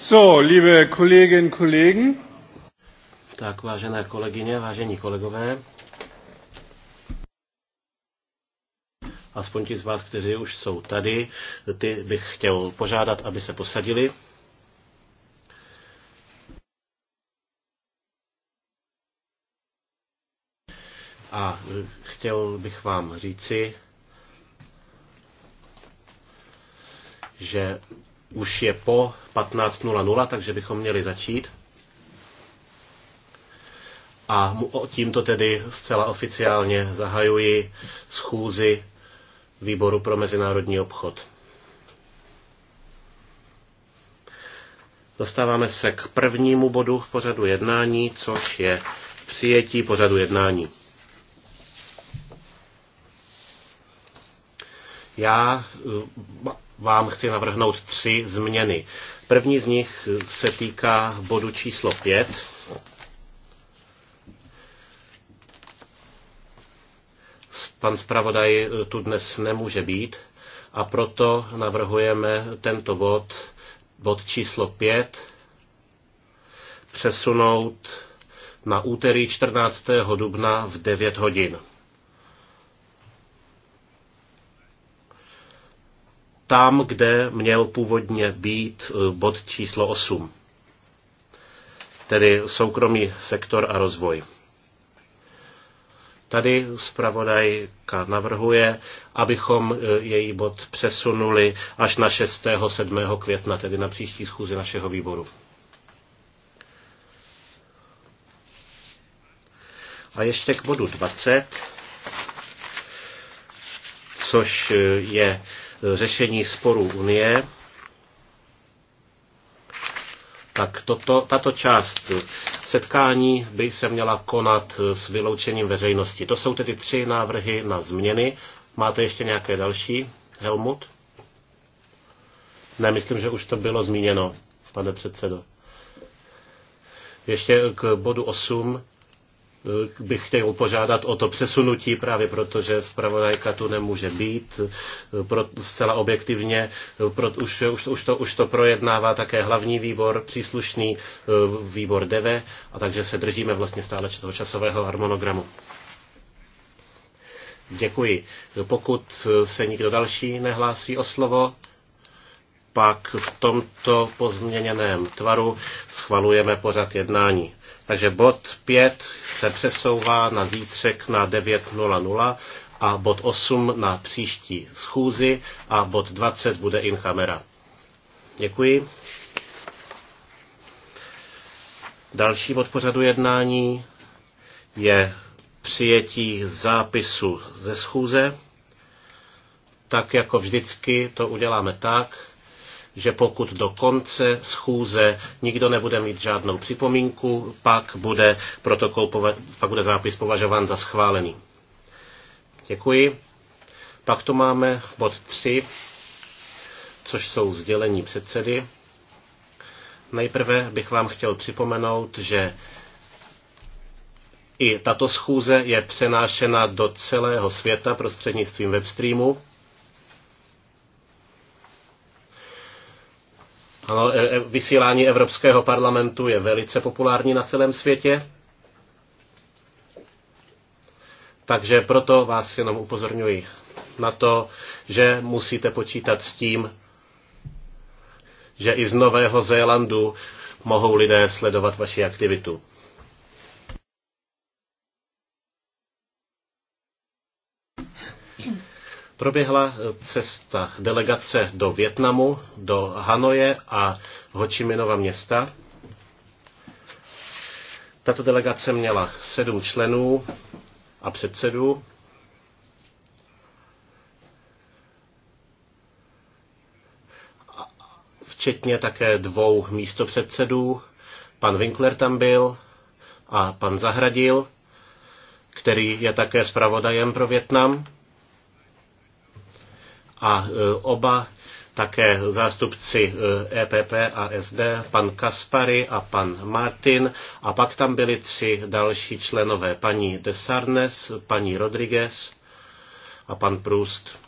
So, liebe Kolleginnen Kollegen. Tak, vážené kolegyně, vážení kolegové. Aspoň ti z vás, kteří už jsou tady, ty bych chtěl požádat, aby se posadili. A chtěl bych vám říci, že už je po 15.00, takže bychom měli začít. A tímto tedy zcela oficiálně zahajuji schůzi Výboru pro mezinárodní obchod. Dostáváme se k prvnímu bodu v pořadu jednání, což je přijetí pořadu jednání. Já vám chci navrhnout tři změny. První z nich se týká bodu číslo 5. Pan zpravodaj tu dnes nemůže být a proto navrhujeme tento bod, bod číslo 5, přesunout na úterý 14. dubna v 9 hodin. tam, kde měl původně být e, bod číslo 8, tedy soukromý sektor a rozvoj. Tady zpravodajka navrhuje, abychom e, její bod přesunuli až na 6. 7. května, tedy na příští schůzi našeho výboru. A ještě k bodu 20, což e, je řešení sporů Unie, tak toto, tato část setkání by se měla konat s vyloučením veřejnosti. To jsou tedy tři návrhy na změny. Máte ještě nějaké další, Helmut? Ne, myslím, že už to bylo zmíněno, pane předsedo. Ještě k bodu 8 Eh, bych chtěl požádat o to přesunutí, právě protože zpravodajka tu nemůže být eh, pro, zcela objektivně. Eh, pro, už, už, už, to, už to projednává také hlavní výbor, příslušný výbor DEVE, a takže se držíme vlastně stále toho časového harmonogramu. Děkuji. Pokud se nikdo další nehlásí o slovo, pak v tomto pozměněném tvaru schvalujeme pořad jednání. Takže bod 5 se přesouvá na zítřek na 9.00 a bod 8 na příští schůzi a bod 20 bude in camera. Děkuji. Další bod pořadu jednání je přijetí zápisu ze schůze. Tak jako vždycky to uděláme tak, že pokud do konce schůze nikdo nebude mít žádnou připomínku, pak bude, protokol, pak bude zápis považován za schválený. Děkuji. Pak tu máme bod 3, což jsou sdělení předsedy. Nejprve bych vám chtěl připomenout, že i tato schůze je přenášena do celého světa prostřednictvím webstreamu. Ano, eh, eh, vysílání Evropského parlamentu je velice populární na celém světě. Takže proto vás jenom upozorňuji na to, že musíte počítat s tím, že i z Nového Zélandu mohou lidé sledovat vaši aktivitu. Proběhla eh, cesta delegace do Větnamu, do Hanoje a Hočiminova města. Tato delegace měla sedm členů a předsedu. Včetně také dvou místopředsedů. Pan Winkler tam byl a pan Zahradil, který je také zpravodajem pro Větnam a e, oba také zástupci EPP e a SD, pan Kaspary a pan Martin. A pak tam byli tři další členové, paní Desarnes, paní Rodriguez a pan Proust.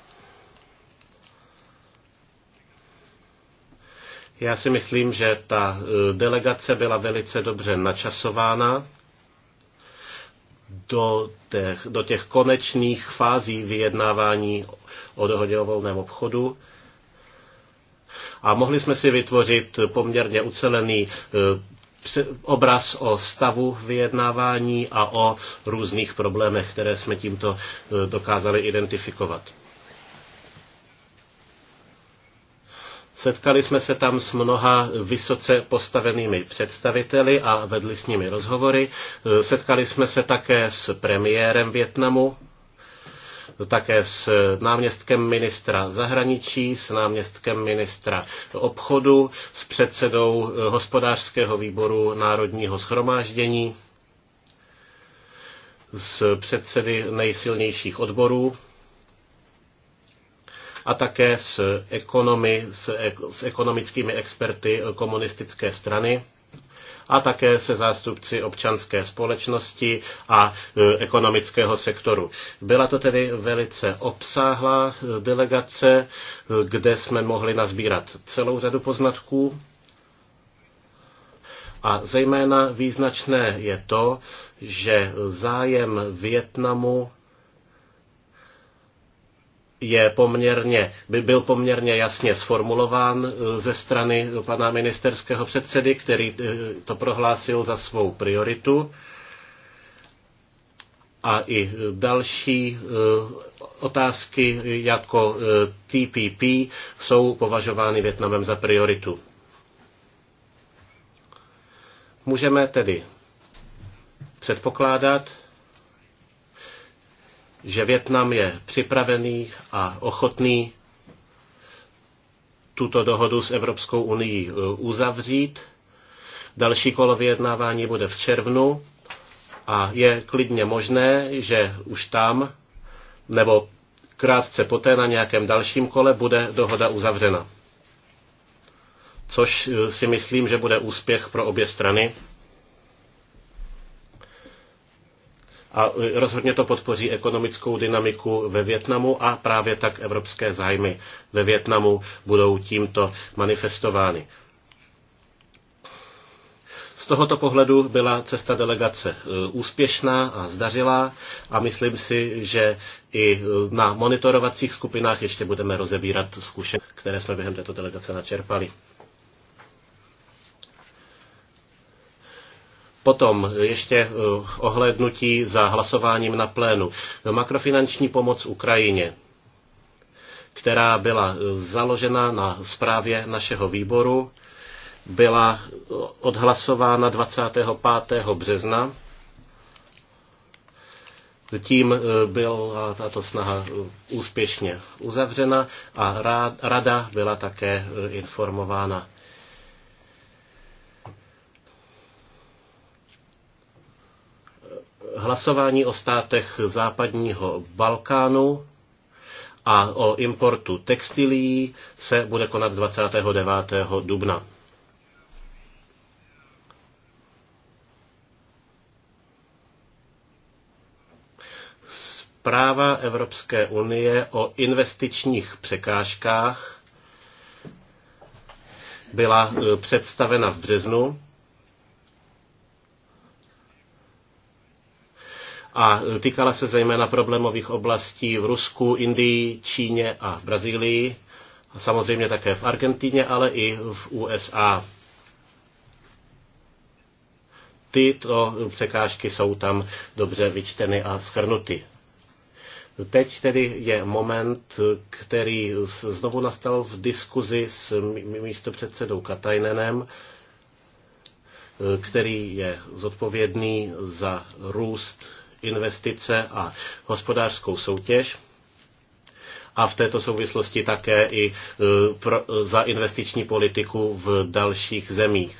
Já si myslím, že ta e, delegace byla velice dobře načasována do těch, do těch konečných fází vyjednávání o dohodě o volném obchodu. A mohli jsme si vytvořit poměrně ucelený e, obraz o stavu vyjednávání a o různých problémech, které jsme tímto e, dokázali identifikovat. Setkali jsme se tam s mnoha vysoce postavenými představiteli a vedli s nimi rozhovory. Setkali jsme se také s premiérem Větnamu, také s náměstkem ministra zahraničí, s náměstkem ministra obchodu, s předsedou hospodářského výboru Národního schromáždění, s předsedy nejsilnějších odborů a také s, ekonomy, s, s ekonomickými experty komunistické strany a také se zástupci občanské společnosti a e, ekonomického sektoru. Byla to tedy velice obsáhlá e, delegace, e, kde jsme mohli nazbírat celou řadu poznatků. A zejména význačné je to, že zájem Větnamu je poměrně, by byl poměrně jasně sformulován eh, ze strany pana ministerského předsedy, který eh, to prohlásil za svou prioritu. A i eh, další otázky jako TPP jsou považovány Větnamem za prioritu. Můžeme tedy předpokládat, že Větnam je připravený a ochotný tuto dohodu s Evropskou unii e, uzavřít. Další kolo vyjednávání bude v červnu a je klidně možné, že už tam nebo krátce poté na nějakém dalším kole bude dohoda uzavřena. Což e, si myslím, že bude úspěch pro obě strany a rozhodně to podpoří ekonomickou dynamiku ve Větnamu a právě tak evropské zájmy ve Větnamu budou tímto manifestovány. Z tohoto pohledu byla cesta delegace e, úspěšná a zdařilá a myslím si, že i e, na monitorovacích skupinách ještě budeme rozebírat zkušenosti, které jsme během této delegace načerpali. Potom ještě eh, ohlednutí za hlasováním na plénu. Makrofinanční pomoc Ukrajině která byla eh, založena na zprávě našeho výboru, byla eh, odhlasována 25. března. Tím byla tato snaha úspěšně uzavřena a rada byla také informována. hlasování o státech západního Balkánu a o importu textilií se bude konat 29. dubna. Zpráva Evropské unie o investičních překážkách byla eh, představena v březnu a týkala se zejména problémových oblastí v Rusku, Indii, Číně a Brazílii a samozřejmě také v Argentíně, ale i v USA. Tyto překážky jsou tam dobře vyčteny a schrnuty. Teď tedy je moment, který znovu nastal v diskuzi s místopředsedou Katajnenem, který je zodpovědný za růst investice a hospodářskou soutěž a v této souvislosti také i e, pro, e, za investiční politiku v dalších zemích.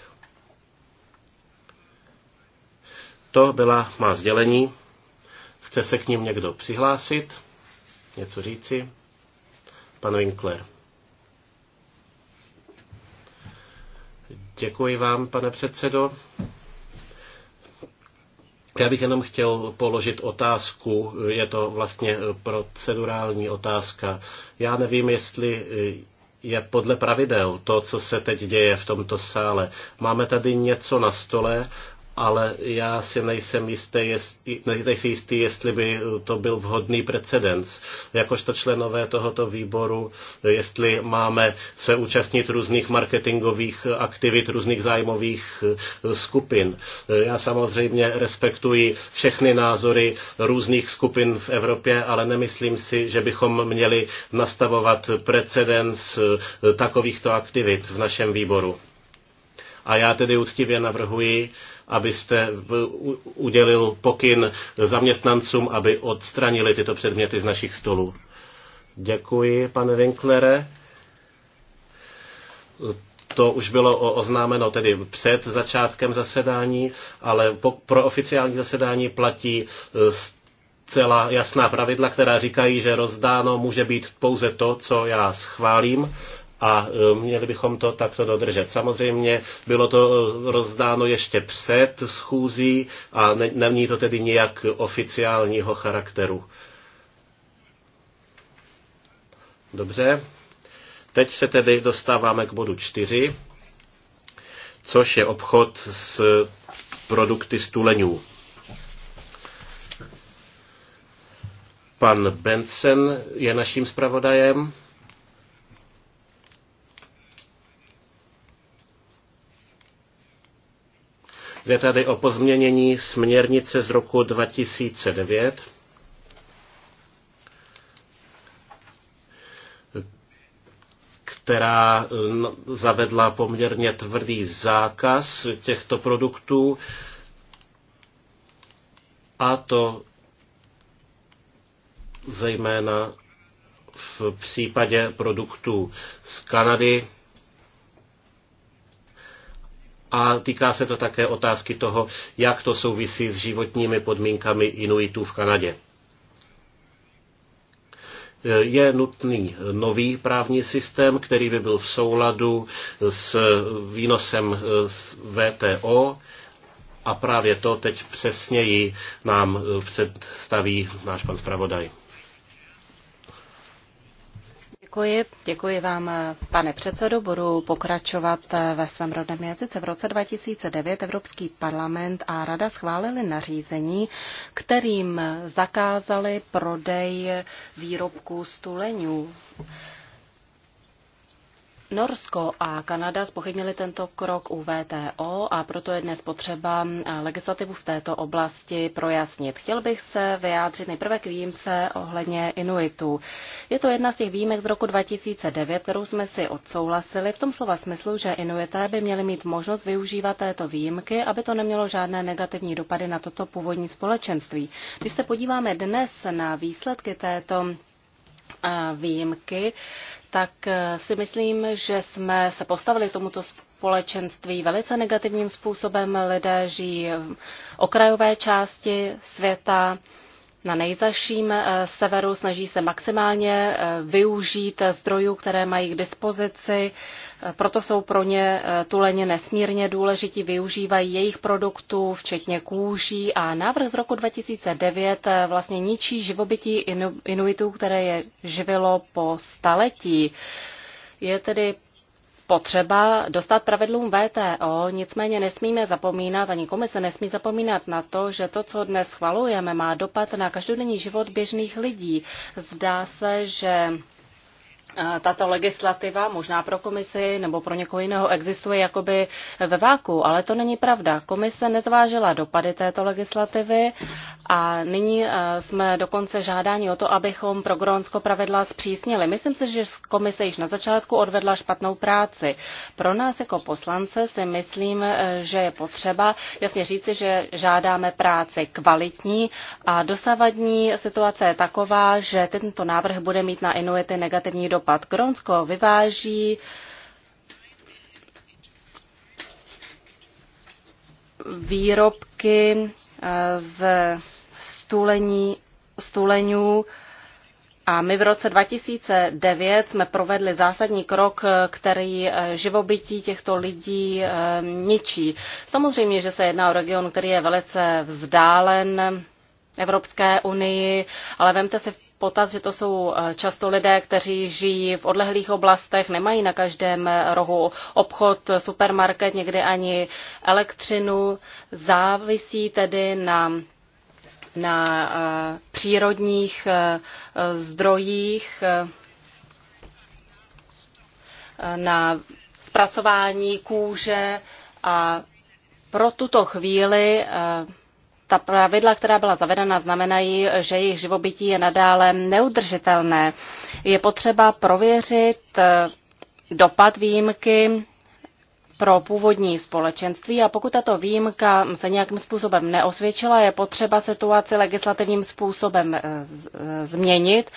To byla má sdělení. Chce se k ním někdo přihlásit? Něco říci? Pan Winkler. Děkuji vám, pane předsedo. Já bych jenom chtěl položit otázku, je to vlastně procedurální otázka. Já nevím, jestli je podle pravidel to, co se teď děje v tomto sále. Máme tady něco na stole ale já si nejsem jistý, jestli, nejsem jistý, jestli by to byl vhodný precedens. Jakožto členové tohoto výboru, jestli máme se účastnit různých marketingových aktivit, různých zájmových eh, skupin. Já samozřejmě respektuji všechny názory různých skupin v Evropě, ale nemyslím si, že bychom měli nastavovat precedens eh, takovýchto aktivit v našem výboru. A já tedy úctivě navrhuji, abyste udělil pokyn zaměstnancům, aby odstranili tyto předměty z našich stolů. Děkuji, pane Winklere. To už bylo oznámeno tedy před začátkem zasedání, ale pro oficiální zasedání platí e, celá jasná pravidla, která říkají, že rozdáno může být pouze to, co já schválím a e, měli bychom to takto dodržet. Samozřejmě bylo to rozdáno ještě před schůzí a není to tedy nějak oficiálního charakteru. Dobře. Teď se tedy dostáváme k bodu čtyři. což je obchod s produkty stuleňů. Pan Benson je naším zpravodajem. Jde tady o pozměnění směrnice z roku 2009, která zavedla poměrně tvrdý zákaz těchto produktů a to zejména v případě produktů z Kanady, a týká se to také otázky toho, jak to souvisí s životními podmínkami Inuitů v Kanadě. Je nutný nový právní systém, který by byl v souladu s výnosem z VTO a právě to teď přesněji nám představí náš pan zpravodaj. Děkuji, děkuji vám, pane předsedo. Budu pokračovat eh, ve svém rodném jazyce. V roce 2009 Evropský parlament a Rada schválili nařízení, kterým zakázali prodej výrobků stuleňů. Norsko a Kanada spochybnili tento krok u VTO a proto je dnes potřeba eh, legislativu v této oblasti projasnit. Chtěl bych se vyjádřit nejprve k výjimce ohledně Inuitů. Je to jedna z těch výjimek z roku 2009, kterou jsme si odsouhlasili v tom slova smyslu, že Inuité by měli mít možnost využívat této výjimky, aby to nemělo žádné negativní dopady na toto původní společenství. Když se podíváme dnes na výsledky této eh, výjimky, tak eh, si myslím, že jsme se postavili k tomuto společenství velice negativním způsobem. Lidé žijí v okrajové části světa, na nejzaším eh, severu, snaží se maximálně eh, využít eh, zdrojů, které mají k dispozici, proto jsou pro ně tuleně nesmírně důležití, využívají jejich produktů, včetně kůží a návrh z roku 2009 vlastně ničí živobytí Inuitů, které je živilo po staletí. Je tedy potřeba dostat pravidlům VTO, nicméně nesmíme zapomínat, ani komise nesmí zapomínat na to, že to, co dnes schvalujeme, má dopad na každodenní život běžných lidí. Zdá se, že Eh, tato legislativa možná pro komisi nebo pro někoho jiného existuje jakoby ve váku, ale to není pravda. Komise nezvážila dopady této legislativy a nyní eh, jsme dokonce žádáni o to, abychom pro Grónsko pravidla zpřísnili. Myslím si, že komise již na začátku odvedla špatnou práci. Pro nás jako poslance si myslím, eh, že je potřeba jasně říci, že žádáme práci kvalitní a dosavadní situace je taková, že tento návrh bude mít na Inuity negativní dopad dopad. Grónsko vyváží výrobky eh, z stůlení, stůleňů a my v roce 2009 jsme provedli zásadní krok, eh, který eh, živobytí těchto lidí ničí. Samozřejmě, že se jedná o region, který je velice vzdálen Evropské unii, ale vemte si v potaz, že to jsou eh, často lidé, kteří žijí v odlehlých oblastech, nemají na každém eh, rohu obchod, supermarket, někdy ani elektřinu. Závisí tedy na na eh, přírodních zdrojích, na zpracování kůže a pro tuto chvíli ta pravidla, která byla zavedena, znamenají, že jejich živobytí je nadále neudržitelné. Je potřeba prověřit eh, dopad výjimky pro původní společenství a pokud tato výjimka se nějakým způsobem neosvědčila, je potřeba situaci legislativním způsobem eh, eh, změnit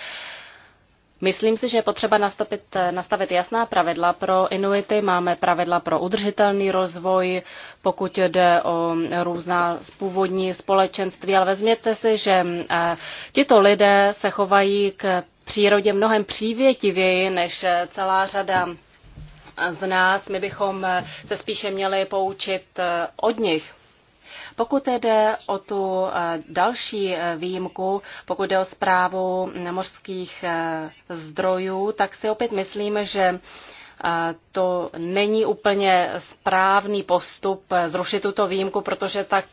Myslím si, že je potřeba nastavit, nastavit jasná pravidla pro Inuity. Máme pravidla pro udržitelný rozvoj, pokud jde o různá původní společenství, ale vezměte si, že eh, tito lidé se chovají k přírodě mnohem přívětivěji než eh, celá řada z nás. My bychom eh, se spíše měli poučit od nich. Pokud jde o tu eh, další eh, výjimku, pokud jde o zprávu mořských eh, zdrojů, tak si opět myslím, že to není úplně správný postup zrušit tuto výjimku, protože tak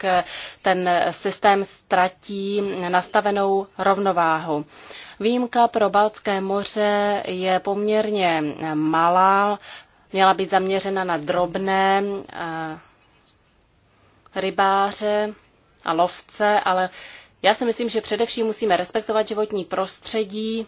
ten systém ztratí nastavenou rovnováhu. Výjimka pro Baltské moře je poměrně malá, měla být zaměřena na drobné rybáře a lovce, ale já si myslím, že především musíme respektovat životní prostředí,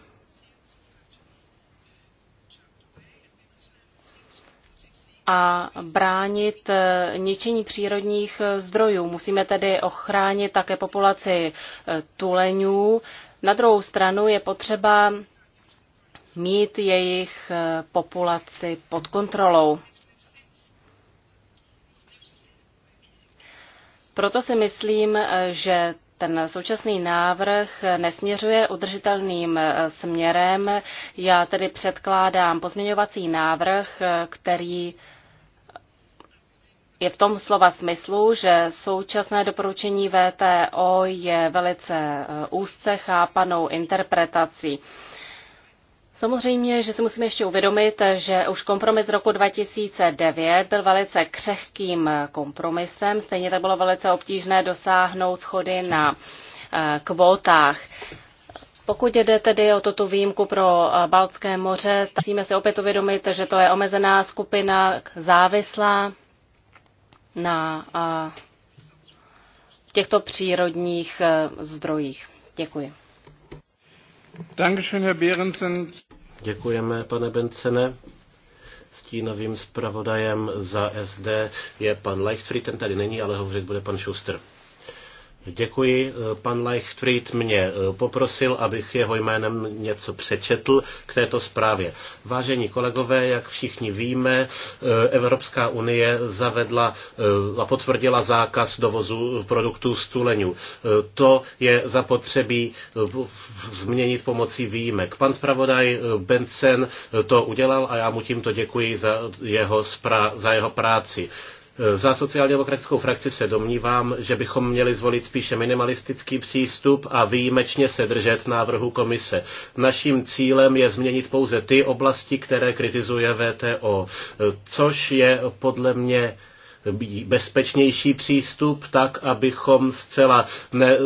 a bránit eh, ničení přírodních eh, zdrojů. Musíme tedy ochránit také populaci eh, tuleňů. Na druhou stranu je potřeba mít jejich populaci pod kontrolou. Proto si myslím, že ten současný návrh nesměřuje udržitelným eh, směrem. Já tedy předkládám pozměňovací návrh, eh, který je v tom slova smyslu, že současné doporučení VTO je velice eh, úzce chápanou interpretací. Samozřejmě, že si musíme ještě uvědomit, že už kompromis roku 2009 byl velice křehkým kompromisem, stejně tak bylo velice obtížné dosáhnout schody na eh, kvótách. Pokud jde tedy o tuto výjimku pro eh, Baltské moře, tak musíme si opět uvědomit, že to je omezená skupina závislá na eh, těchto přírodních zdrojích. Děkuji. Děkujeme, pane Bencene. Stínovým zpravodajem za SD je pan Leichtfried, ten tady není, ale hovořit bude pan Schuster. Děkuji. Pan Leichtfried mě eh, poprosil, abych jeho jménem něco přečetl k této zprávě. Vážení kolegové, jak všichni víme, eh, Evropská unie zavedla eh, a potvrdila zákaz dovozu produktů z tuleňů. To je zapotřebí změnit pomocí výjimek. Pan zpravodaj Benson to udělal a já mu tímto děkuji za jeho, spra- za jeho práci. Za sociálně demokratickou frakci se domnívám, že bychom měli zvolit spíše minimalistický přístup a výjimečně se držet návrhu komise. Naším cílem je změnit pouze ty oblasti, které kritizuje VTO, což je podle mě bezpečnější přístup, tak abychom zcela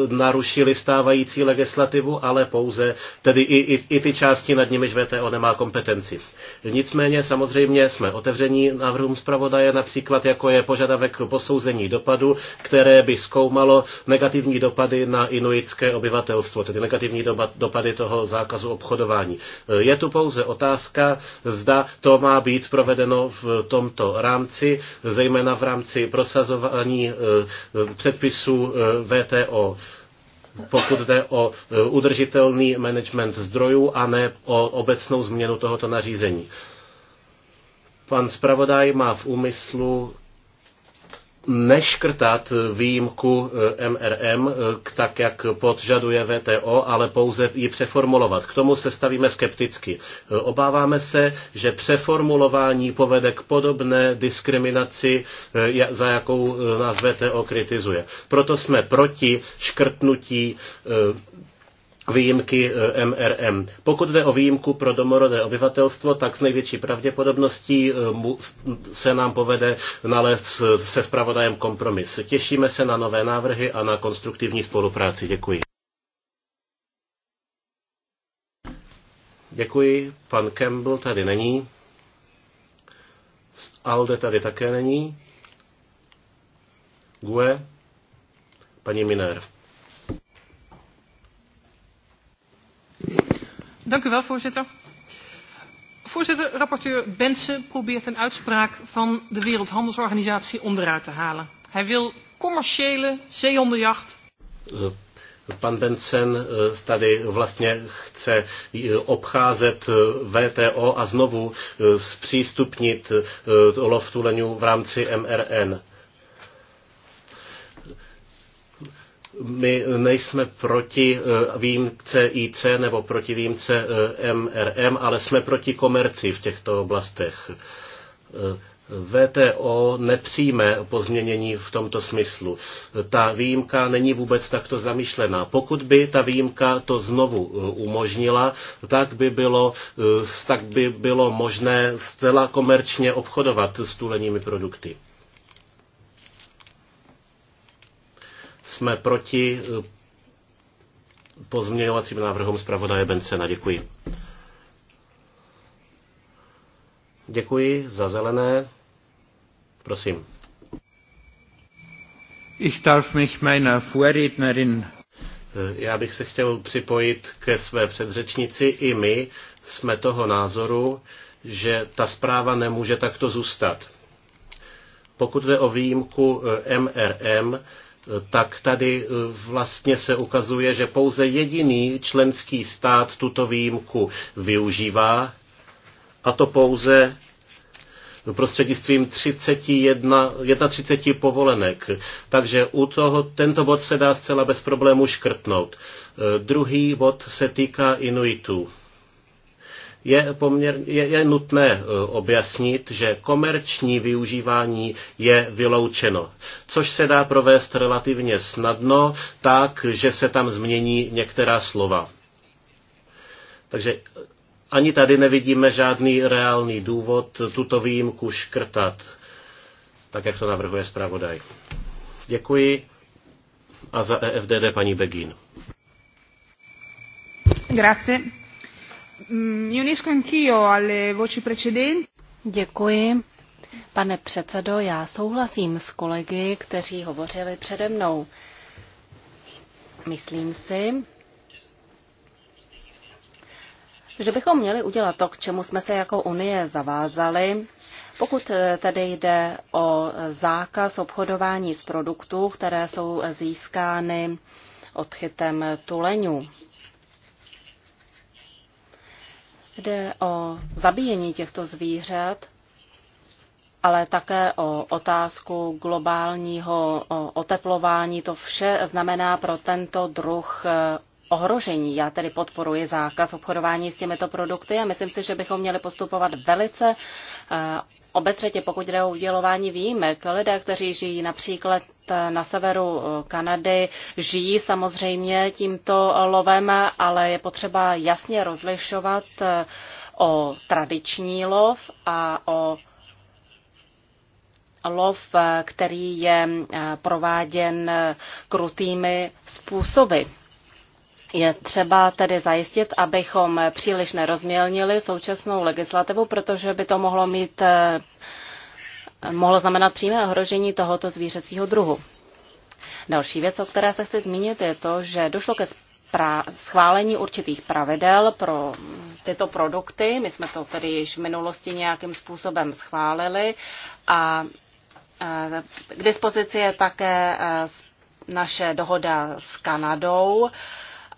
narušili stávající legislativu, ale pouze tedy i, i, i ty části, nad nimiž VTO nemá kompetenci. Nicméně samozřejmě jsme otevření návrhům zpravodaje, například jako je požadavek posouzení dopadu, které by zkoumalo negativní dopady na inuitské obyvatelstvo, tedy negativní dopady toho zákazu obchodování. Je tu pouze otázka, zda to má být provedeno v tomto rámci, zejména v rámci prosazování eh, předpisů eh, VTO pokud jde o eh, udržitelný management zdrojů a ne o obecnou změnu tohoto nařízení. Pan zpravodaj má v úmyslu neškrtat výjimku MRM eh, eh, tak, jak podžaduje VTO, ale pouze ji přeformulovat. K tomu se stavíme skepticky. Eh, obáváme se, že přeformulování povede k podobné diskriminaci, za jakou nás VTO kritizuje. Proto jsme proti škrtnutí k výjimky MRM. E, Pokud jde o výjimku pro domorodé obyvatelstvo, tak s největší pravděpodobností e, se nám povede nalézt se spravodajem kompromis. Těšíme se na nové návrhy a na konstruktivní spolupráci. Děkuji. Děkuji. Pan Campbell tady není. Alde tady také není. Gue. Paní Miner. Dank u wel, voorzitter. Voorzitter, rapporteur Bensen probeert een uitspraak van de Wereldhandelsorganisatie onderuit te halen. Hij wil commerciële zeehondenjacht. Eh, pan Bensen eh, tady vlastně chce eh, obcházet VTO a znovu zpřístupnit lov tuleňů v rámci MRN. my nejsme proti eh, výjimce IC nebo proti výjimce MRM, eh, ale jsme proti komerci v těchto oblastech. Eh, VTO nepřijme pozměnění v tomto smyslu. Ta výjimka není vůbec takto zamýšlená. Pokud by ta výjimka to znovu umožnila, tak by bylo, tak by bylo možné zcela komerčně obchodovat s tuleními produkty. jsme proti eh, pozměňovacím návrhům zpravodaje Bencena. Děkuji. Děkuji za zelené. Prosím. Ich darf mich meiner Vorrednerin eh, já bych se chtěl připojit ke své předřečnici. I my jsme toho názoru, že ta zpráva nemůže takto zůstat. Pokud jde o výjimku MRM, eh, tak tady e, vlastně se ukazuje, že pouze jediný členský stát tuto výjimku využívá, a to pouze prostřednictvím 31, 31 povolenek. Takže u toho tento bod se dá zcela bez problému škrtnout. E, druhý bod se týká Inuitů je, poměr, je, je nutné e, objasnit, že komerční využívání je vyloučeno, což se dá provést relativně snadno, tak, že se tam změní některá slova. Takže e, ani tady nevidíme žádný reálný důvod tuto výjimku škrtat, tak jak to navrhuje zpravodaj. Děkuji a za EFDD paní Begin. Grazie. Mm, Děkuji. Pane předsedo, já souhlasím s kolegy, kteří hovořili přede mnou. Myslím si, že bychom měli udělat to, k čemu jsme se jako Unie zavázali, pokud eh, tedy jde o zákaz obchodování s produktů, které jsou získány odchytem tuleňů. Jde o zabíjení těchto zvířat, ale také o otázku globálního oteplování. To vše znamená pro tento druh eh, ohrožení. Já tedy podporuji zákaz obchodování s těmito produkty a myslím si, že bychom měli postupovat velice eh, obezřetě, pokud jde o udělování výjimek. Lidé, kteří žijí například Eh, na severu eh, Kanady žijí samozřejmě tímto lovem, ale je potřeba jasně rozlišovat eh, o tradiční lov a o lov, který je prováděn krutými způsoby. Je třeba tedy zajistit, abychom příliš nerozmělnili současnou legislativu, protože by to mohlo mít mohlo znamenat přímé ohrožení tohoto zvířecího druhu. Další věc, o které se chci zmínit, je to, že došlo ke schválení určitých pravidel pro tyto produkty. My jsme to tedy již v minulosti nějakým způsobem schválili a k dispozici je také naše dohoda s Kanadou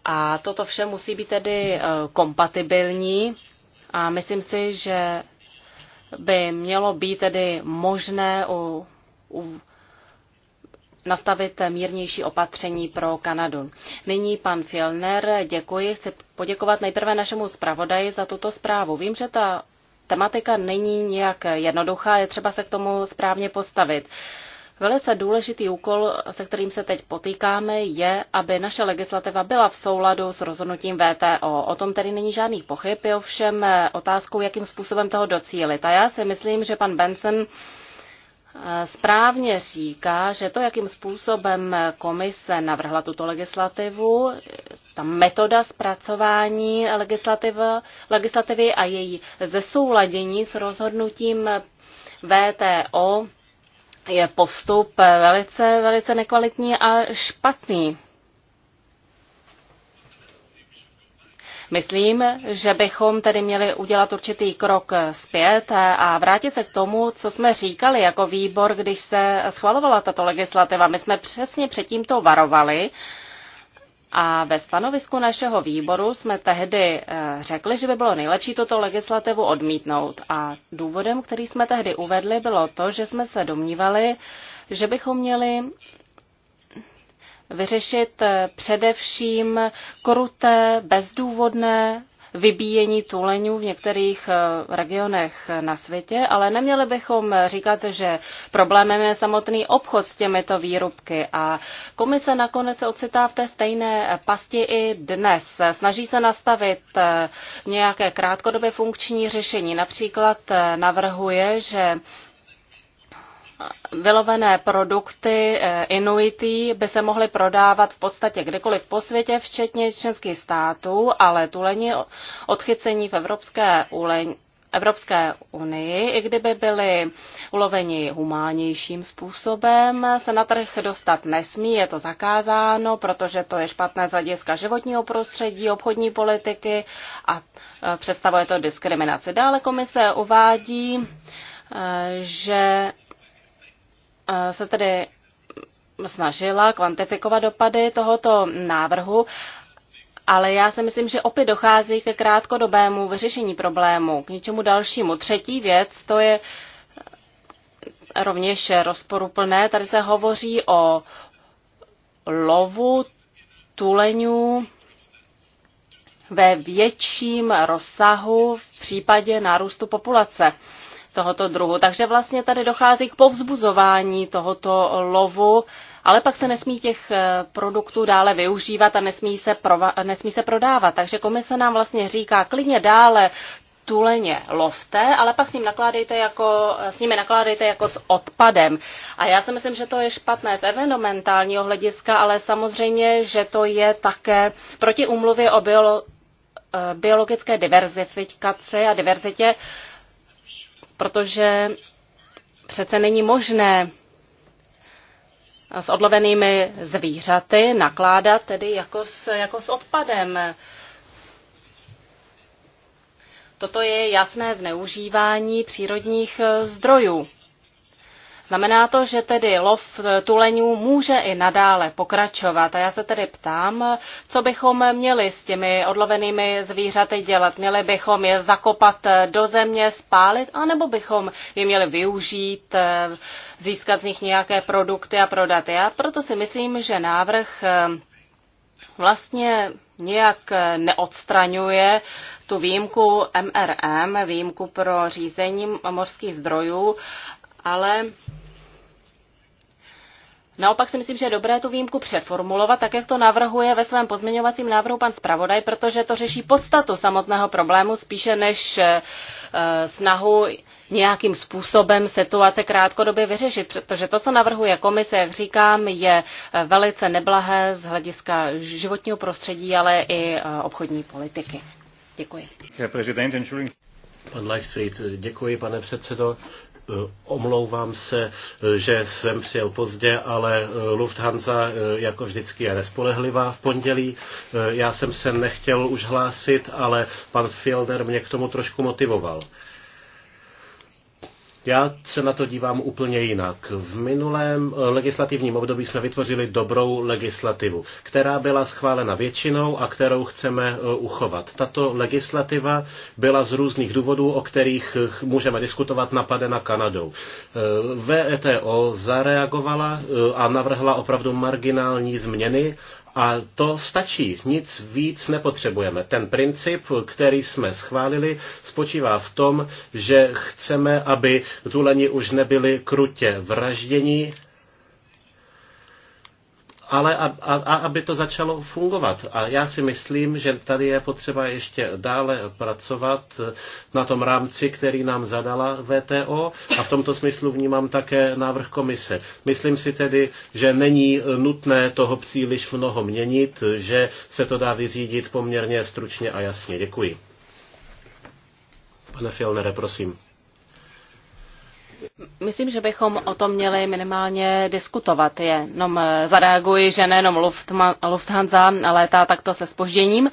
a toto vše musí být tedy e, kompatibilní a myslím si, že by mělo být tedy možné u, u nastavit mírnější opatření pro Kanadu. Nyní pan Filner, děkuji. Chci poděkovat nejprve našemu zpravodaji za tuto zprávu. Vím, že ta tematika není nějak jednoduchá, je třeba se k tomu správně postavit. Uh, Velice důležitý úkol, se kterým se teď potýkáme, je, aby naše legislativa byla v souladu s rozhodnutím VTO. O tom tedy není žádných pochyb, je ovšem otázkou, jakým způsobem toho docílit. A já si myslím, že pan Benson eh, správně říká, že to, jakým způsobem komise navrhla tuto legislativu, ta metoda zpracování legislativy a její zesouladění s rozhodnutím VTO je postup velice, velice nekvalitní a špatný. Myslím, že bychom tedy měli udělat určitý krok zpět a vrátit se k tomu, co jsme říkali jako výbor, když se schvalovala tato legislativa. My jsme přesně předtím to varovali, a ve stanovisku našeho výboru jsme tehdy eh, řekli, že by bylo nejlepší toto legislativu odmítnout. A důvodem, který jsme tehdy uvedli, bylo to, že jsme se domnívali, že bychom měli vyřešit eh, především kruté, bezdůvodné vybíjení tuleňů v některých eh, regionech na světě, ale neměli bychom říkat, že problémem je samotný obchod s těmito výrobky a komise nakonec se ocitá v té stejné pasti i dnes. Snaží se nastavit eh, nějaké krátkodobě funkční řešení. Například eh, navrhuje, že vylovené produkty eh, Inuity by se mohly prodávat v podstatě kdekoliv po světě, včetně členských států, ale tulení odchycení v Evropské uleň, Evropské unii, i kdyby byly uloveni humánějším způsobem, se na trh dostat nesmí, je to zakázáno, protože to je špatné z hlediska životního prostředí, obchodní politiky a eh, představuje to diskriminaci. Dále komise uvádí, eh, že se tedy snažila kvantifikovat dopady tohoto návrhu, ale já si myslím, že opět dochází ke krátkodobému vyřešení problému, k něčemu dalšímu. Třetí věc, to je rovněž rozporuplné. Tady se hovoří o lovu tuleňů ve větším rozsahu v případě nárůstu populace tohoto druhu. Takže vlastně tady dochází k povzbuzování tohoto lovu, ale pak se nesmí těch eh, produktů dále využívat a nesmí se, prova- nesmí se prodávat. Takže komise nám vlastně říká klidně dále tuleně lovte, ale pak s, ním nakládejte jako, s nimi nakládejte jako s odpadem. A já si myslím, že to je špatné z environmentálního hlediska, ale samozřejmě, že to je také proti umluvě o biolo, eh, biologické diverzifikaci a diverzitě, protože přece není možné s odlovenými zvířaty nakládat tedy jako s, jako s odpadem. Toto je jasné zneužívání přírodních zdrojů. Znamená to, že tedy lov eh, tuleňů může i nadále pokračovat. A já se tedy ptám, co bychom měli s těmi odlovenými zvířaty dělat. Měli bychom je zakopat eh, do země, spálit, anebo bychom je měli využít, eh, získat z nich nějaké produkty a prodat. Já proto si myslím, že návrh vlastně nějak neodstraňuje tu výjimku MRM, výjimku pro řízení mořských zdrojů, ale Naopak si myslím, že je dobré tu výjimku přeformulovat, tak jak to navrhuje ve svém pozměňovacím návrhu pan zpravodaj, protože to řeší podstatu samotného problému spíše než eh, snahu nějakým způsobem situace krátkodobě vyřešit, protože to, co navrhuje komise, jak říkám, je eh, velice neblahé z hlediska životního prostředí, ale i eh, obchodní politiky. Děkuji. Pan Leichfried, děkuji, pane předsedo. Eh, omlouvám se, eh, že jsem přijel pozdě, ale eh, Lufthansa jako vždycky je nespolehlivá v pondělí. Já jsem se nechtěl už hlásit, ale pan Fielder mě k tomu trošku motivoval. Já se na to dívám úplně jinak. V minulém eh, legislativním období jsme vytvořili dobrou legislativu, která byla schválena většinou a kterou chceme eh, uchovat. Tato legislativa byla z různých důvodů, o kterých eh, můžeme diskutovat, napadena Kanadou. VETO zareagovala a navrhla opravdu marginální změny a to stačí, nic víc nepotřebujeme. Ten princip, který jsme schválili, spočívá v tom, že chceme, aby tuleni už nebyli krutě vražděni, ale a, a, a, aby to začalo fungovat. A já si myslím, že tady je potřeba ještě dále pracovat eh, na tom rámci, který nám zadala VTO a v tomto smyslu vnímám také návrh komise. Myslím si tedy, že není eh, nutné toho příliš mnoho měnit, eh, že se to dá vyřídit poměrně stručně a jasně. Děkuji. Pane Filnere, prosím. Myslím, že bychom o tom měli minimálně diskutovat. Jenom eh, zareaguji, že nejenom Lufthansa létá takto se spožděním.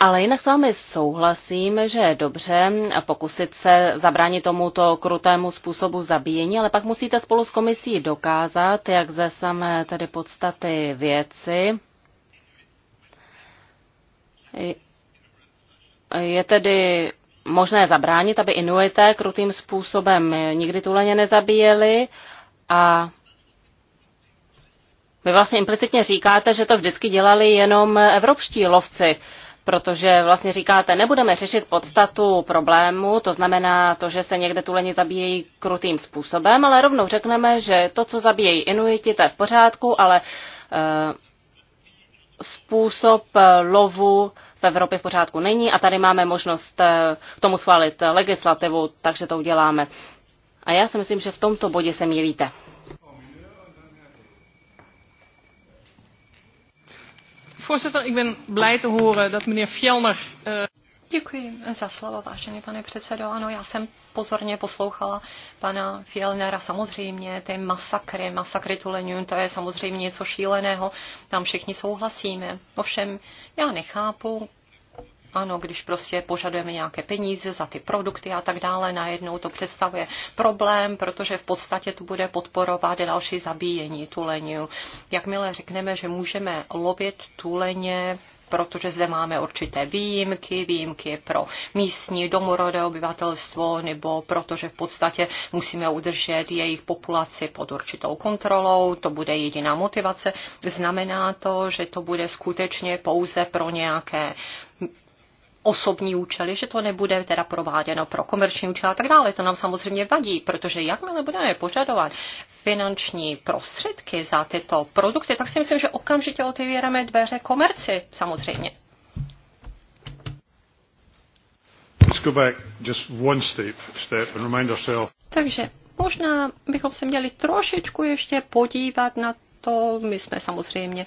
Ale jinak s vámi souhlasím, že je dobře pokusit se zabránit tomuto krutému způsobu zabíjení, ale pak musíte spolu s komisí dokázat, jak ze samé tedy podstaty věci je tedy možné zabránit, aby Inuité krutým způsobem nikdy tuleně nezabíjeli a vy vlastně implicitně říkáte, že to vždycky dělali jenom evropští lovci, protože vlastně říkáte, nebudeme řešit podstatu problému, to znamená to, že se někde tuleni zabíjejí krutým způsobem, ale rovnou řekneme, že to, co zabíjejí Inuiti, to je v pořádku, ale e, způsob lovu v Evropě v pořádku není a tady máme možnost eh, k tomu schválit eh, legislativu, takže to uděláme. A já si myslím, že v tomto bodě se mílíte. Voorzitter, ik ben blij te horen dat meneer Fjellner Děkuji za slovo, vážený pane předsedo. Ano, já jsem pozorně poslouchala pana Fielnera. Samozřejmě, ty masakry, masakry tuleňů, to je samozřejmě něco šíleného. Tam všichni souhlasíme. Ovšem, já nechápu, ano, když prostě požadujeme nějaké peníze za ty produkty a tak dále, najednou to představuje problém, protože v podstatě to bude podporovat další zabíjení tuleňů. Jakmile řekneme, že můžeme lovit tuleně protože zde máme určité výjimky, výjimky pro místní domorodé obyvatelstvo, nebo protože v podstatě musíme udržet jejich populaci pod určitou kontrolou, to bude jediná motivace. Znamená to, že to bude skutečně pouze pro nějaké osobní účely, že to nebude teda prováděno pro komerční účely a tak dále. To nám samozřejmě vadí, protože jakmile budeme požadovat finanční prostředky za tyto produkty, tak si myslím, že okamžitě otevíráme dveře komerci samozřejmě. Takže možná bychom se měli trošičku ještě podívat na to. My jsme samozřejmě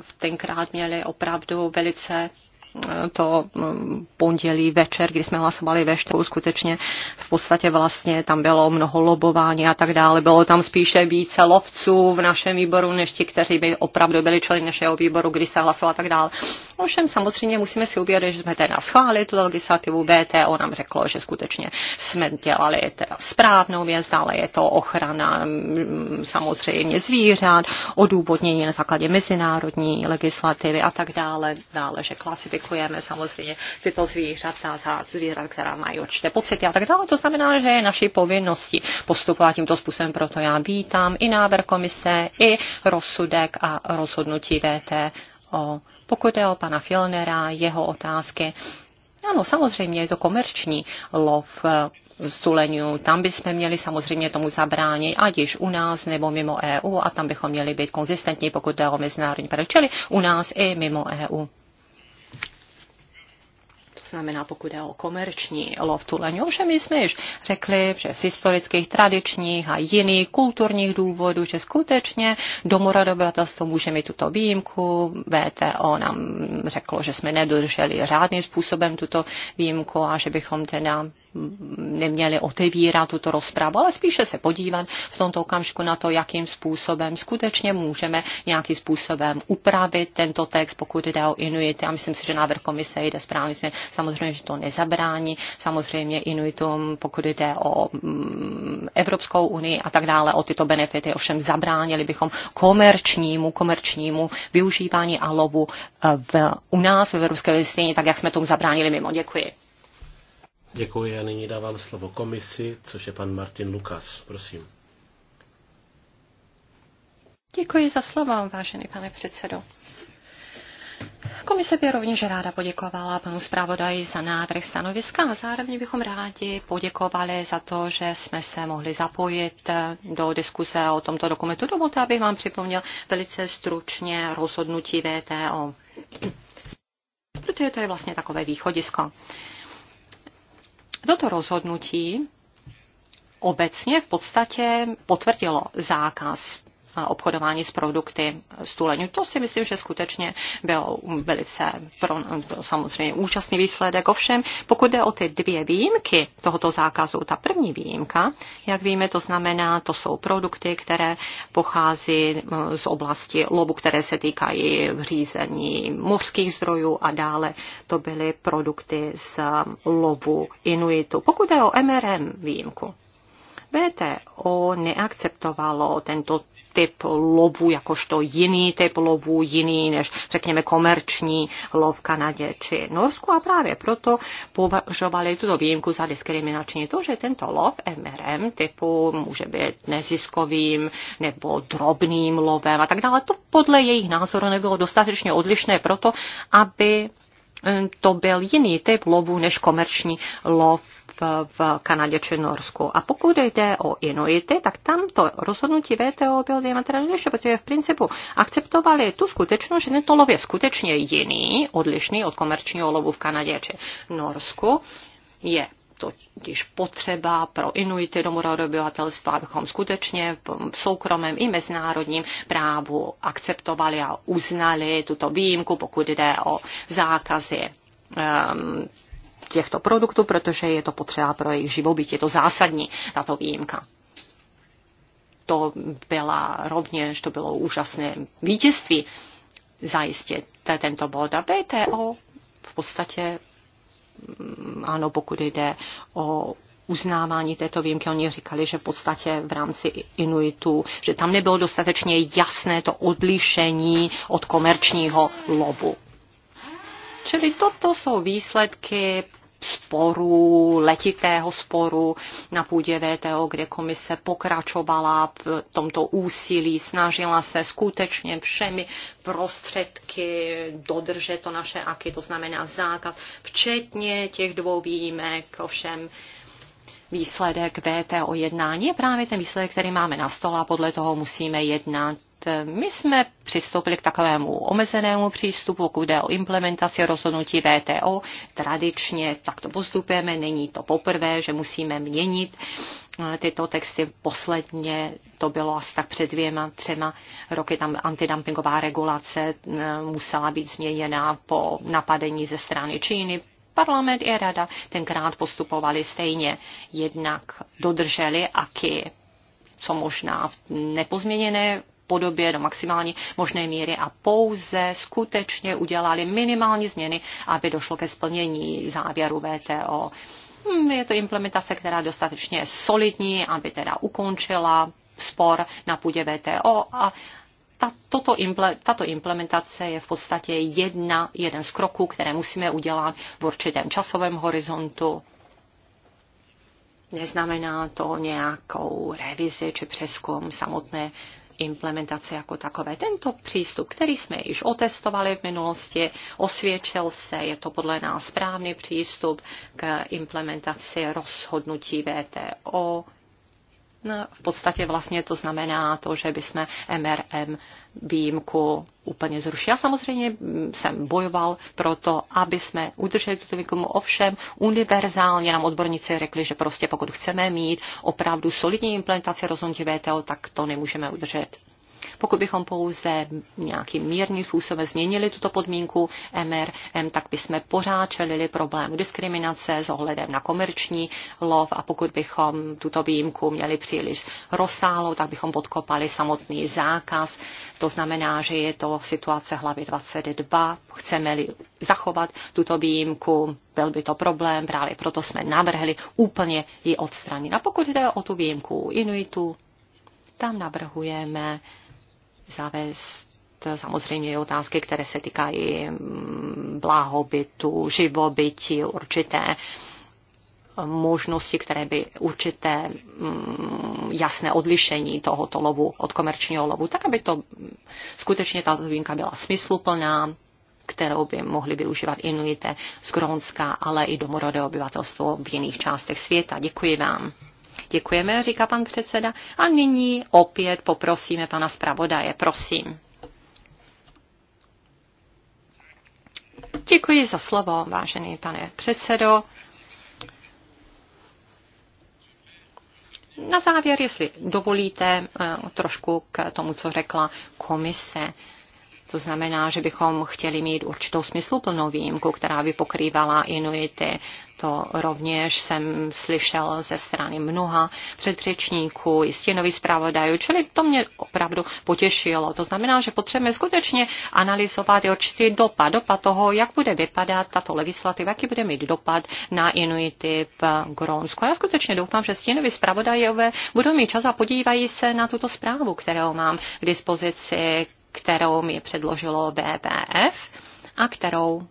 v tenkrát měli opravdu velice to mm, pondělí večer, kdy jsme hlasovali ve štěku, skutečně v podstatě vlastně tam bylo mnoho lobování a tak dále. Bylo tam spíše více lovců v našem výboru, než ti, kteří by opravdu byli členy našeho výboru, kdy se hlasovalo a tak dále. Ovšem samozřejmě musíme si uvědomit, že jsme teda schválili tu legislativu BTO, nám řeklo, že skutečně jsme dělali teda správnou věc, ale je to ochrana mm, samozřejmě zvířat, odůvodnění na základě mezinárodní legislativy a tak dále, dále, že klasifikace identifikujeme samozřejmě tyto zvířata za zvířata, která mají určité pocity a tak dále. To znamená, že je naší povinnosti postupovat tímto způsobem, proto já vítám i návrh komise, i rozsudek a rozhodnutí o Pokud je o pana Filnera, jeho otázky, ano, samozřejmě je to komerční lov stuleňů. Eh, tam bychom měli samozřejmě tomu zabránit, ať již u nás nebo mimo EU, a tam bychom měli být konzistentní, pokud jde o mezinárodní práv, u nás i mimo EU znamená pokud je o komerční lov tuleňů, že my jsme již řekli, že z historických, tradičních a jiných kulturních důvodů, že skutečně domorodovatelstvo může mít tuto výjimku. VTO nám řeklo, že jsme nedodrželi řádným způsobem tuto výjimku a že bychom teda neměli otevírat tuto rozpravu, ale spíše se podívat v tomto okamžiku na to, jakým způsobem skutečně můžeme nějakým způsobem upravit tento text, pokud jde o Inuity. A myslím si, že návrh komise jde správně jsme Samozřejmě, že to nezabrání. Samozřejmě Inuitům, pokud jde o mm, Evropskou unii a tak dále, o tyto benefity. Ovšem zabránili bychom komerčnímu, komerčnímu využívání a lovu eh, v, u nás v Evropské unii. tak jak jsme tomu zabránili mimo. Děkuji. Děkuji a nyní dávám slovo komisi, což je pan Martin Lukas. Prosím. Děkuji za slovo, vážený pane předsedo. Komise by rovněž ráda poděkovala panu zpravodaji za návrh stanoviska a zároveň bychom rádi poděkovali za to, že jsme se mohli zapojit do diskuse o tomto dokumentu. Dovolte, abych vám připomněl velice stručně rozhodnutí VTO. Protože to je vlastně takové východisko. Toto rozhodnutí obecně v podstatě potvrdilo zákaz obchodování s produkty z To si myslím, že skutečně byl velice pro, byl samozřejmě účastný výsledek. Ovšem, pokud jde o ty dvě výjimky tohoto zákazu, ta první výjimka, jak víme, to znamená, to jsou produkty, které pochází eh, z oblasti lobu, které se týkají řízení mořských zdrojů a dále to byly produkty z lovu Inuitu. Pokud jde o MRM výjimku, VTO neakceptovalo tento typ lovu, jakožto jiný typ lovu, jiný než řekněme komerční lov Kanadě či Norsku a právě proto považovali tuto výjimku za diskriminační. To, že tento lov MRM typu může být neziskovým nebo drobným lovem a tak dále, to podle jejich názoru nebylo dostatečně odlišné proto, aby eh, to byl jiný typ lovu než komerční lov v Kanadě či Norsku. A pokud jde o Inuity, tak tam to rozhodnutí VTO bylo diametralnější, protože v principu akceptovali tu skutečnost, že tento lov je skutečně jiný, odlišný od komerčního lovu v Kanadě či Norsku. Je totiž potřeba pro Inuity domorodého obyvatelstva, abychom skutečně v soukromém i mezinárodním právu akceptovali a uznali tuto výjimku, pokud jde o zákazy um, těchto produktů, protože je to potřeba pro jejich živobytí. Je to zásadní, tato výjimka to byla rovněž, to bylo úžasné vítězství zajistit tento bod. A BTO v podstatě, mm, ano, pokud jde o uznávání této výjimky, oni říkali, že v podstatě v rámci Inuitu, že tam nebylo dostatečně jasné to odlišení od komerčního lobu. Čili toto jsou výsledky sporu, letitého sporu na půdě VTO, kde komise pokračovala v tomto úsilí, snažila se skutečně všemi prostředky dodržet to naše aky, to znamená zákaz, včetně těch dvou výjimek, ovšem výsledek VTO jednání je právě ten výsledek, který máme na stole a podle toho musíme jednat my jsme přistoupili k takovému omezenému přístupu, pokud jde o implementaci rozhodnutí VTO. Tradičně takto postupujeme, není to poprvé, že musíme měnit eh, tyto texty. Posledně to bylo asi tak před dvěma, třema roky, tam antidumpingová regulace eh, musela být změněna po napadení ze strany Číny, parlament i rada tenkrát postupovali stejně. Jednak dodrželi aky, co možná v nepozměněné podobě do maximální možné míry a pouze skutečně udělali minimální změny, aby došlo ke splnění závěru VTO. Hmm, je to implementace, která je dostatečně solidní, aby teda ukončila spor na půdě VTO a tato, tato implementace je v podstatě jedna, jeden z kroků, které musíme udělat v určitém časovém horizontu. Neznamená to nějakou revizi či přeskum samotné implementace jako takové. Tento přístup, který jsme již otestovali v minulosti, osvědčil se, je to podle nás správný přístup k implementaci rozhodnutí VTO, No, v podstatě vlastně to znamená to, že bychom MRM výjimku úplně zrušili. Já samozřejmě jsem bojoval pro to, aby jsme udrželi tuto výjimku. Ovšem, univerzálně nám odborníci řekli, že prostě pokud chceme mít opravdu solidní implementaci rozhodnutí VTO, tak to nemůžeme udržet. Pokud bychom pouze nějakým mírným způsobem změnili tuto podmínku MRM, tak bychom pořád čelili problému diskriminace s ohledem na komerční lov a pokud bychom tuto výjimku měli příliš rozsáhlou, tak bychom podkopali samotný zákaz. To znamená, že je to situace hlavy 22. Chceme-li zachovat tuto výjimku, byl by to problém, právě proto jsme navrhli úplně ji odstranit. A pokud jde o tu výjimku Inuitu, tam navrhujeme zavést samozřejmě je otázky, které se týkají mm, blahobytu, živobytí, určité mm, možnosti, které by určité mm, jasné odlišení tohoto lovu od komerčního lovu, tak aby to skutečně ta výjimka byla smysluplná, kterou by mohli využívat Inuité z Grónska, ale i domorodé obyvatelstvo v jiných částech světa. Děkuji vám. Děkujeme, říká pan předseda. A nyní opět poprosíme pana zpravodaje. Prosím. Děkuji za slovo, vážený pane předsedo. Na závěr, jestli dovolíte, eh, trošku k tomu, co řekla komise. To znamená, že bychom chtěli mít určitou smysluplnou výjimku, která by pokrývala Inuity. To rovněž jsem slyšel ze strany mnoha předřečníků jistě stěnových zpravodajů, čili to mě opravdu potěšilo. To znamená, že potřebujeme skutečně analyzovat i určitý dopad, dopad toho, jak bude vypadat tato legislativa, jaký bude mít dopad na Inuity v Grónsku. Já skutečně doufám, že stínoví zpravodajové budou mít čas a podívají se na tuto zprávu, kterou mám k dispozici, kterou mi předložilo WWF a kterou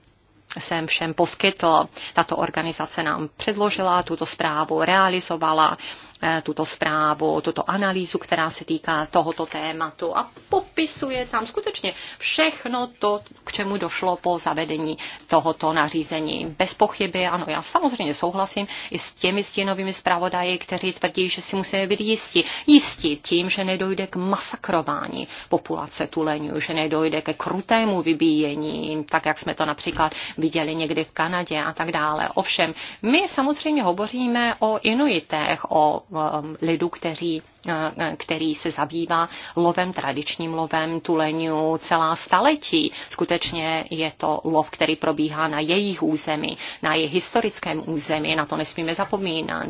jsem všem poskytl. Tato organizace nám předložila tuto zprávu, realizovala Eh, tuto zprávu, tuto analýzu, která se týká tohoto tématu a popisuje tam skutečně všechno to, k čemu došlo po zavedení tohoto nařízení. Bez pochyby, ano, já samozřejmě souhlasím i s těmi stěnovými zpravodaji, kteří tvrdí, že si musíme být jistí. Jistí tím, že nedojde k masakrování populace tuleňů, že nedojde ke krutému vybíjení, tak jak jsme to například viděli někdy v Kanadě a tak dále. Ovšem, my samozřejmě hovoříme o inuitech, o Um, lidu, kteří, uh, který se zabývá lovem, tradičním lovem tuleniu celá staletí. Skutečně je to lov, který probíhá na jejich území, na jejich historickém území, na to nesmíme zapomínat.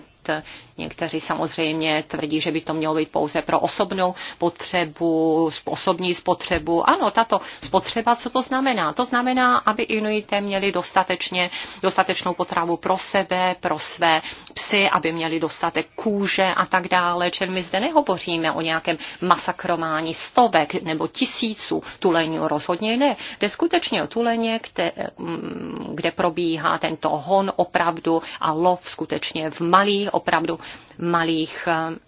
Někteří samozřejmě tvrdí, že by to mělo být pouze pro osobnou potřebu, osobní spotřebu. Ano, tato spotřeba, co to znamená? To znamená, aby inuité měli dostatečně, dostatečnou potravu pro sebe, pro své psy, aby měli dostatek kůže a tak dále. Čili my zde nehovoříme o nějakém masakrování stovek nebo tisíců tuleňů, rozhodně ne. Jde skutečně o tuleně, kde, mm, kde probíhá tento hon opravdu a lov skutečně v malých opravdu malých um,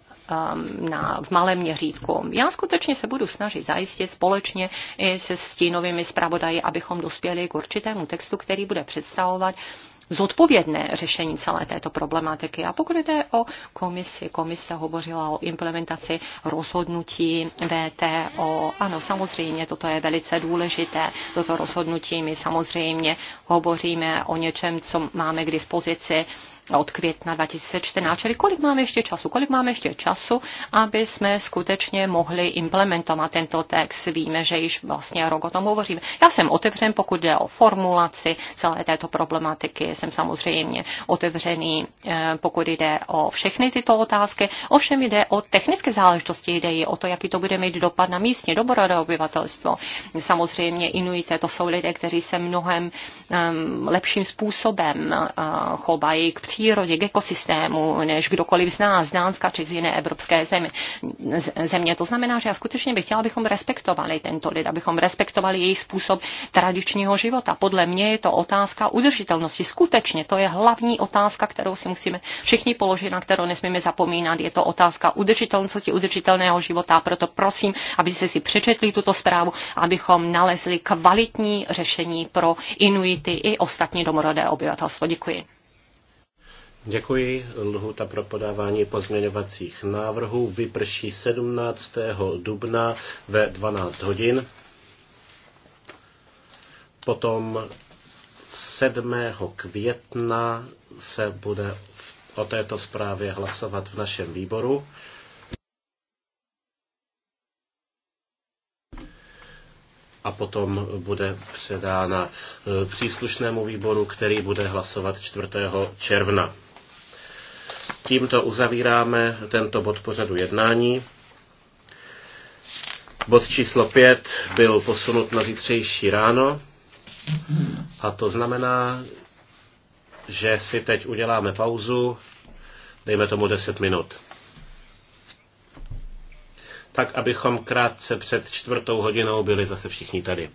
na, v malém měřítku. Já skutečně se budu snažit zajistit společně i se stínovými zpravodaji, abychom dospěli k určitému textu, který bude představovat zodpovědné řešení celé této problematiky. A pokud jde o komisi, komise hovořila o implementaci rozhodnutí VTO. Ano, samozřejmě, toto je velice důležité. Toto rozhodnutí my samozřejmě hovoříme o něčem, co máme k dispozici od května 2014, čili kolik máme ještě času, kolik máme ještě času, aby jsme skutečně mohli implementovat tento text. Víme, že již vlastně rok o tom hovoříme. Já jsem otevřen, pokud jde o formulaci celé této problematiky, jsem samozřejmě otevřený, eh, pokud jde o všechny tyto otázky. Ovšem jde o technické záležitosti, jde i o to, jaký to bude mít dopad na místně doborodé obyvatelstvo. Samozřejmě inuité, to jsou lidé, kteří se mnohem um, lepším způsobem uh, chovají k přírodě, k ekosystému, než kdokoliv z nás, z Dánska či z jiné evropské zemi, země. To znamená, že já skutečně bych chtěla, abychom respektovali tento lid, abychom respektovali jejich způsob tradičního života. Podle mě je to otázka udržitelnosti. Skutečně to je hlavní otázka, kterou si musíme všichni položit, na kterou nesmíme zapomínat. Je to otázka udržitelnosti, udržitelného života. Proto prosím, abyste si přečetli tuto zprávu, abychom nalezli kvalitní řešení pro Inuity i ostatní domorodé obyvatelstvo. Děkuji. Děkuji. Lhuta pro podávání pozměňovacích návrhů vyprší 17. dubna ve 12 hodin. Potom 7. května se bude o této zprávě hlasovat v našem výboru. a potom bude předána e, příslušnému výboru, který bude hlasovat 4. června. Tímto uzavíráme tento bod pořadu jednání. Bod číslo 5 byl posunut na zítřejší ráno a to znamená, že si teď uděláme pauzu, dejme tomu 10 minut. Tak, abychom krátce před čtvrtou hodinou byli zase všichni tady.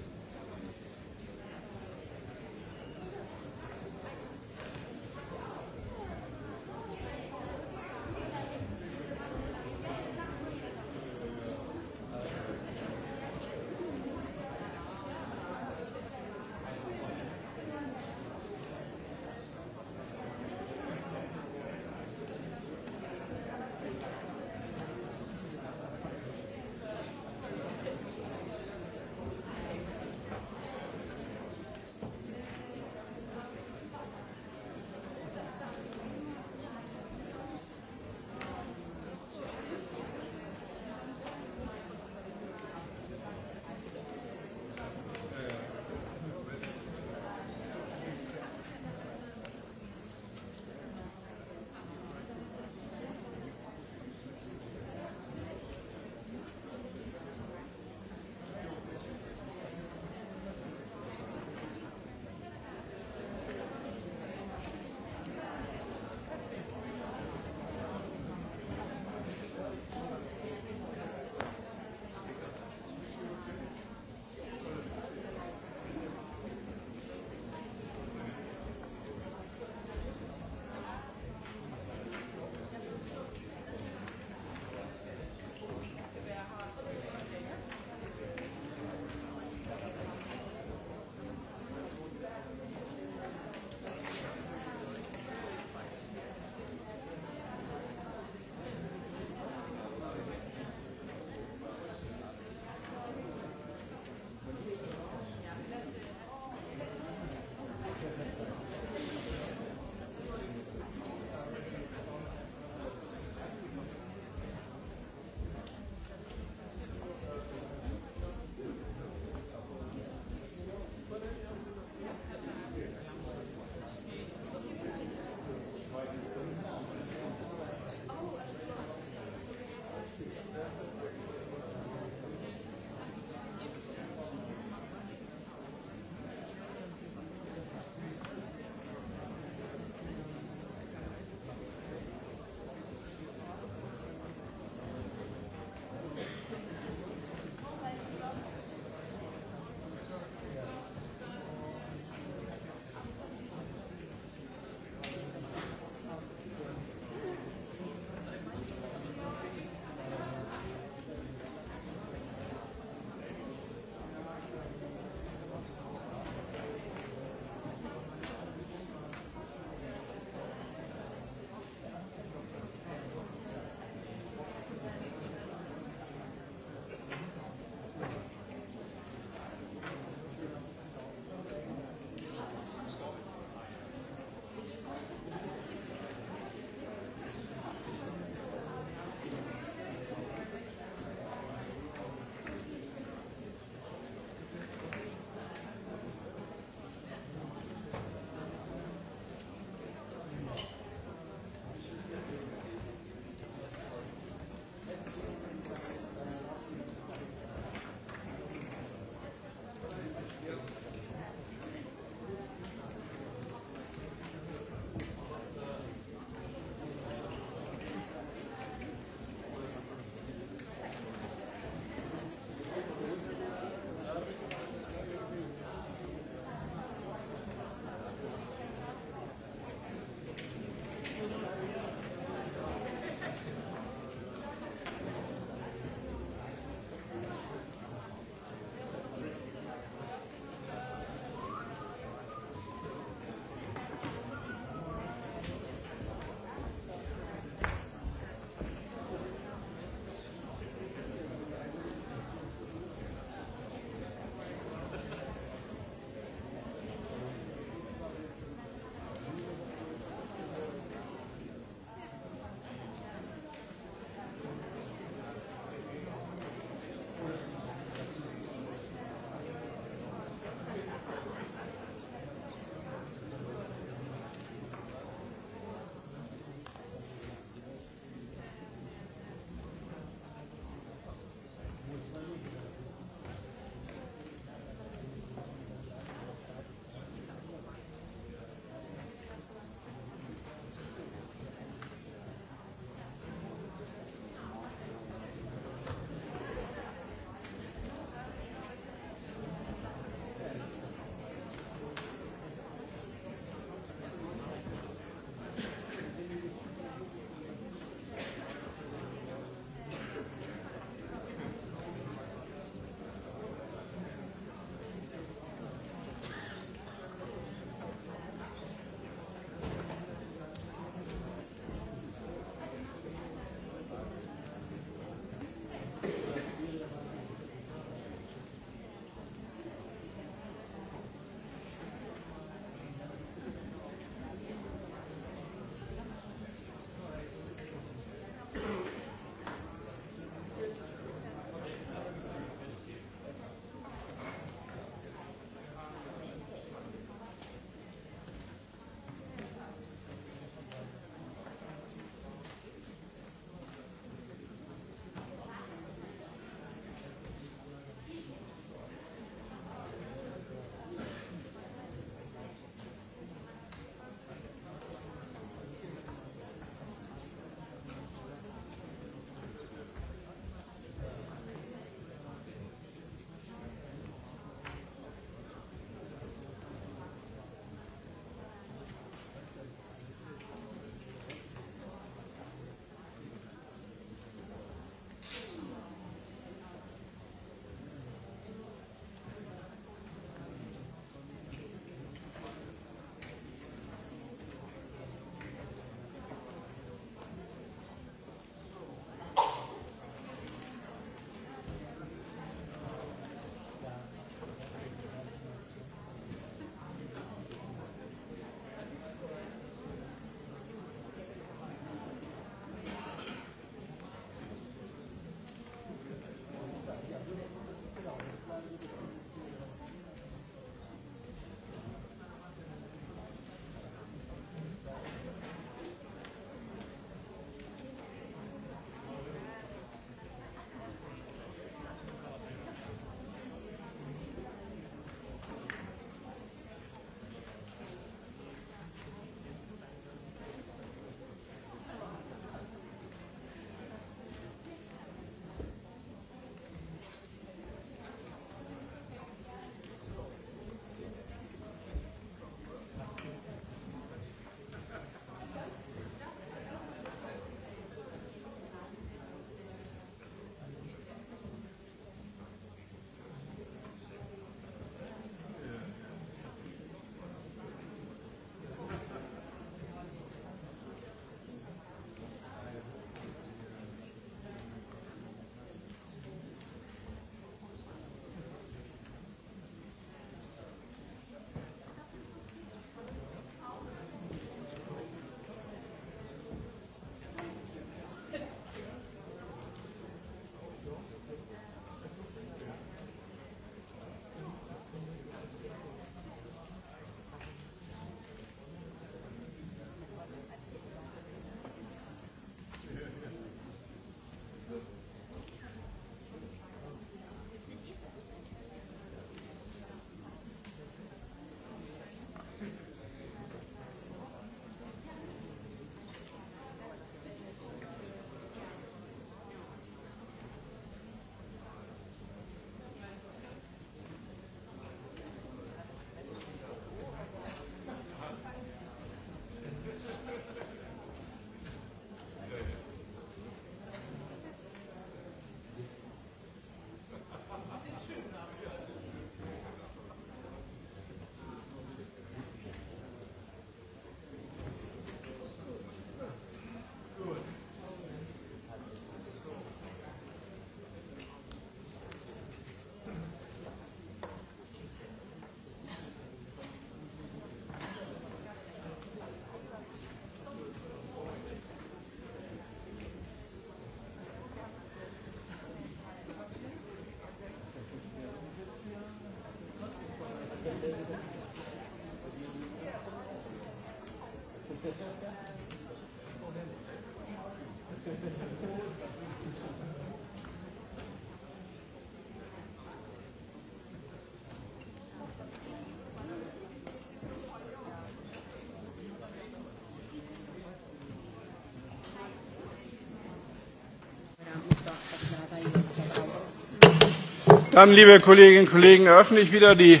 Dann, liebe Kolleginnen und Kollegen, eröffne ich wieder die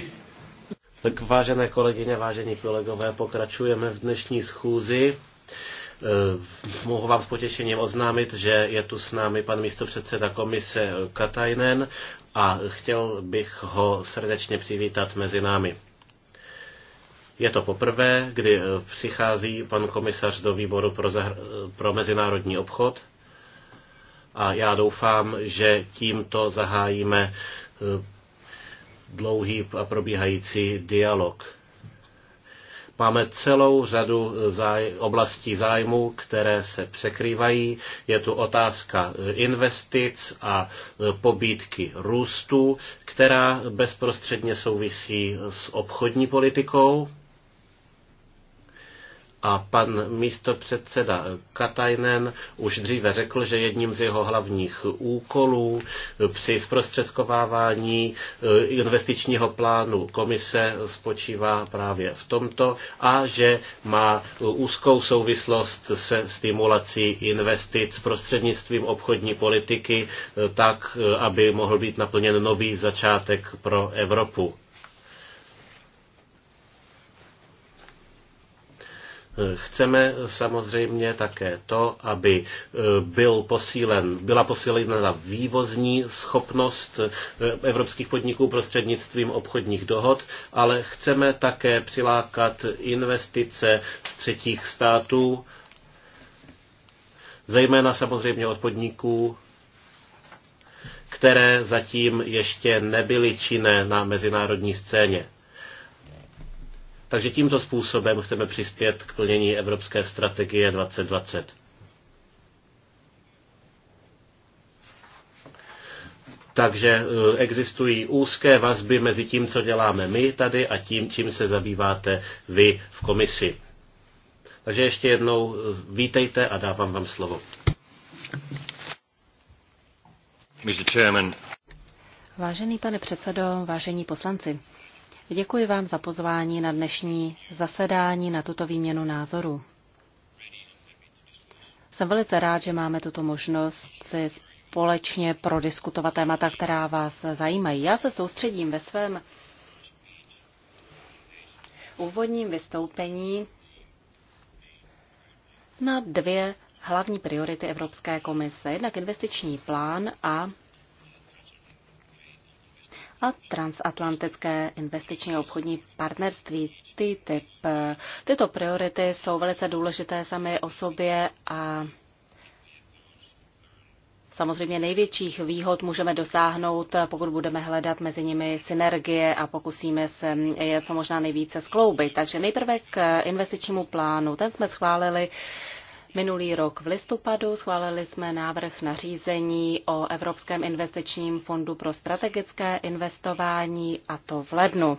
tak vážené kolegyně, vážení kolegové, pokračujeme v dnešní schůzi. Eh, mohu vám s potěšením oznámit, že je tu s námi pan místopředseda komise Katajnen a chtěl bych ho srdečně přivítat mezi námi. Je to poprvé, kdy eh, přichází pan komisař do výboru pro, zahr- eh, pro mezinárodní obchod a já doufám, že tímto zahájíme Eh, dlouhý a probíhající dialog. Máme celou řadu eh, záj- oblastí zájmu, které se překrývají. Je tu otázka eh, investic a pobídky růstu, která bezprostředně souvisí s obchodní politikou a pan místopředseda Katajnen už dříve řekl, že jedním z jeho hlavních úkolů při zprostředkovávání eh, investičního plánu komise spočívá právě v tomto a že má úzkou souvislost se stimulací investic prostřednictvím obchodní politiky eh, tak, eh, aby mohl být naplněn nový začátek pro Evropu. Chceme samozřejmě také to, aby e, byl posílen, byla posílena vývozní schopnost e, evropských podniků prostřednictvím obchodních dohod, ale chceme také přilákat investice z třetích států, zejména samozřejmě od podniků, které zatím ještě nebyly činné na mezinárodní scéně. Takže tímto způsobem chceme přispět k plnění Evropské strategie 2020. Takže eh, existují úzké vazby mezi tím, co děláme my tady a tím, čím se zabýváte vy v komisi. Takže ještě jednou eh, vítejte a dávám vám slovo. Mr. Chairman. Vážený pane předsedo, vážení poslanci, Děkuji vám za pozvání na dnešní zasedání, na tuto výměnu názorů. Jsem velice rád, že máme tuto možnost si společně prodiskutovat témata, která vás zajímají. Já se soustředím ve svém úvodním vystoupení na dvě hlavní priority Evropské komise. Jednak investiční plán a a transatlantické investiční a obchodní partnerství TTIP. Tyto priority jsou velice důležité samé o sobě a Samozřejmě největších výhod můžeme dosáhnout, pokud budeme hledat mezi nimi synergie a pokusíme se je co možná nejvíce skloubit. Takže nejprve k investičnímu plánu. Ten jsme schválili Minulý rok v listopadu schválili jsme návrh na řízení o Evropském investičním fondu pro strategické investování a to v lednu.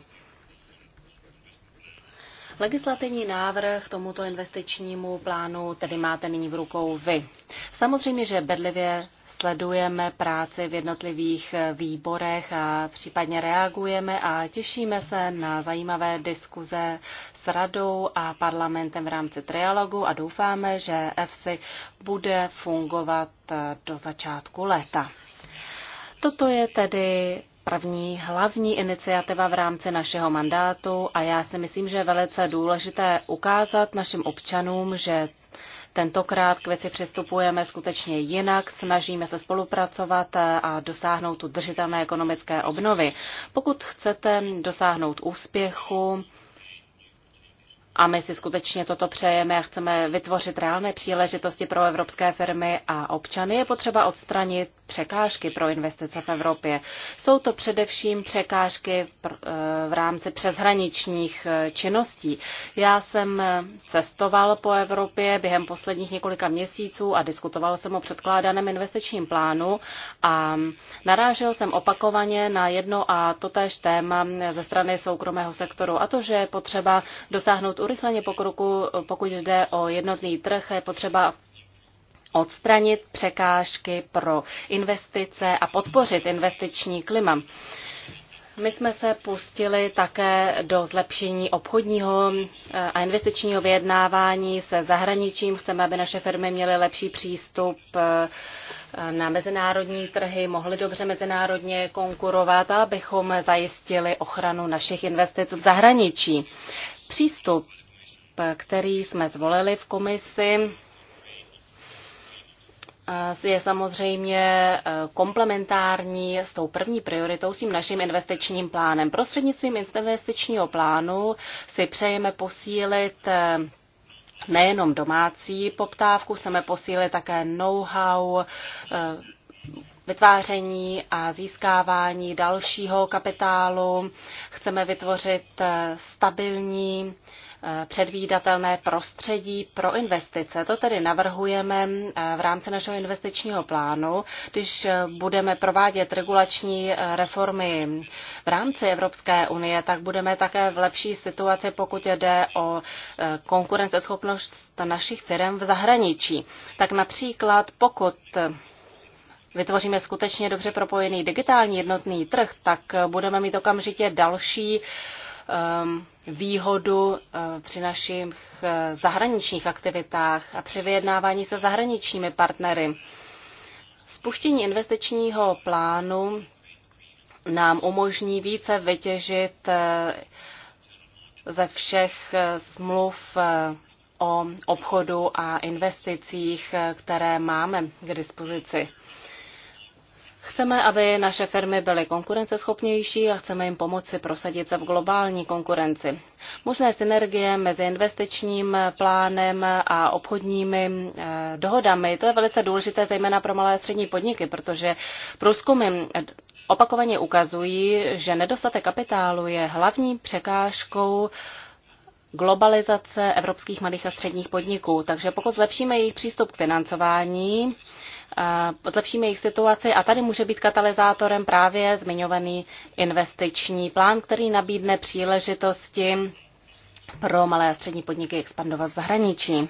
Legislativní návrh tomuto investičnímu plánu tedy máte nyní v rukou vy. Samozřejmě, že bedlivě sledujeme práci v jednotlivých výborech a případně reagujeme a těšíme se na zajímavé diskuze s radou a parlamentem v rámci trialogu a doufáme, že EFSI bude fungovat eh, do začátku léta. Toto je tedy první hlavní iniciativa v rámci našeho mandátu a já si myslím, že je velice důležité ukázat našim občanům, že Tentokrát k věci přistupujeme skutečně jinak, snažíme se spolupracovat eh, a dosáhnout udržitelné ekonomické obnovy. Pokud chcete dosáhnout úspěchu, a my si skutečně toto přejeme a chceme vytvořit reálné příležitosti pro evropské firmy a občany. Je potřeba odstranit překážky pro investice v Evropě. Jsou to především překážky eh, v rámci přeshraničních eh, činností. Já jsem eh, cestoval po Evropě během posledních několika měsíců a diskutoval jsem o předkládaném investičním plánu a narážel jsem opakovaně na jedno a totéž téma ze strany soukromého sektoru a to, že je potřeba dosáhnout urychleně pokroku, pokud jde o jednotný trh, je potřeba odstranit překážky pro investice a podpořit investiční klima. My jsme se pustili také do zlepšení obchodního eh, a investičního vyjednávání se zahraničím. Chceme, aby naše firmy měly lepší přístup eh, na mezinárodní trhy, mohly dobře mezinárodně konkurovat a abychom zajistili ochranu našich investic v zahraničí. Přístup, který jsme zvolili v komisi, je samozřejmě eh, komplementární s tou první prioritou, s tím naším investičním plánem. Prostřednictvím investičního plánu si přejeme posílit eh, nejenom domácí poptávku, chceme posílit také know-how, eh, vytváření a získávání dalšího kapitálu. Chceme vytvořit stabilní Eh, předvídatelné prostředí pro investice. To tedy navrhujeme eh, v rámci našeho investičního plánu, když eh, budeme provádět regulační reformy v rámci Evropské unie, tak budeme také v lepší situaci, pokud jde o konkurenceschopnost našich firm v zahraničí. Tak například pokud vytvoříme skutečně dobře propojený digitální jednotný trh, tak budeme mít okamžitě další uh, Um, výhodu uh, při našich uh, zahraničních aktivitách a při vyjednávání se zahraničními partnery. Spuštění investičního plánu nám umožní více vytěžit uh, ze všech smluv o obchodu a investicích, které máme k dispozici. Chceme, aby naše firmy byly konkurenceschopnější a chceme jim pomoci prosadit se v globální konkurenci. Možné synergie mezi investičním plánem a obchodními eh, dohodami, to je velice důležité zejména pro malé a střední podniky, protože průzkumy opakovaně ukazují, že nedostatek kapitálu je hlavní překážkou globalizace evropských malých a středních podniků. Takže pokud zlepšíme jejich přístup k financování, Eh, zlepšíme jejich situaci a tady může být katalyzátorem právě zmiňovaný investiční plán, který nabídne příležitosti pro malé a střední podniky expandovat v zahraničí.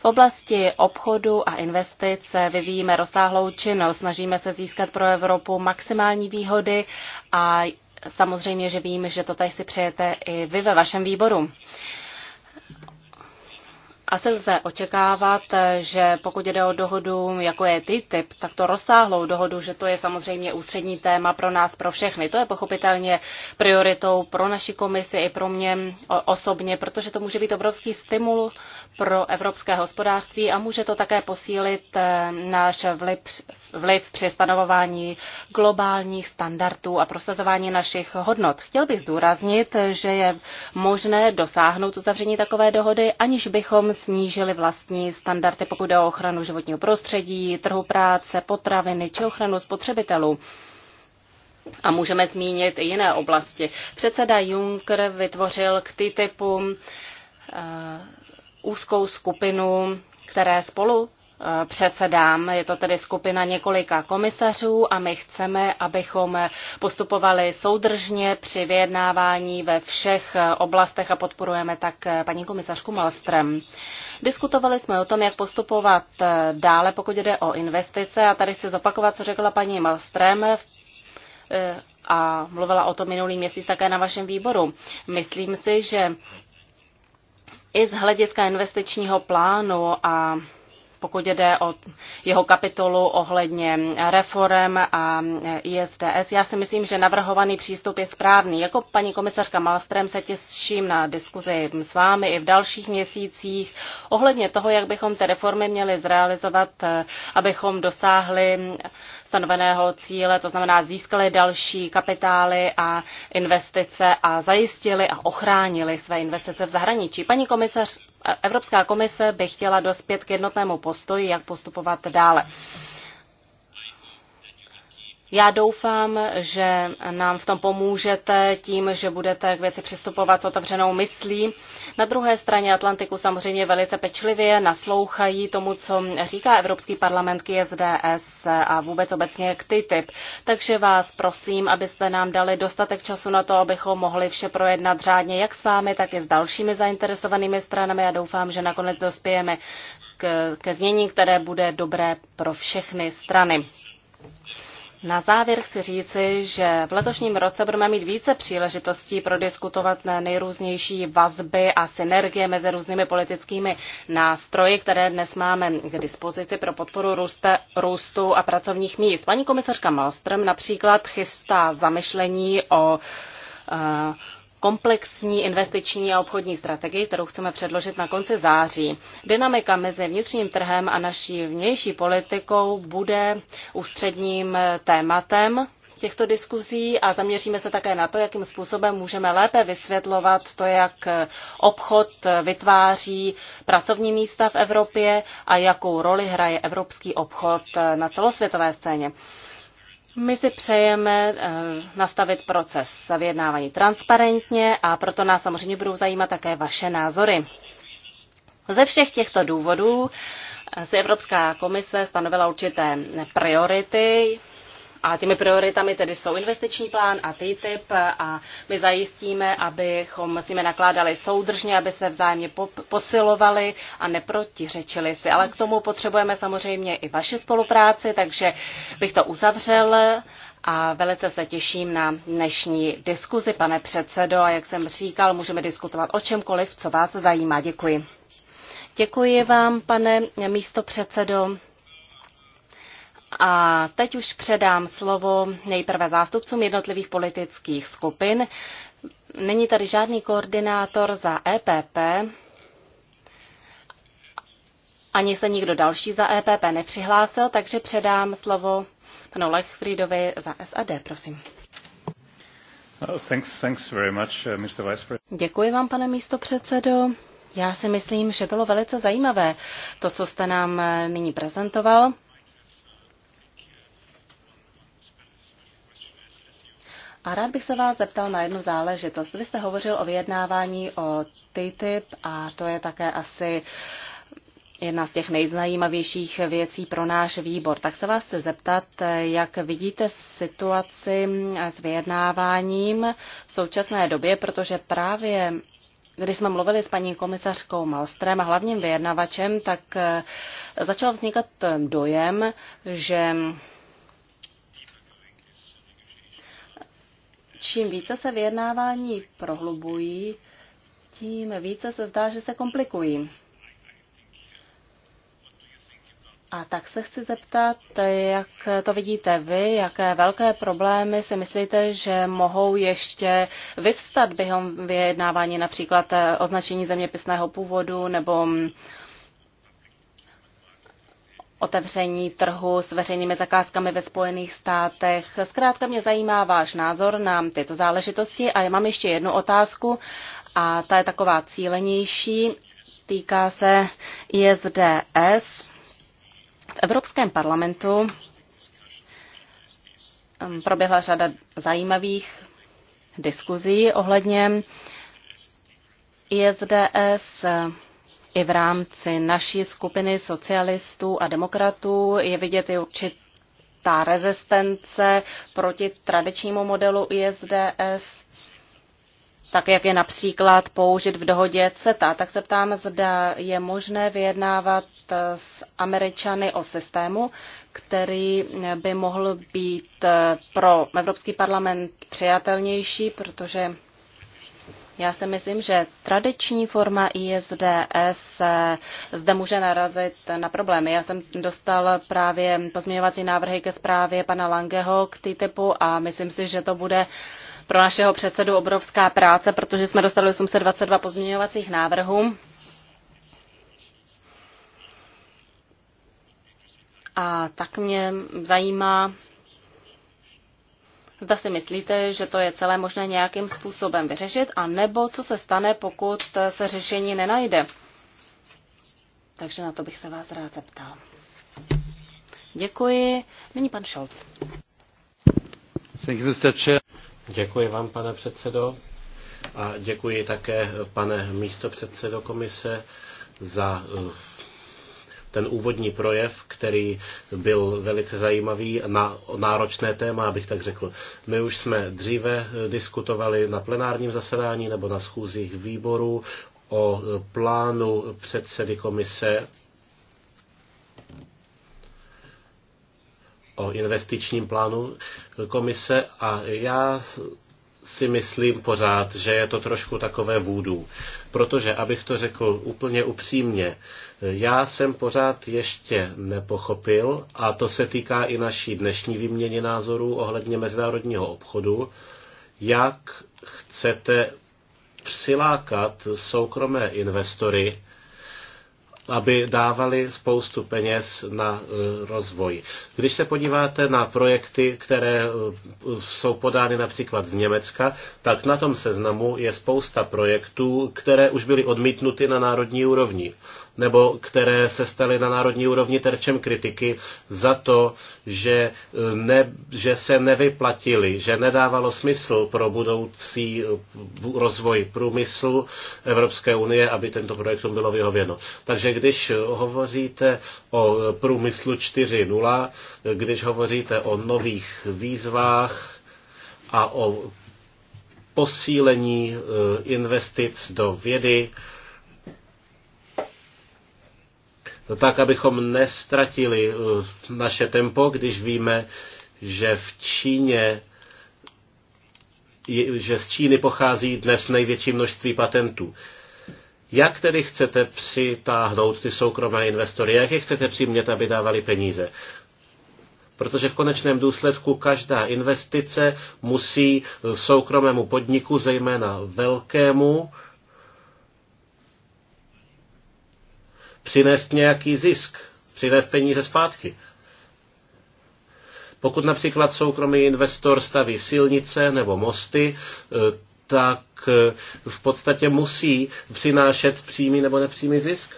V oblasti obchodu a investic vyvíjíme rozsáhlou činnost, snažíme se získat pro Evropu maximální výhody a samozřejmě, že vím, že to tady si přejete i vy ve vašem výboru. Asi lze očekávat, že pokud jde o dohodu, jako je TTIP, tak to rozsáhlou dohodu, že to je samozřejmě ústřední téma pro nás, pro všechny. To je pochopitelně prioritou pro naši komisi i pro mě osobně, protože to může být obrovský stimul pro evropské hospodářství a může to také posílit eh, náš vliv, vliv při stanovování globálních standardů a prosazování našich hodnot. Chtěl bych zdůraznit, že je možné dosáhnout uzavření takové dohody, aniž bychom snížily vlastní standardy, pokud jde o ochranu životního prostředí, trhu práce, potraviny či ochranu spotřebitelů. A můžeme zmínit i jiné oblasti. Předseda Juncker vytvořil k TTIPu uh, eh, úzkou skupinu, které spolu předsedám. Je to tedy skupina několika komisařů a my chceme, abychom postupovali soudržně při vyjednávání ve všech oblastech a podporujeme tak paní komisařku Malstrem. Diskutovali jsme o tom, jak postupovat dále, pokud jde o investice a tady chci zopakovat, co řekla paní Malstrem eh, a mluvila o tom minulý měsíc také na vašem výboru. Myslím si, že i z hlediska investičního plánu a pokud jde o jeho kapitolu ohledně reform a ISDS. Já si myslím, že navrhovaný přístup je správný. Jako paní komisařka Malstrem se těším na diskuzi s vámi i v dalších měsících ohledně toho, jak bychom ty reformy měli zrealizovat, eh, abychom dosáhli stanoveného cíle, to znamená získali další kapitály a investice a zajistili a ochránili své investice v zahraničí. Paní komisař, Evropská komise by chtěla dospět k jednotnému postoji, jak postupovat dále. Já doufám, že nám v tom pomůžete tím, že budete k věci přistupovat s otevřenou myslí. Na druhé straně Atlantiku samozřejmě velice pečlivě naslouchají tomu, co říká Evropský parlament k SDS a vůbec obecně k TTIP. Takže vás prosím, abyste nám dali dostatek času na to, abychom mohli vše projednat řádně jak s vámi, tak i s dalšími zainteresovanými stranami. Já doufám, že nakonec dospějeme ke změní, které bude dobré pro všechny strany. Na závěr chci říci, že v letošním roce budeme mít více příležitostí prodiskutovat nejrůznější vazby a synergie mezi různými politickými nástroji, které dnes máme k dispozici pro podporu růste, růstu a pracovních míst. Paní komisařka Malström například chystá zamyšlení o uh, komplexní investiční a obchodní strategii, kterou chceme předložit na konci září. Dynamika mezi vnitřním trhem a naší vnější politikou bude ústředním tématem těchto diskuzí a zaměříme se také na to, jakým způsobem můžeme lépe vysvětlovat to, jak obchod vytváří pracovní místa v Evropě a jakou roli hraje evropský obchod na celosvětové scéně. My si přejeme eh, nastavit proces vyjednávání transparentně a proto nás samozřejmě budou zajímat také vaše názory. Ze všech těchto důvodů eh, si Evropská komise stanovila určité priority, a těmi prioritami tedy jsou investiční plán a TTIP a my zajistíme, abychom s nimi nakládali soudržně, aby se vzájemně posilovali a neprotiřečili si. Ale k tomu potřebujeme samozřejmě i vaši spolupráci, takže bych to uzavřel a velice se těším na dnešní diskuzi, pane předsedo. A jak jsem říkal, můžeme diskutovat o čemkoliv, co vás zajímá. Děkuji. Děkuji vám, pane místo předsedo. A teď už předám slovo nejprve zástupcům jednotlivých politických skupin. Není tady žádný koordinátor za EPP, ani se nikdo další za EPP nepřihlásil, takže předám slovo panu Lechfriedovi za SAD, prosím. Uh, Děkuji vám, pane místopředsedo. Já si myslím, že bylo velice zajímavé to, co jste nám uh, nyní prezentoval. A rád bych se vás zeptal na jednu záležitost. Vy jste hovořil o vyjednávání o TTIP a to je také asi jedna z těch nejznajímavějších věcí pro náš výbor. Tak se vás chci zeptat, jak vidíte situaci s vyjednáváním v současné době, protože právě když jsme mluvili s paní komisařkou Malstrem a hlavním vyjednavačem, tak začal vznikat dojem, že čím více se vyjednávání prohlubují, tím více se zdá, že se komplikují. A tak se chci zeptat, jak to vidíte vy, jaké velké problémy si myslíte, že mohou ještě vyvstat během vyjednávání například označení zeměpisného původu nebo otevření trhu s veřejnými zakázkami ve Spojených státech. Zkrátka mě zajímá váš názor na tyto záležitosti a já mám ještě jednu otázku a ta je taková cílenější. Týká se ISDS. V Evropském parlamentu hm, proběhla řada zajímavých diskuzí ohledně ISDS i v rámci naší skupiny socialistů a demokratů je vidět i určitá rezistence proti tradičnímu modelu ISDS, tak jak je například použit v dohodě CETA. Tak se ptám, zda je možné vyjednávat s Američany o systému, který by mohl být pro Evropský parlament přijatelnější, protože já si myslím, že tradiční forma ISDS zde může narazit na problémy. Já jsem dostal právě pozměňovací návrhy ke zprávě pana Langeho k TTIPu a myslím si, že to bude pro našeho předsedu obrovská práce, protože jsme dostali 822 pozměňovacích návrhů. A tak mě zajímá, Zda si myslíte, že to je celé možné nějakým způsobem vyřešit, a nebo co se stane, pokud se řešení nenajde. Takže na to bych se vás rád zeptal. Děkuji. Nyní pan Scholz. Děkuji vám, pane předsedo. A děkuji také, pane místopředsedo komise, za eh, ten úvodní projev, který byl velice zajímavý na náročné téma, abych tak řekl. My už jsme dříve diskutovali na plenárním zasedání nebo na schůzích výboru o plánu předsedy komise o investičním plánu komise a já si myslím pořád, že je to trošku takové vůdů. Protože, abych to řekl úplně upřímně, já jsem pořád ještě nepochopil, a to se týká i naší dnešní výměny názorů ohledně mezinárodního obchodu, jak chcete přilákat soukromé investory aby dávali spoustu peněz na e, rozvoj. Když se podíváte na projekty, které e, jsou podány například z Německa, tak na tom seznamu je spousta projektů, které už byly odmítnuty na národní úrovni nebo které se staly na národní úrovni terčem kritiky za to, že, eh, ne, že se nevyplatili, že nedávalo smysl pro budoucí eh, rozvoj průmyslu Evropské unie, aby tento projektům bylo vyhověno. Takže když hovoříte o průmyslu 4.0, když hovoříte o nových výzvách a o posílení eh, investic do vědy, No tak abychom nestratili eh, naše tempo, když víme, že v Číně že z Číny pochází dnes největší množství patentů. Jak tedy chcete přitáhnout ty soukromé investory? Jak je chcete přimět, aby dávali peníze? Protože v konečném důsledku každá investice musí eh, soukromému podniku, zejména velkému, přinést nějaký zisk, přinést peníze zpátky. Pokud například soukromý investor staví silnice nebo mosty, eh, tak eh, v podstatě musí přinášet přímý nebo nepřímý zisk.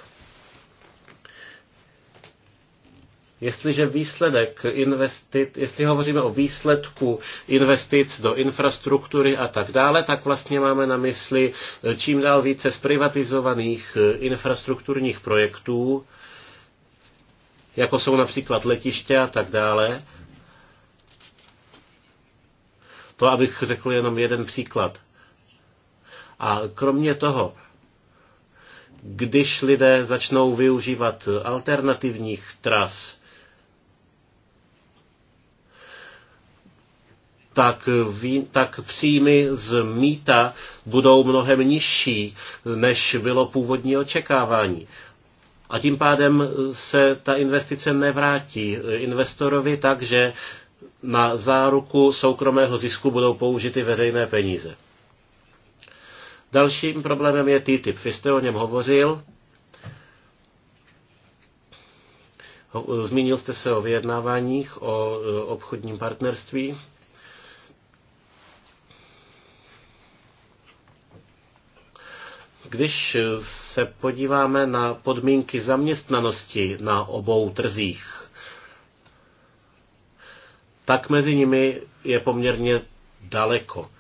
Jestliže výsledek investit, jestli hovoříme o výsledku investic do infrastruktury a tak dále, tak vlastně máme na mysli čím dál více zprivatizovaných eh, infrastrukturních projektů, jako jsou například letiště a tak dále. To, abych řekl jenom jeden příklad. A kromě toho, když lidé začnou využívat alternativních tras, tak, vý, tak příjmy z mýta budou mnohem nižší, než bylo původní očekávání. A tím pádem se ta investice nevrátí investorovi tak, že na záruku soukromého zisku budou použity veřejné peníze. Dalším problémem je TTIP. Vy jste o něm hovořil. E, zmínil jste se o vyjednáváních, o e, obchodním partnerství. Když se podíváme na podmínky zaměstnanosti na obou trzích, tak mezi nimi je poměrně daleko.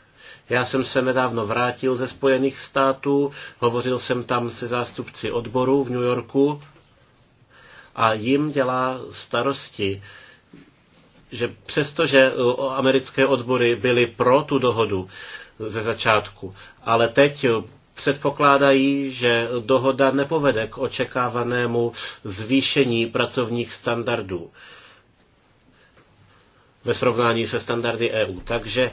Já jsem se nedávno vrátil ze Spojených států, hovořil jsem tam se zástupci odboru v New Yorku a jim dělá starosti, že přestože americké odbory byly pro tu dohodu ze začátku, ale teď předpokládají, že dohoda nepovede k očekávanému zvýšení pracovních standardů ve srovnání se standardy EU. Takže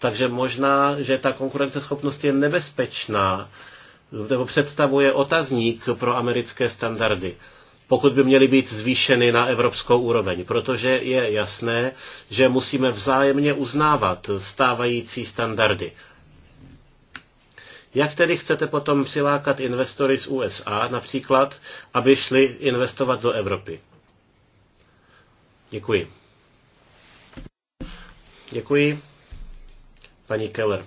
Takže možná, že ta konkurenceschopnost je nebezpečná, nebo představuje otazník pro americké standardy pokud by měly být zvýšeny na evropskou úroveň, protože je jasné, že musíme vzájemně uznávat stávající standardy. Jak tedy chcete potom přilákat investory z USA například, aby šli investovat do Evropy? Děkuji. Děkuji. Paní Keller.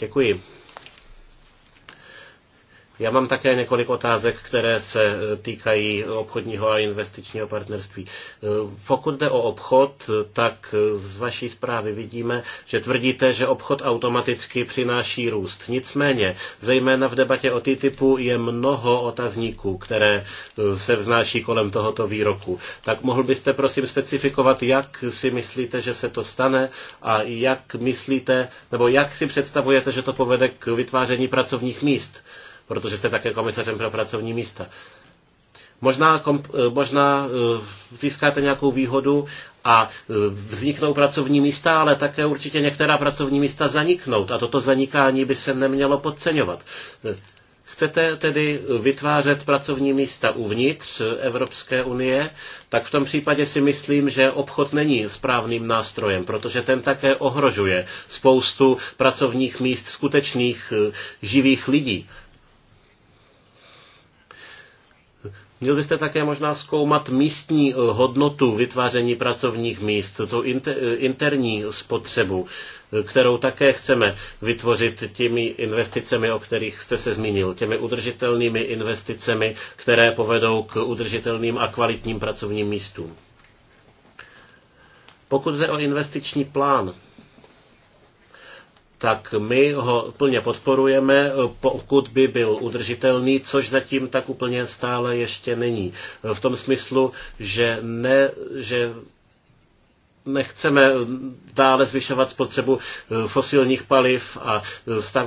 Děkuji. Já mám také několik otázek, které se týkají obchodního a investičního partnerství. Pokud jde o obchod, tak z vaší zprávy vidíme, že tvrdíte, že obchod automaticky přináší růst. Nicméně, zejména v debatě o TTIPu je mnoho otazníků, které se vznáší kolem tohoto výroku. Tak mohl byste prosím specifikovat, jak si myslíte, že se to stane a jak myslíte, nebo jak si představujete, že to povede k vytváření pracovních míst? protože jste také komisařem pro pracovní místa. Možná, eh, možná eh, získáte nějakou výhodu a eh, vzniknou pracovní místa, ale také určitě některá pracovní místa zaniknou. A toto zanikání by se nemělo podceňovat. Chcete tedy vytvářet pracovní místa uvnitř Evropské unie, tak v tom případě si myslím, že obchod není správným nástrojem, protože ten také ohrožuje spoustu pracovních míst skutečných živých lidí Měl byste také možná zkoumat místní eh, hodnotu vytváření pracovních míst, tu eh, interní spotřebu, eh, kterou také chceme vytvořit těmi investicemi, o kterých jste se zmínil, těmi udržitelnými investicemi, které povedou k udržitelným a kvalitním pracovním místům. Pokud jde o investiční plán, tak my ho plně podporujeme, pokud by byl udržitelný, což zatím tak úplně stále ještě není. V tom smyslu, že, ne, že nechceme dále zvyšovat spotřebu eh, fosilních paliv a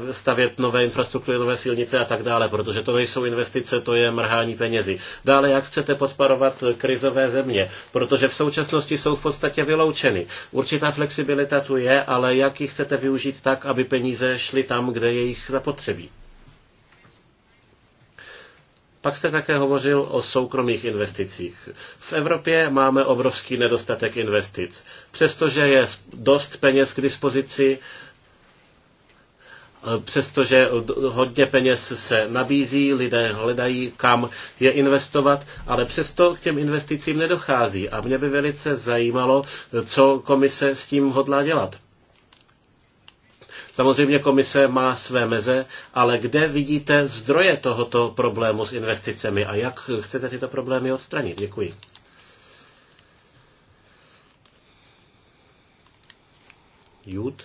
eh, stavět nové infrastruktury, nové silnice a tak dále, protože to nejsou investice, to je mrhání penězi. Dále, jak chcete podporovat eh, krizové země, protože v současnosti jsou v podstatě vyloučeny. Určitá flexibilita tu je, ale jak ji chcete využít tak, aby peníze šly tam, kde je jich zapotřebí. Pak jste také hovořil o soukromých investicích. V Evropě máme obrovský nedostatek investic. Přestože je dost peněz k dispozici, přestože hodně peněz se nabízí, lidé hledají, kam je investovat, ale přesto k těm investicím nedochází. A mě by velice zajímalo, co komise s tím hodlá dělat. Samozřejmě komise má své meze, ale kde vidíte zdroje tohoto problému s investicemi a jak chcete tyto problémy odstranit? Děkuji. Jude?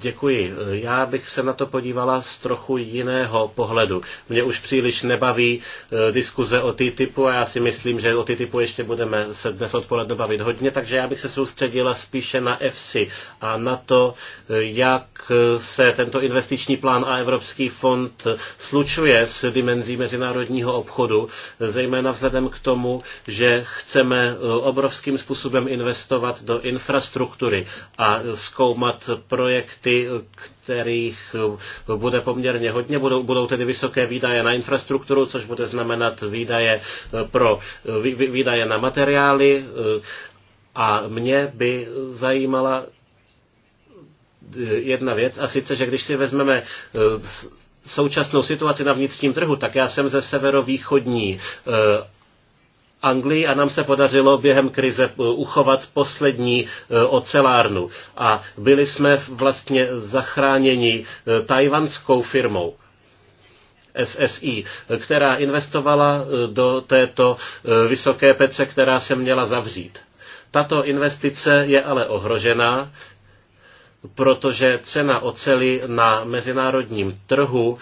Děkuji. Já bych se na to podívala z trochu jiného pohledu. Mě už příliš nebaví e, diskuze o TTIPu a já si myslím, že o TTIPu ještě budeme se dnes odpoledne bavit hodně, takže já bych se soustředila spíše na EFSI a na to, e, jak se tento investiční plán a Evropský fond slučuje s dimenzí mezinárodního obchodu, zejména vzhledem k tomu, že chceme e, obrovským způsobem investovat do infrastruktury a zkoumat projekt projekty, kterých eh, bude poměrně hodně, budou, budou tedy vysoké výdaje na infrastrukturu, což bude znamenat výdaje, eh, pro, eh, výdaje na materiály a mě by zajímala jedna věc, a sice, že když si vezmeme současnou situaci na vnitřním trhu, tak já jsem ze severovýchodní Anglii a nám se podařilo během krize eh, uchovat poslední eh, ocelárnu. A byli jsme vlastně zachráněni eh, tajvanskou firmou. SSI, která investovala do této vysoké pece, která se měla zavřít. Tato investice je ale ohrožená, protože cena oceli na mezinárodním trhu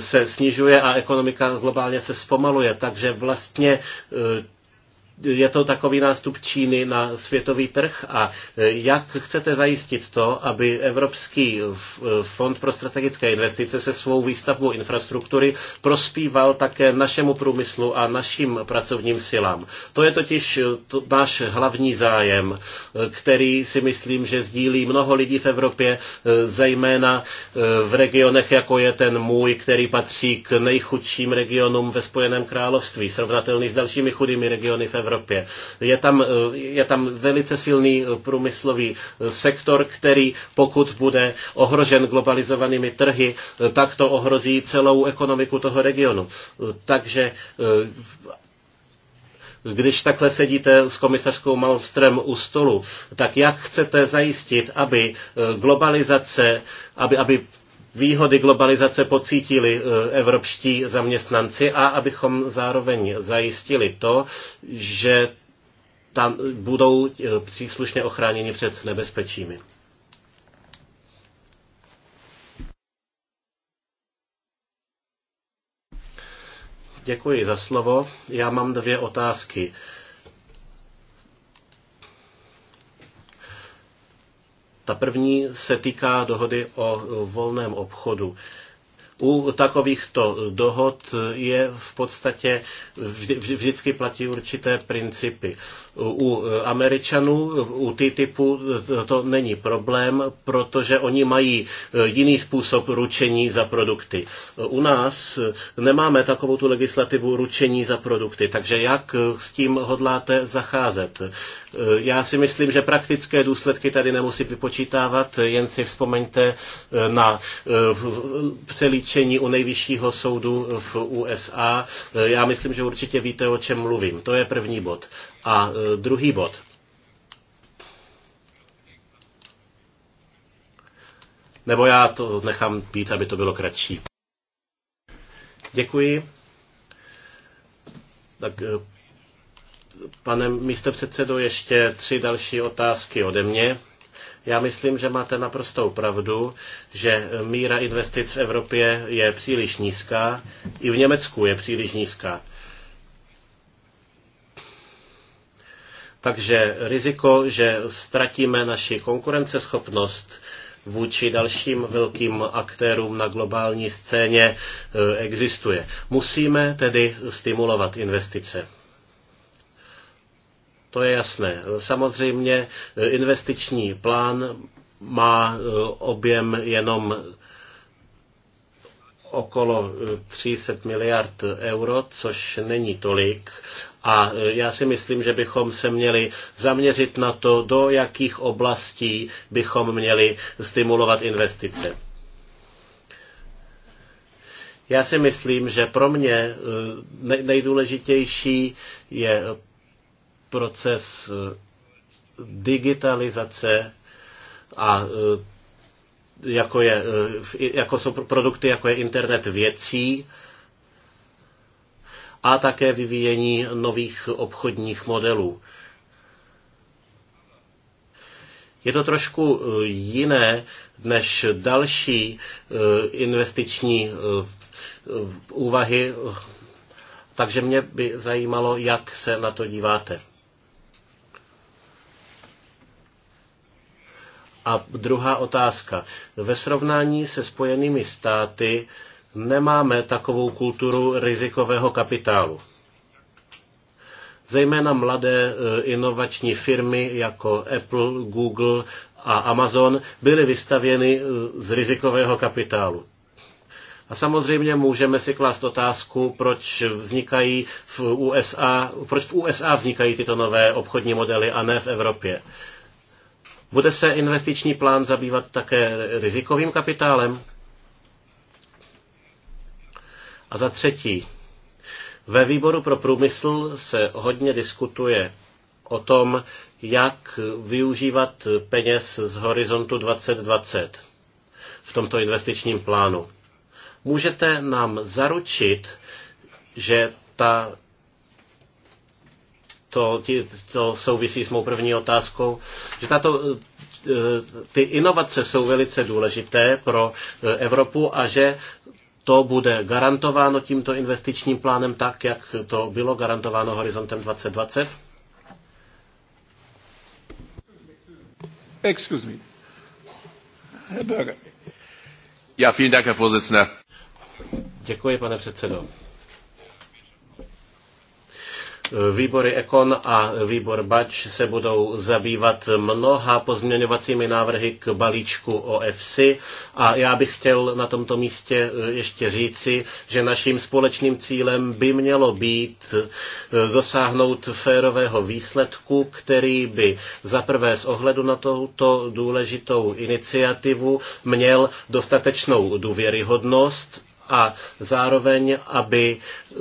se snižuje a ekonomika globálně se zpomaluje, takže vlastně eh, je to takový nástup Číny na světový trh a e, jak chcete zajistit to, aby Evropský e, fond pro strategické investice se svou výstavbou infrastruktury prospíval také našemu průmyslu a našim pracovním silám. To je totiž e, náš hlavní zájem, který si myslím, že sdílí mnoho lidí v Evropě, zejména v regionech, jako je ten můj, který patří k nejchudším regionům ve Spojeném království, srovnatelný s dalšími chudými regiony v Evropě. Evropě. Je tam, eh, je tam velice silný eh, průmyslový eh, sektor, který pokud bude ohrožen globalizovanými trhy, tak to ohrozí celou ekonomiku toho regionu. Takže když takhle sedíte s komisařskou Malmström u stolu, tak jak chcete zajistit, aby globalizace, aby, aby výhody globalizace pocítili eh, evropští zaměstnanci a abychom zároveň zajistili to, že tam budou eh, příslušně ochráněni před nebezpečími. Děkuji za slovo. Já mám dvě otázky. Ta první se týká dohody o volném obchodu u takovýchto dohod je v podstatě vždy, vždy, vždycky platí určité principy. U Američanů, u TTIPu to není problém, protože oni mají jiný způsob ručení za produkty. U nás nemáme takovou tu legislativu ručení za produkty, takže jak s tím hodláte zacházet? Já si myslím, že praktické důsledky tady nemusí vypočítávat, jen si vzpomeňte na eh, celý líčení u nejvyššího soudu v USA. Já myslím, že určitě víte, o čem mluvím. To je první bod. A e, druhý bod. Nebo já to nechám být, aby to bylo kratší. Děkuji. Tak e, pane místopředsedo, ještě tři další otázky ode mě. Já myslím, že máte naprostou pravdu, že míra investic v Evropě je příliš nízká, i v Německu je příliš nízká. Takže riziko, že ztratíme naši konkurenceschopnost vůči dalším velkým aktérům na globální scéně, eh, existuje. Musíme tedy stimulovat investice. To je jasné. Samozřejmě e, investiční plán má e, objem jenom okolo 300 e, miliard euro, což není tolik. A já si myslím, že bychom se měli zaměřit na to, do jakých oblastí bychom měli stimulovat investice. Já si myslím, že pro mě nejdůležitější je proces eh, digitalizace a eh, jako, je, eh, jako jsou produkty, jako je internet věcí a také vyvíjení nových obchodních modelů. Je to trošku jiné než další investiční úvahy, takže mě by zajímalo, jak se na to díváte. A druhá otázka. Ve srovnání se Spojenými státy nemáme takovou kulturu rizikového kapitálu. Zejména mladé e, inovační firmy jako Apple, Google a Amazon byly vystavěny e, z rizikového kapitálu. A samozřejmě můžeme si klást otázku, proč vznikají v USA, proč v USA vznikají tyto nové obchodní modely a ne v Evropě. Bude se investiční plán zabývat také rizikovým kapitálem? A za třetí, ve výboru pro průmysl se hodně diskutuje o tom, jak využívat peněz z horizontu 2020 v tomto investičním plánu. Můžete nám zaručit, že ta to, to souvisí s mou první otázkou, že tato, e, ty inovace jsou velice důležité pro e, Evropu a že to bude garantováno tímto investičním plánem tak, jak to bylo garantováno horizontem 2020? Excuse me. Herr Bürger. Ja, vielen Dank, Herr Vorsitzender. Děkuji, pane předsedo. Výbory Ekon a výbor Bač se budou zabývat mnoha pozměňovacími návrhy k balíčku OFC a já bych chtěl na tomto místě e, ještě říci, že naším společným cílem by mělo být e, dosáhnout férového výsledku, který by zaprvé z ohledu na touto důležitou iniciativu měl dostatečnou důvěryhodnost a zároveň, aby, eh,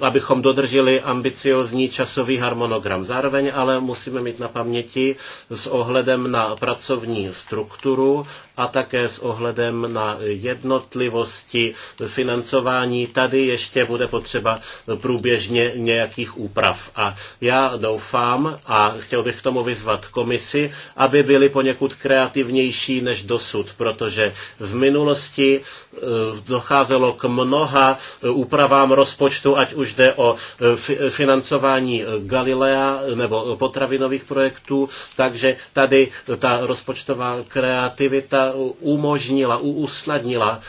abychom dodrželi ambiciozní časový harmonogram. Zároveň ale musíme mít na paměti s ohledem na pracovní strukturu a také s ohledem na jednotlivosti financování. Tady ještě bude potřeba průběžně nějakých úprav. A já doufám a chtěl bych k tomu vyzvat komisi, aby byly poněkud kreativnější než dosud, protože v minulosti eh, docházelo došlo k mnoha eh, úpravám rozpočtu, ať už jde o eh, financování eh, Galilea nebo potravinových projektů, takže tady ta rozpočtová kreativita umožnila, usnadnila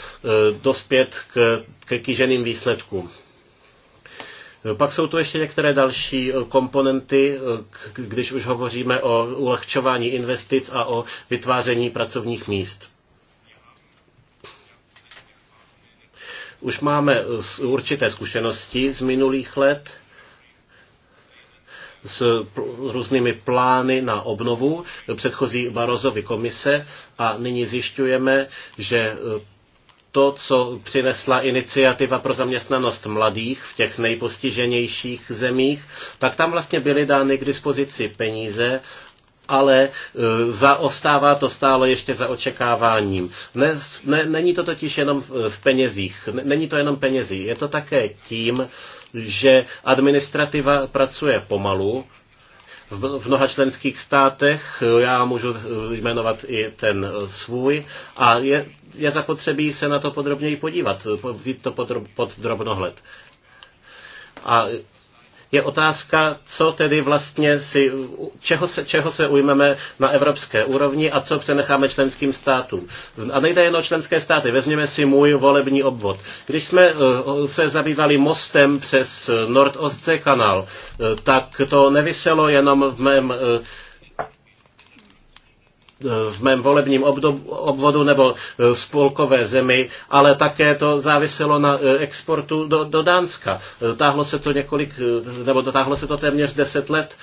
dospět k, k kýženým výsledkům. Pak jsou tu ještě některé další komponenty, když už hovoříme o ulehčování investic a o vytváření pracovních míst. Už máme eh, určité zkušenosti z minulých let s různými plány na obnovu předchozí Barozovy komise a nyní zjišťujeme, že eh, to, co přinesla iniciativa pro zaměstnanost mladých v těch nejpostiženějších zemích, tak tam vlastně byly dány k dispozici peníze ale e, zaostává to stále ještě za očekáváním. Ne, ne, není to totiž jenom v penězích, není to jenom penězí, je to také tím, že administrativa pracuje pomalu, v mnoha členských státech, e, já můžu e, jmenovat i ten svůj, a je, je zapotřebí se na to podrobněji podívat, vzít to pod, pod drobnohled. A je otázka, co tedy vlastně si, čeho se, čeho se ujmeme na evropské úrovni a co přenecháme členským státům. A nejde jen o členské státy, vezměme si můj volební obvod. Když jsme eh, se zabývali mostem přes kanál, eh, tak to nevyselo jenom v mém eh, v mém volebním obvodu nebo eh, spolkové zemi, ale také to záviselo na eh, exportu do, do Dánska. Eh, táhlo se to několik, nebo dotáhlo se to téměř deset let.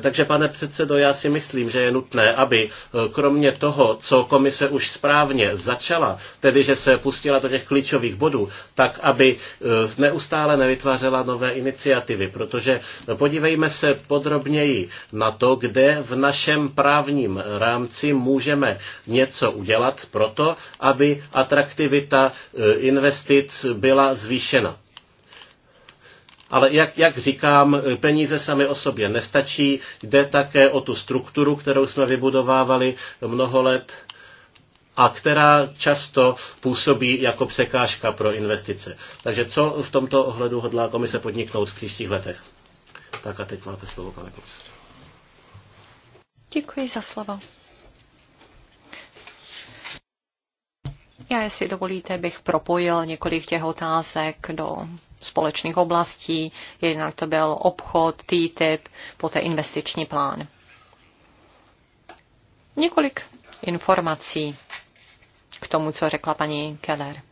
Takže pane předsedo, já si myslím, že je nutné, aby kromě toho, co komise už správně začala, tedy že se pustila do těch klíčových bodů, tak aby neustále nevytvářela nové iniciativy, protože podívejme se podrobněji na to, kde v našem právním rámci můžeme něco udělat pro to, aby atraktivita e, investic byla zvýšena. Ale jak, jak říkám, peníze sami o sobě nestačí, jde také o tu strukturu, kterou jsme vybudovávali mnoho let a která často působí jako překážka pro investice. Takže co v tomto ohledu hodlá komise podniknout v příštích letech? Tak a teď máte slovo, pane komisaři. Děkuji za slovo. Já, jestli dovolíte, bych propojil několik těch otázek do společných oblastí. Jednak to byl obchod, TTIP, poté investiční plán. Několik informací k tomu, co řekla paní Keller.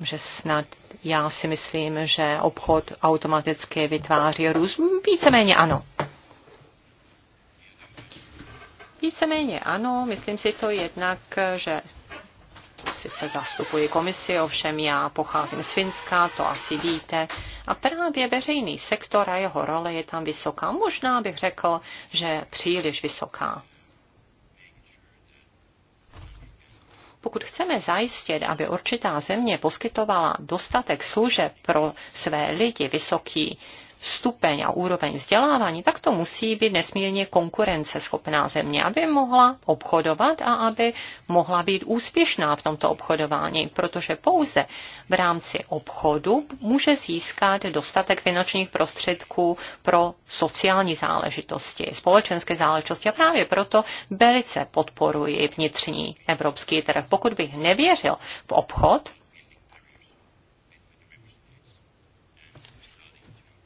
Že snad já si myslím, že obchod automaticky vytváří růst. Víceméně ano. Víceméně ano, myslím si to jednak, že sice zastupuji komisi, ovšem já pocházím z Finska, to asi víte. A právě veřejný sektor a jeho role je tam vysoká. Možná bych řekl, že příliš vysoká. Pokud chceme zajistit, aby určitá země poskytovala dostatek služeb pro své lidi, vysoký stupeň a úroveň vzdělávání, tak to musí být nesmírně konkurenceschopná země, aby mohla obchodovat a aby mohla být úspěšná v tomto obchodování, protože pouze v rámci obchodu může získat dostatek finančních prostředků pro sociální záležitosti, společenské záležitosti a právě proto velice podporuji vnitřní evropský trh. Pokud bych nevěřil v obchod,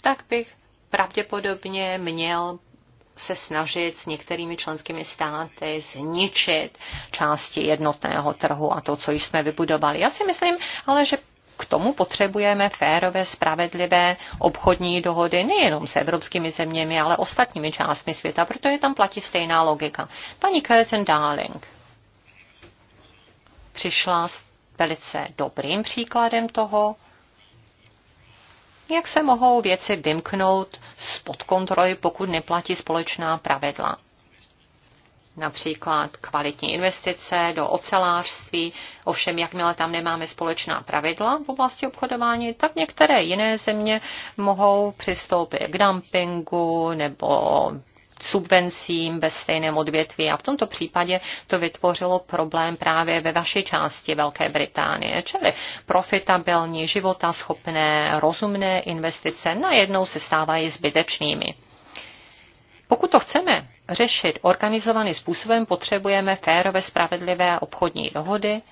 tak bych pravděpodobně měl se snažit s některými členskými státy zničit části jednotného trhu a to, co jsme vybudovali. Já si myslím, ale že k tomu potřebujeme férové, spravedlivé obchodní dohody nejenom s evropskými zeměmi, ale ostatními částmi světa, protože tam platí stejná logika. Paní Curtin Darling přišla s velice dobrým příkladem toho, jak se mohou věci vymknout spod kontroly, pokud neplatí společná pravidla? Například kvalitní investice do ocelářství, ovšem jakmile tam nemáme společná pravidla v oblasti obchodování, tak některé jiné země mohou přistoupit k dumpingu nebo subvencím ve stejném odvětví. A v tomto případě to vytvořilo problém právě ve vaší části Velké Británie, čili profitabilní, schopné, rozumné investice najednou se stávají zbytečnými. Pokud to chceme řešit organizovaným způsobem, potřebujeme férové, spravedlivé obchodní dohody,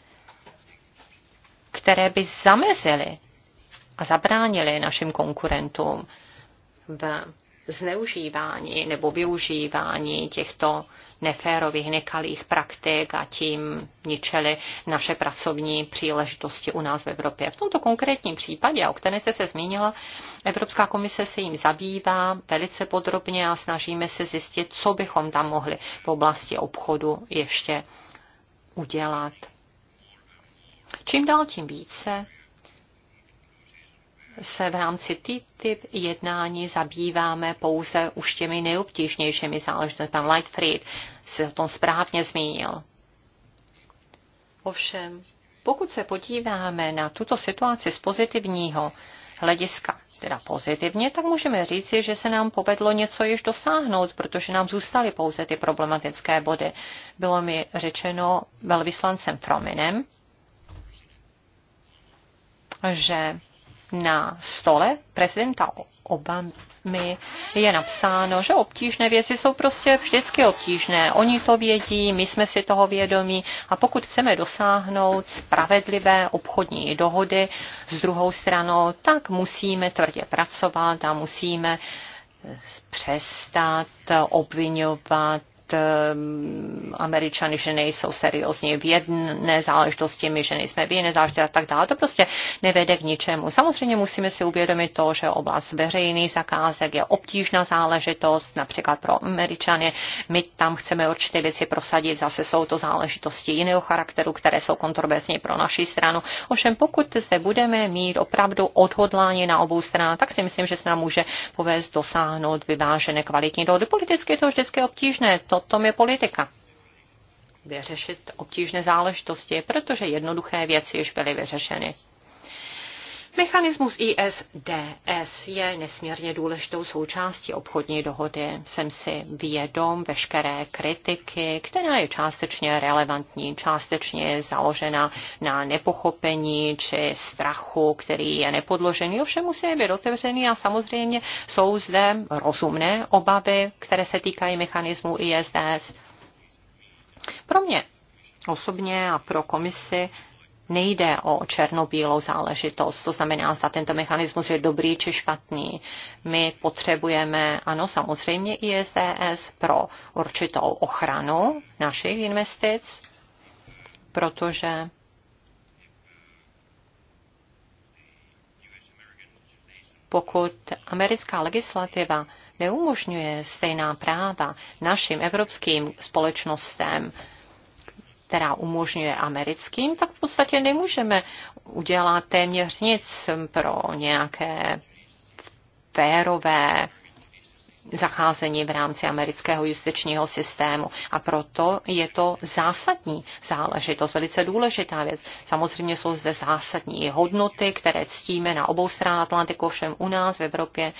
které by zamezily a zabránily našim konkurentům v zneužívání nebo využívání těchto neférových, nekalých praktik a tím ničili naše pracovní příležitosti u nás v Evropě. V tomto konkrétním případě, o které jste se zmínila, Evropská komise se jim zabývá velice podrobně a snažíme se zjistit, co bychom tam mohli v oblasti obchodu ještě udělat. Čím dál tím více se v rámci TTIP jednání zabýváme pouze už těmi nejobtížnějšími záležitostmi. Pan Lightfried se o tom správně zmínil. Ovšem, pokud se podíváme na tuto situaci z pozitivního hlediska, teda pozitivně, tak můžeme říci, že se nám povedlo něco již dosáhnout, protože nám zůstaly pouze ty problematické body. Bylo mi řečeno velvyslancem Frominem, že na stole prezidenta Obamy je napsáno, že obtížné věci jsou prostě vždycky obtížné. Oni to vědí, my jsme si toho vědomí a pokud chceme dosáhnout spravedlivé obchodní dohody s druhou stranou, tak musíme tvrdě pracovat a musíme přestat obvinovat Ehm, Američany, že nejsou seriózní v jedné záležitosti, my, že nejsme v jiné záležitosti a tak dále. To prostě nevede k ničemu. Samozřejmě musíme si uvědomit to, že oblast veřejných zakázek je obtížná záležitost, například pro Američany. My tam chceme určité věci prosadit, zase jsou to záležitosti jiného charakteru, které jsou kontroverzní pro naši stranu. Ovšem, pokud zde budeme mít opravdu odhodlání na obou stranách, tak si myslím, že se nám může povést dosáhnout vyvážené kvalitní dohody. Politicky je to vždycky obtížné. To o tom je politika. Vyřešit obtížné záležitosti, protože jednoduché věci již byly vyřešeny. Mechanismus ISDS je nesmírně důležitou součástí obchodní dohody. Jsem si vědom veškeré kritiky, která je částečně relevantní, částečně je založena na nepochopení či strachu, který je nepodložený. Ovšem musí být otevřený a samozřejmě jsou zde rozumné obavy, které se týkají mechanismu ISDS. Pro mě osobně a pro komisi nejde o černobílou záležitost, to znamená, zda tento mechanismus je dobrý či špatný. My potřebujeme, ano, samozřejmě ISDS pro určitou ochranu našich investic, protože pokud americká legislativa neumožňuje stejná práva našim evropským společnostem, která umožňuje americkým, tak v podstatě nemůžeme udělat téměř nic pro nějaké férové zacházení v rámci amerického justičního systému. A proto je to zásadní záležitost, velice důležitá věc. Samozřejmě jsou zde zásadní hodnoty, které ctíme na obou stranách Atlantiku, všem u nás v Evropě,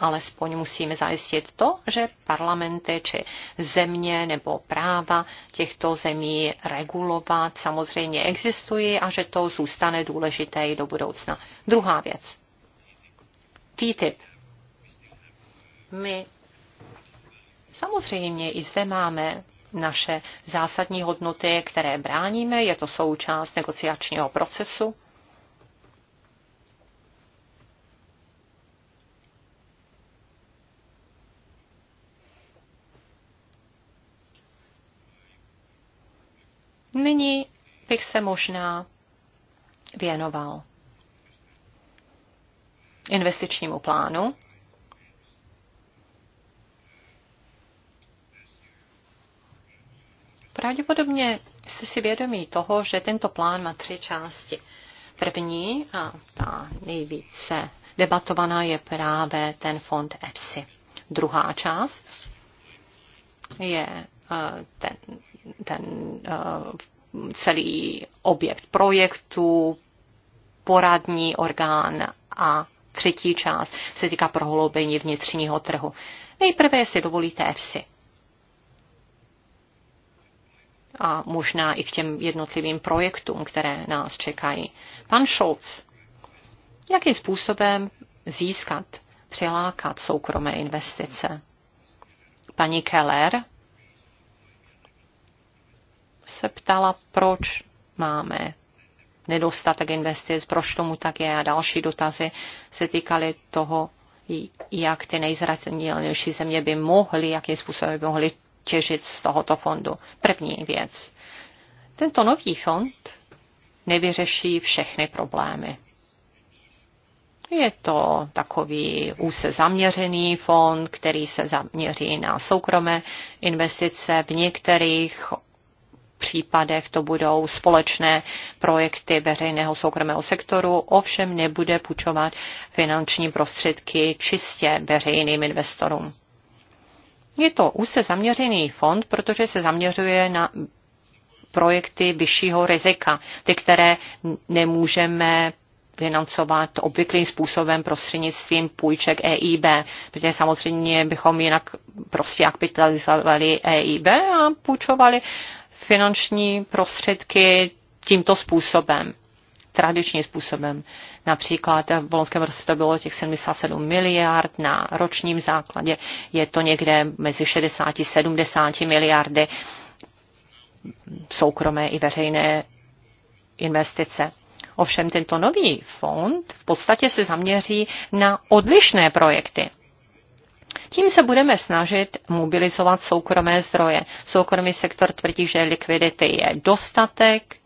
alespoň musíme zajistit to, že parlamenty či země nebo práva těchto zemí regulovat samozřejmě existují a že to zůstane důležité i do budoucna. Druhá věc. TTIP. My samozřejmě i zde máme naše zásadní hodnoty, které bráníme, je to součást negociačního procesu. Nyní bych se možná věnoval investičnímu plánu. Pravděpodobně jste si vědomí toho, že tento plán má tři části. První a ta nejvíce debatovaná je právě ten fond EPSI. Druhá část je eh, ten, ten eh, celý objekt projektu, poradní orgán a třetí část se týká prohloubení vnitřního trhu. Nejprve, si dovolíte EFSI. A možná i k těm jednotlivým projektům, které nás čekají. Pan Scholz, jakým způsobem získat, přilákat soukromé investice? Paní Keller se ptala, proč máme nedostatek investic, proč tomu tak je a další dotazy se týkaly toho, jak ty nejzranitelnější země by mohly, jakým způsobem by mohly těžit z tohoto fondu. První věc. Tento nový fond nevyřeší všechny problémy. Je to takový úse zaměřený fond, který se zaměří na soukromé investice v některých případech to budou společné projekty veřejného soukromého sektoru, ovšem nebude půjčovat finanční prostředky čistě veřejným investorům. Je to úzce zaměřený fond, protože se zaměřuje na projekty vyššího rizika, ty, které nemůžeme financovat obvyklým způsobem prostřednictvím půjček EIB, protože samozřejmě bychom jinak prostě akpitalizovali EIB a půjčovali finanční prostředky tímto způsobem, tradičním způsobem. Například v loňském roce to bylo těch 77 miliard na ročním základě, je to někde mezi 60 a 70 miliardy soukromé i veřejné investice. Ovšem tento nový fond v podstatě se zaměří na odlišné projekty. Tím se budeme snažit mobilizovat soukromé zdroje. Soukromý sektor tvrdí, že likvidity je dostatek,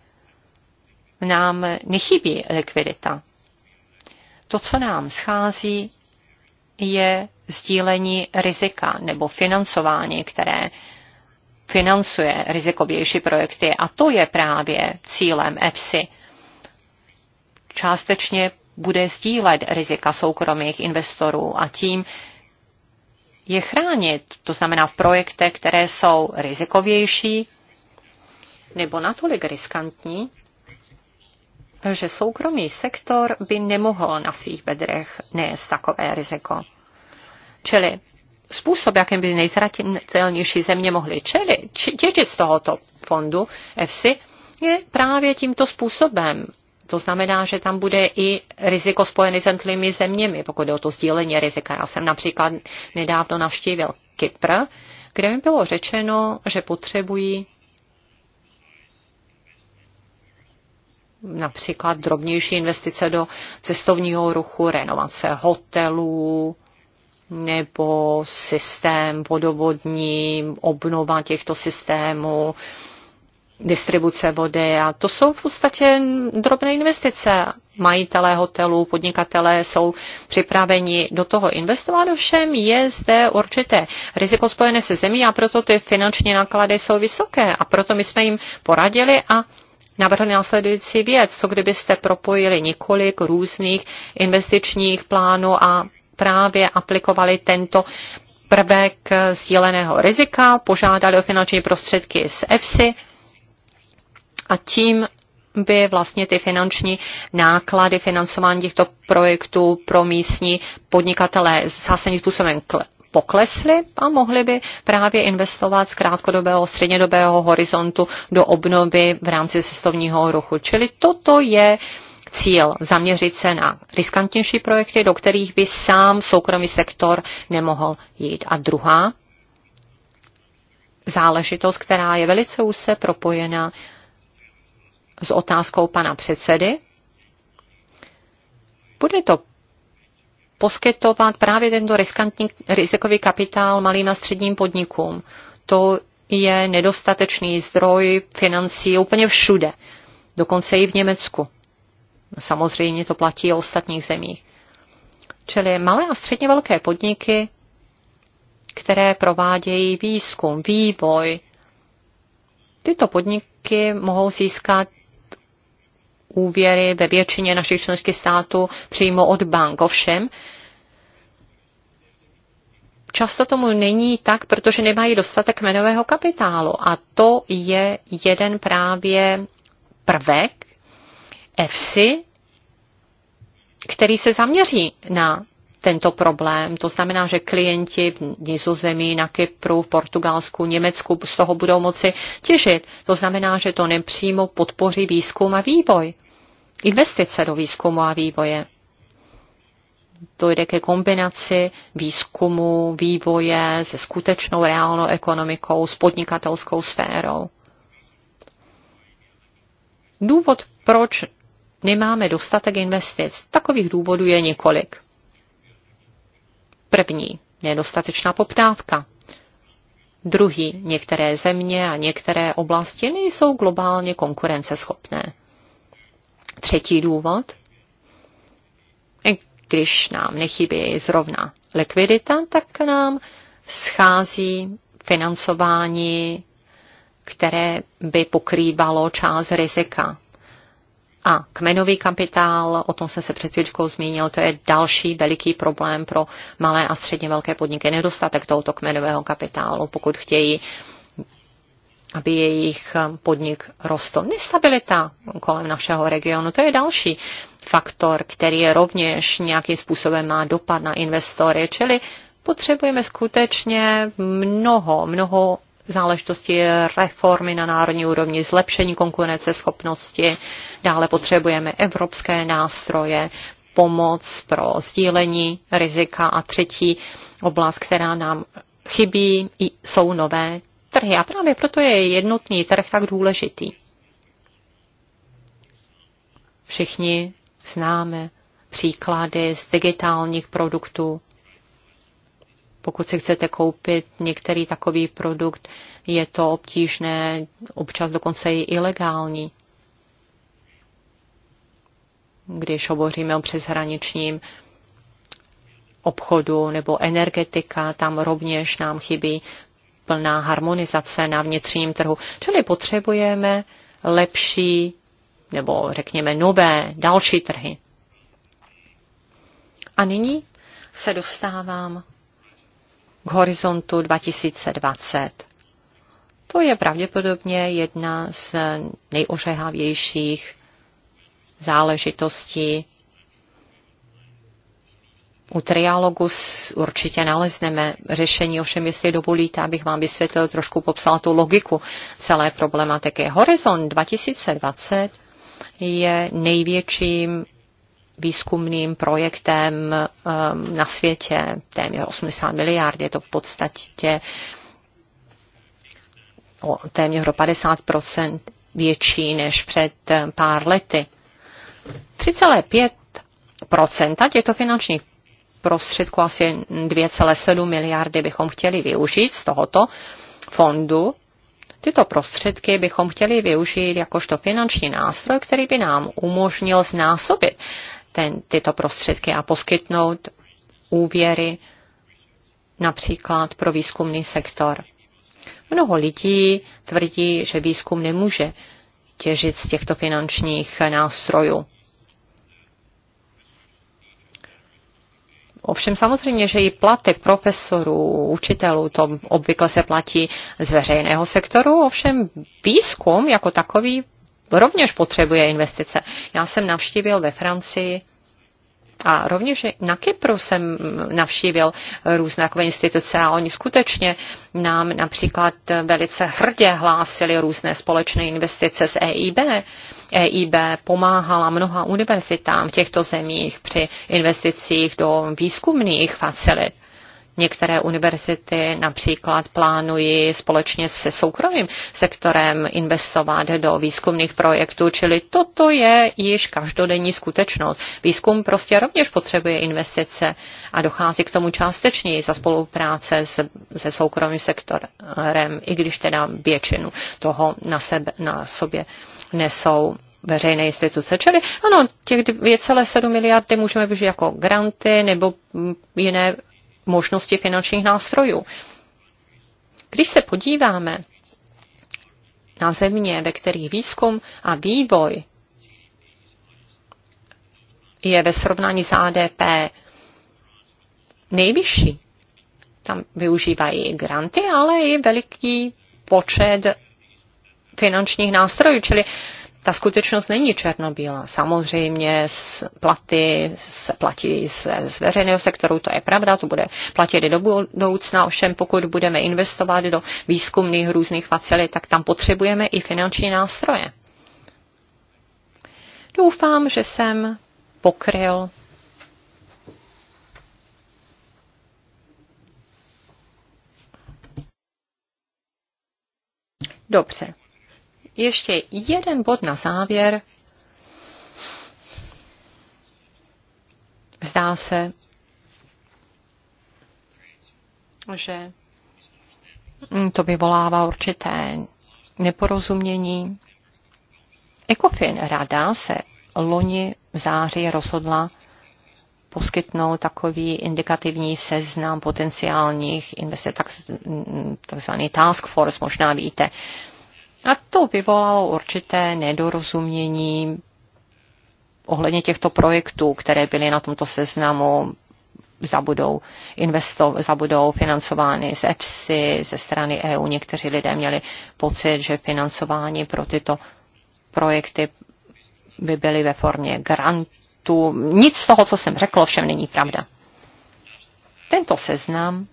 nám nechybí likvidita. To, co nám schází, je sdílení rizika nebo financování, které financuje rizikovější projekty. A to je právě cílem EPSI. Částečně bude sdílet rizika soukromých investorů a tím je chránit. To znamená v projektech, které jsou rizikovější nebo natolik riskantní, že soukromý sektor by nemohl na svých bedrech nést takové riziko. Čili způsob, jakým by nejzranitelnější země mohly čelit, těžit z tohoto fondu EFSI, je právě tímto způsobem to znamená, že tam bude i riziko spojené s jednotlivými zeměmi, pokud jde o to sdílení rizika. Já jsem například nedávno navštívil Kypr, kde mi bylo řečeno, že potřebují například drobnější investice do cestovního ruchu, renovace hotelů nebo systém vodovodní, obnova těchto systémů, distribuce vody a to jsou v podstatě drobné investice. Majitelé hotelů, podnikatelé jsou připraveni do toho investovat, ovšem je zde určité riziko spojené se zemí a proto ty finanční náklady jsou vysoké a proto my jsme jim poradili a Navrhl následující věc, co kdybyste propojili několik různých investičních plánů a právě aplikovali tento prvek sdíleného rizika, požádali o finanční prostředky z EFSI, a tím by vlastně ty finanční náklady financování těchto projektů pro místní podnikatele zásadním způsobem poklesly a mohli by právě investovat z krátkodobého, střednědobého horizontu do obnovy v rámci cestovního ruchu. Čili toto je cíl zaměřit se na riskantnější projekty, do kterých by sám soukromý sektor nemohl jít. A druhá záležitost, která je velice úzce propojena s otázkou pana předsedy. Bude to poskytovat právě tento riskantní, rizikový kapitál malým a středním podnikům. To je nedostatečný zdroj financí úplně všude, dokonce i v Německu. Samozřejmě to platí o ostatních zemích. Čili malé a středně velké podniky, které provádějí výzkum, vývoj, tyto podniky mohou získat úvěry ve většině našich členských států přímo od bank. Ovšem, často tomu není tak, protože nemají dostatek menového kapitálu. A to je jeden právě prvek EFSI, který se zaměří na tento problém. To znamená, že klienti v Nizozemí, na Kypru, v Portugalsku, Německu z toho budou moci těžit. To znamená, že to nepřímo podpoří výzkum a vývoj investice do výzkumu a vývoje. Dojde ke kombinaci výzkumu, vývoje se skutečnou reálnou ekonomikou, s podnikatelskou sférou. Důvod, proč nemáme dostatek investic, takových důvodů je několik. První, nedostatečná poptávka. Druhý, některé země a některé oblasti nejsou globálně konkurenceschopné. Třetí důvod, když nám nechybí zrovna likvidita, tak nám schází financování, které by pokrývalo část rizika. A kmenový kapitál, o tom jsem se před chvíličkou zmínil, to je další veliký problém pro malé a středně velké podniky. Nedostatek tohoto kmenového kapitálu, pokud chtějí uh, aby jejich um, podnik rostl. Nestabilita kolem našeho regionu, to je další faktor, který je rovněž nějakým způsobem má dopad na investory, čili potřebujeme skutečně mnoho, mnoho záležitosti reformy na národní úrovni, zlepšení konkurenceschopnosti, dále potřebujeme evropské nástroje, pomoc pro sdílení rizika a třetí oblast, která nám chybí, jsou nové trhy a právě proto je jednotný trh tak důležitý. Všichni známe příklady z digitálních produktů. Pokud si chcete koupit některý takový produkt, je to obtížné, občas dokonce i ilegální. Když hovoříme o přeshraničním obchodu nebo energetika, tam rovněž nám chybí plná harmonizace na vnitřním trhu. Čili potřebujeme lepší nebo řekněme nové, další trhy. A nyní se dostávám k horizontu 2020. To je pravděpodobně jedna z nejořehavějších záležitostí u triálogu určitě nalezneme řešení, ovšem jestli dovolíte, abych vám vysvětlil, trošku popsal tu logiku celé problematiky. Horizont 2020 je největším výzkumným projektem ehm, na světě, téměř 80 miliard, je to v podstatě o téměř o 50 větší než před ehm, pár lety. 3,5 procenta těchto finančních prostředků asi 2,7 miliardy bychom chtěli využít z tohoto fondu. Tyto prostředky bychom chtěli využít jakožto finanční nástroj, který by nám umožnil znásobit ten, tyto prostředky a poskytnout úvěry například pro výzkumný sektor. Mnoho lidí tvrdí, že výzkum nemůže těžit z těchto finančních nástrojů. Ovšem samozřejmě, že i platy profesorů, učitelů, to obvykle se platí z veřejného sektoru, ovšem výzkum jako takový rovněž potřebuje investice. Já jsem navštívil ve Francii a rovněž na Kypru jsem navštívil různé takové instituce a oni skutečně nám například velice hrdě hlásili různé společné investice z EIB. EIB pomáhala mnoha univerzitám v těchto zemích při investicích do výzkumných facilit. Některé univerzity například plánují společně se soukromým sektorem investovat do výzkumných projektů, čili toto je již každodenní skutečnost. Výzkum prostě rovněž potřebuje investice a dochází k tomu částečně za spolupráce s, se soukromým sektorem, i když teda většinu toho na, sebe, na sobě nesou veřejné instituce. Čili ano, těch 2,7 miliardy můžeme využít jako granty nebo jiné možnosti finančních nástrojů. Když se podíváme na země, ve kterých výzkum a vývoj je ve srovnání s ADP nejvyšší, tam využívají granty, ale i veliký počet finančních nástrojů, čili ta skutečnost není černobílá. Samozřejmě s platy se platí z, z veřejného sektoru, to je pravda, to bude platit i do budoucna, ovšem pokud budeme investovat do výzkumných různých facilit, tak tam potřebujeme i finanční nástroje. Doufám, že jsem pokryl Dobře ještě jeden bod na závěr. Zdá se, že to vyvolává určité neporozumění. Ekofin rada se loni v září rozhodla poskytnout takový indikativní seznam potenciálních investic, takzvaný task force, možná víte, a to vyvolalo určité nedorozumění ohledně těchto projektů, které byly na tomto seznamu, zabudou, investo, zabudou financovány z EPSI, ze strany EU. Někteří lidé měli pocit, že financování pro tyto projekty by byly ve formě grantu. Nic z toho, co jsem řekl, ovšem není pravda. Tento seznam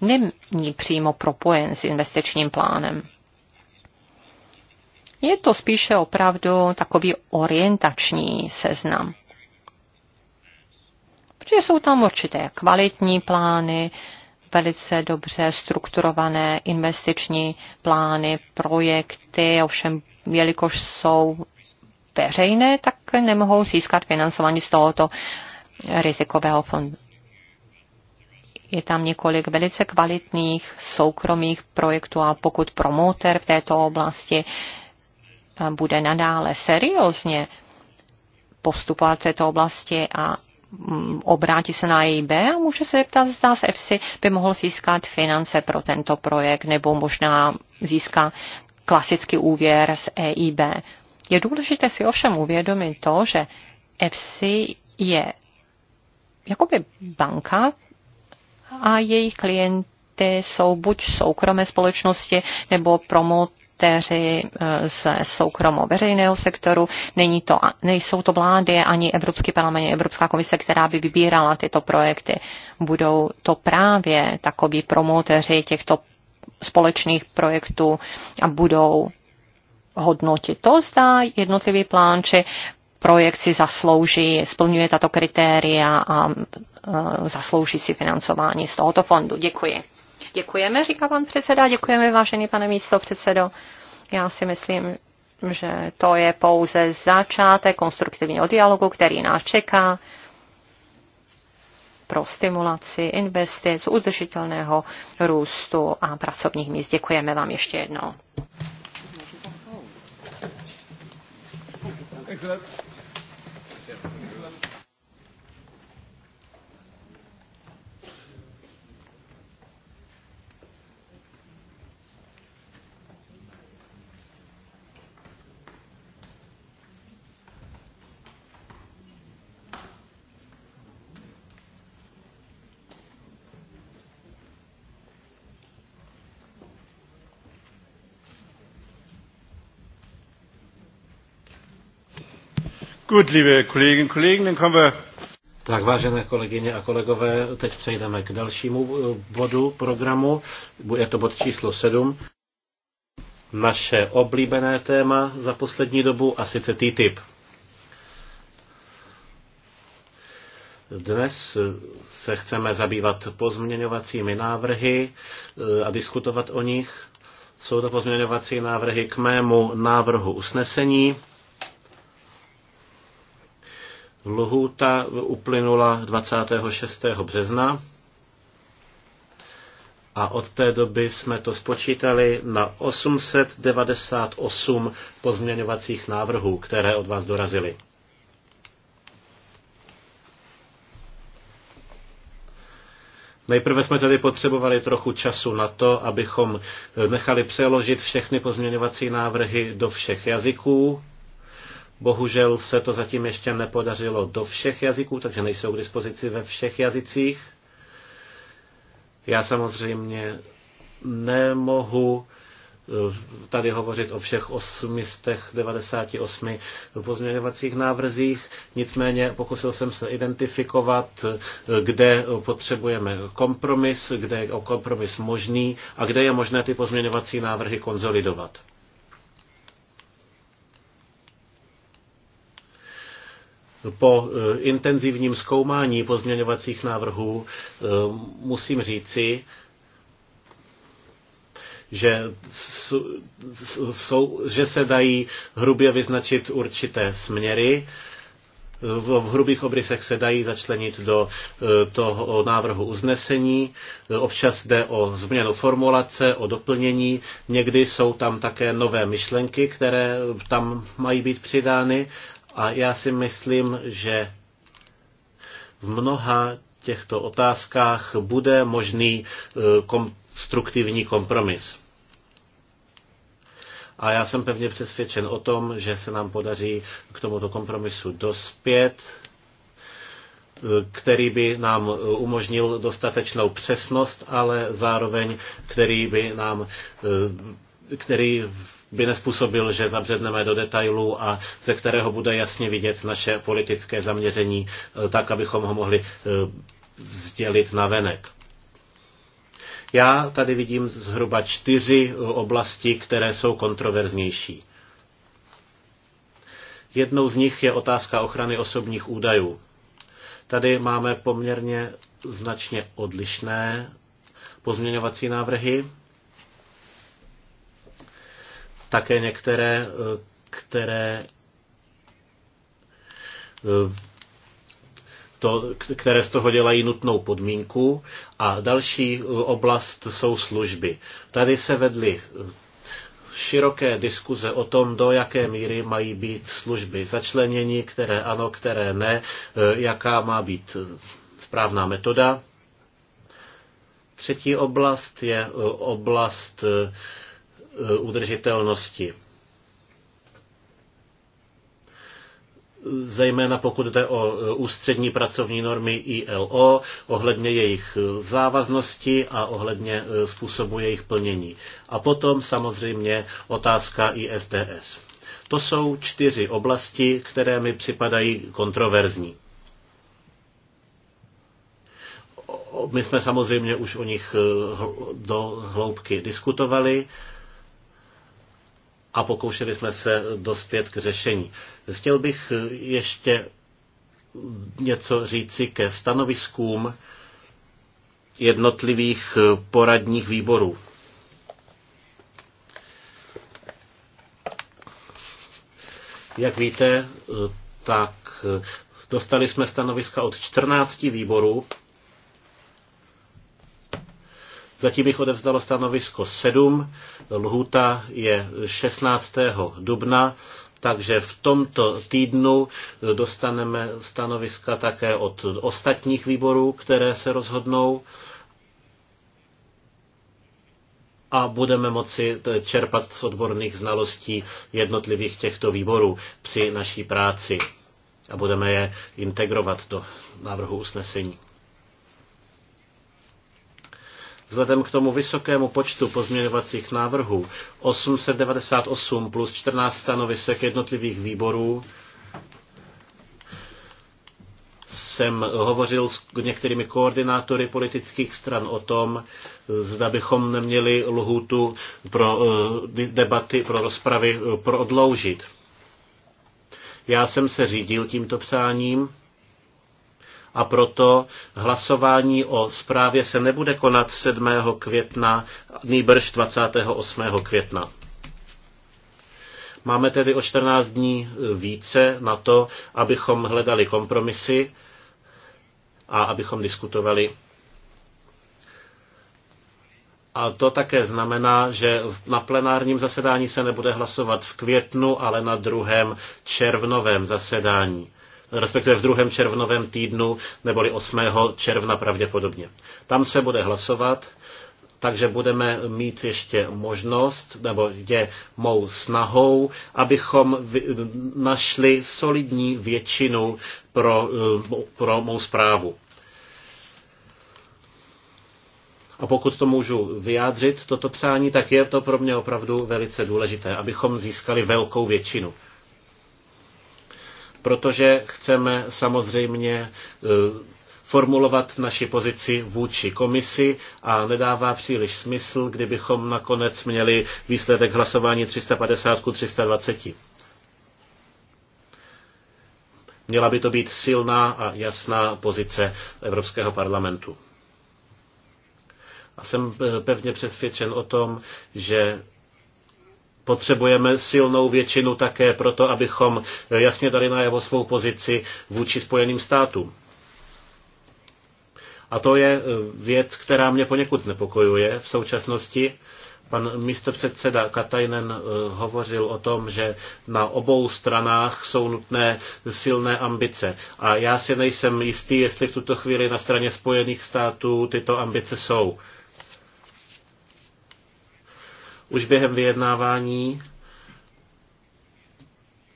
není přímo propojen s investičním plánem. Je to spíše opravdu takový orientační seznam. Protože jsou tam určité kvalitní plány, velice dobře strukturované investiční plány, projekty, ovšem jelikož jsou veřejné, tak nemohou získat financování z tohoto rizikového fondu. Je tam několik velice kvalitních soukromých projektů a pokud promotér v této oblasti bude nadále seriózně postupovat v této oblasti a mm, obrátí se na EIB a může se zeptat, zda z EFSI by mohl získat finance pro tento projekt nebo možná získá klasický úvěr z EIB. Je důležité si ovšem uvědomit to, že EFSI je jakoby banka a jejich klienty jsou buď soukromé společnosti nebo promot aktéři eh, z soukromo veřejného sektoru, Není to, nejsou to vlády ani Evropský parlament, ani Evropská komise, která by vybírala tyto projekty. Budou to právě takoví promoteři těchto společných projektů a budou hodnotit to, zda jednotlivý plán či projekt si zaslouží, splňuje tato kritéria a eh, zaslouží si financování z tohoto fondu. Děkuji. Děkujeme, říká pan předseda, děkujeme, vážený pane místo předsedo. Já si myslím, že to je pouze začátek konstruktivního dialogu, který nás čeká pro stimulaci investic, udržitelného růstu a pracovních míst. Děkujeme vám ještě jednou. Excellent. Gut, liebe Kolleginnen und Kollegen, dann kommen wir tak, vážené kolegyně a kolegové, teď přejdeme k dalšímu eh, bodu programu. Je to bod číslo 7. Naše oblíbené téma za poslední dobu, a sice TTIP. Dnes eh, se chceme zabývat pozměňovacími návrhy eh, a diskutovat o nich. Jsou to pozměňovací návrhy k mému návrhu usnesení Lhůta uplynula 26. března a od té doby jsme to spočítali na 898 pozměňovacích návrhů, které od vás dorazily. Nejprve jsme tedy potřebovali trochu času na to, abychom nechali přeložit všechny pozměňovací návrhy do všech jazyků Bohužel se to zatím ještě nepodařilo do všech jazyků, takže nejsou k dispozici ve všech jazycích. Já samozřejmě nemohu eh, tady hovořit o všech 898 pozměňovacích návrzích. Nicméně pokusil jsem se identifikovat, eh, kde potřebujeme kompromis, kde je kompromis možný a kde je možné ty pozměňovací návrhy konzolidovat. Po eh, intenzivním zkoumání pozměňovacích návrhů eh, musím říci, že, jsou, že se dají hrubě vyznačit určité směry, v, hrubých obrysech se dají začlenit do eh, toho návrhu uznesení. Občas jde o změnu formulace, o doplnění. Někdy jsou tam také nové myšlenky, které tam mají být přidány a já si myslím, že v mnoha těchto otázkách bude možný e, konstruktivní kompromis. A já jsem pevně přesvědčen o tom, že se nám podaří k tomuto kompromisu dospět, e, který by nám umožnil dostatečnou přesnost, ale zároveň který by nám e, který by nespůsobil, že zabředneme do detailů a ze kterého bude jasně vidět naše politické zaměření, eh, tak abychom ho mohli eh, sdělit na venek. Já tady vidím zhruba čtyři eh, oblasti, které jsou kontroverznější. Jednou z nich je otázka ochrany osobních údajů. Tady máme poměrně značně odlišné pozměňovací návrhy také některé, eh, které eh, to, které z toho dělají nutnou podmínku. A další eh, oblast jsou služby. Tady se vedly široké diskuze o tom, do jaké míry mají být služby začlenění, které ano, které ne, jaká má být správná metoda. Třetí oblast je oblast Eh, udržitelnosti. zejména pokud jde o eh, ústřední pracovní normy ILO, ohledně jejich eh, závaznosti a ohledně způsobu jejich plnění. A potom samozřejmě otázka ISDS. To jsou čtyři oblasti, které mi připadají kontroverzní. My jsme samozřejmě už o nich do hloubky diskutovali a pokoušeli jsme se dospět k řešení. Chtěl bych ještě něco říci ke stanoviskům jednotlivých poradních výborů. Jak víte, tak dostali jsme stanoviska od 14 výborů Zatím bych odevzdalo stanovisko 7, lhuta je 16. dubna, takže v tomto týdnu dostaneme stanoviska také od ostatních výborů, které se rozhodnou a budeme moci čerpat z odborných znalostí jednotlivých těchto výborů při naší práci a budeme je integrovat do návrhu usnesení. Vzhledem k tomu vysokému počtu pozměňovacích návrhů 898 plus 14 stanovisek jednotlivých výborů jsem hovořil s některými koordinátory politických stran o tom, zda bychom neměli lhůtu pro eh, debaty, pro rozpravy eh, prodloužit. Já jsem se řídil tímto přáním a proto hlasování o zprávě se nebude konat 7. května, nýbrž 28. května. Máme tedy o 14 dní e, více na to, abychom hledali kompromisy a abychom diskutovali a to také znamená, že na plenárním zasedání se nebude hlasovat v květnu, ale na druhém červnovém zasedání respektive v druhém červnovém týdnu, neboli 8. června pravděpodobně. Tam se bude hlasovat, takže budeme mít ještě možnost, nebo je mou snahou, abychom našli solidní většinu pro, pro mou zprávu. A pokud to můžu vyjádřit, toto přání, tak je to pro mě opravdu velice důležité, abychom získali velkou většinu protože chceme samozřejmě e, formulovat naši pozici vůči komisi a nedává příliš smysl, kdybychom nakonec měli výsledek hlasování 350 ku 320. Měla by to být silná a jasná pozice Evropského parlamentu. A jsem e, pevně přesvědčen o tom, že Potřebujeme silnou většinu také proto, abychom jasně dali najevo svou pozici vůči Spojeným státům. A to je eh, věc, která mě poněkud nepokojuje v současnosti. Pan místopředseda Katajnen eh, hovořil o tom, že na obou stranách jsou nutné silné ambice. A já si nejsem jistý, jestli v tuto chvíli na straně Spojených států tyto ambice jsou. Uh, už během vyjednávání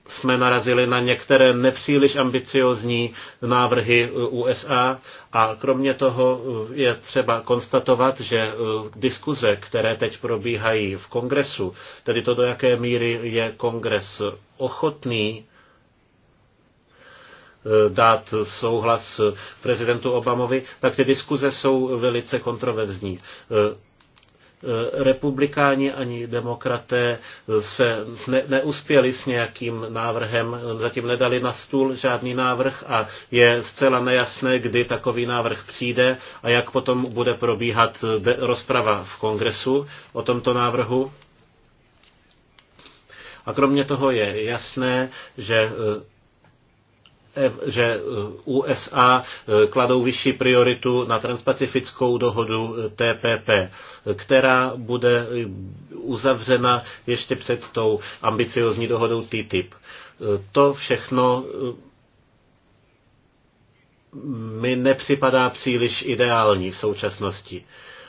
jsme narazili na některé nepříliš ambiciozní návrhy USA a kromě toho je třeba konstatovat, že eh, diskuze, které teď probíhají v kongresu, tedy to, do jaké míry je kongres ochotný eh, dát souhlas prezidentu Obamovi, tak ty diskuze jsou velice kontroverzní. Eh, republikáni ani demokraté se ne, neuspěli s nějakým návrhem, zatím nedali na stůl žádný návrh a je zcela nejasné, kdy takový návrh přijde a jak potom bude probíhat de, rozprava v kongresu o tomto návrhu. A kromě toho je jasné, že že USA eh, kladou vyšší prioritu na transpacifickou dohodu eh, TPP, která bude eh, uzavřena ještě před tou ambiciozní dohodou TTIP. To všechno mi nepřipadá příliš ideální v současnosti.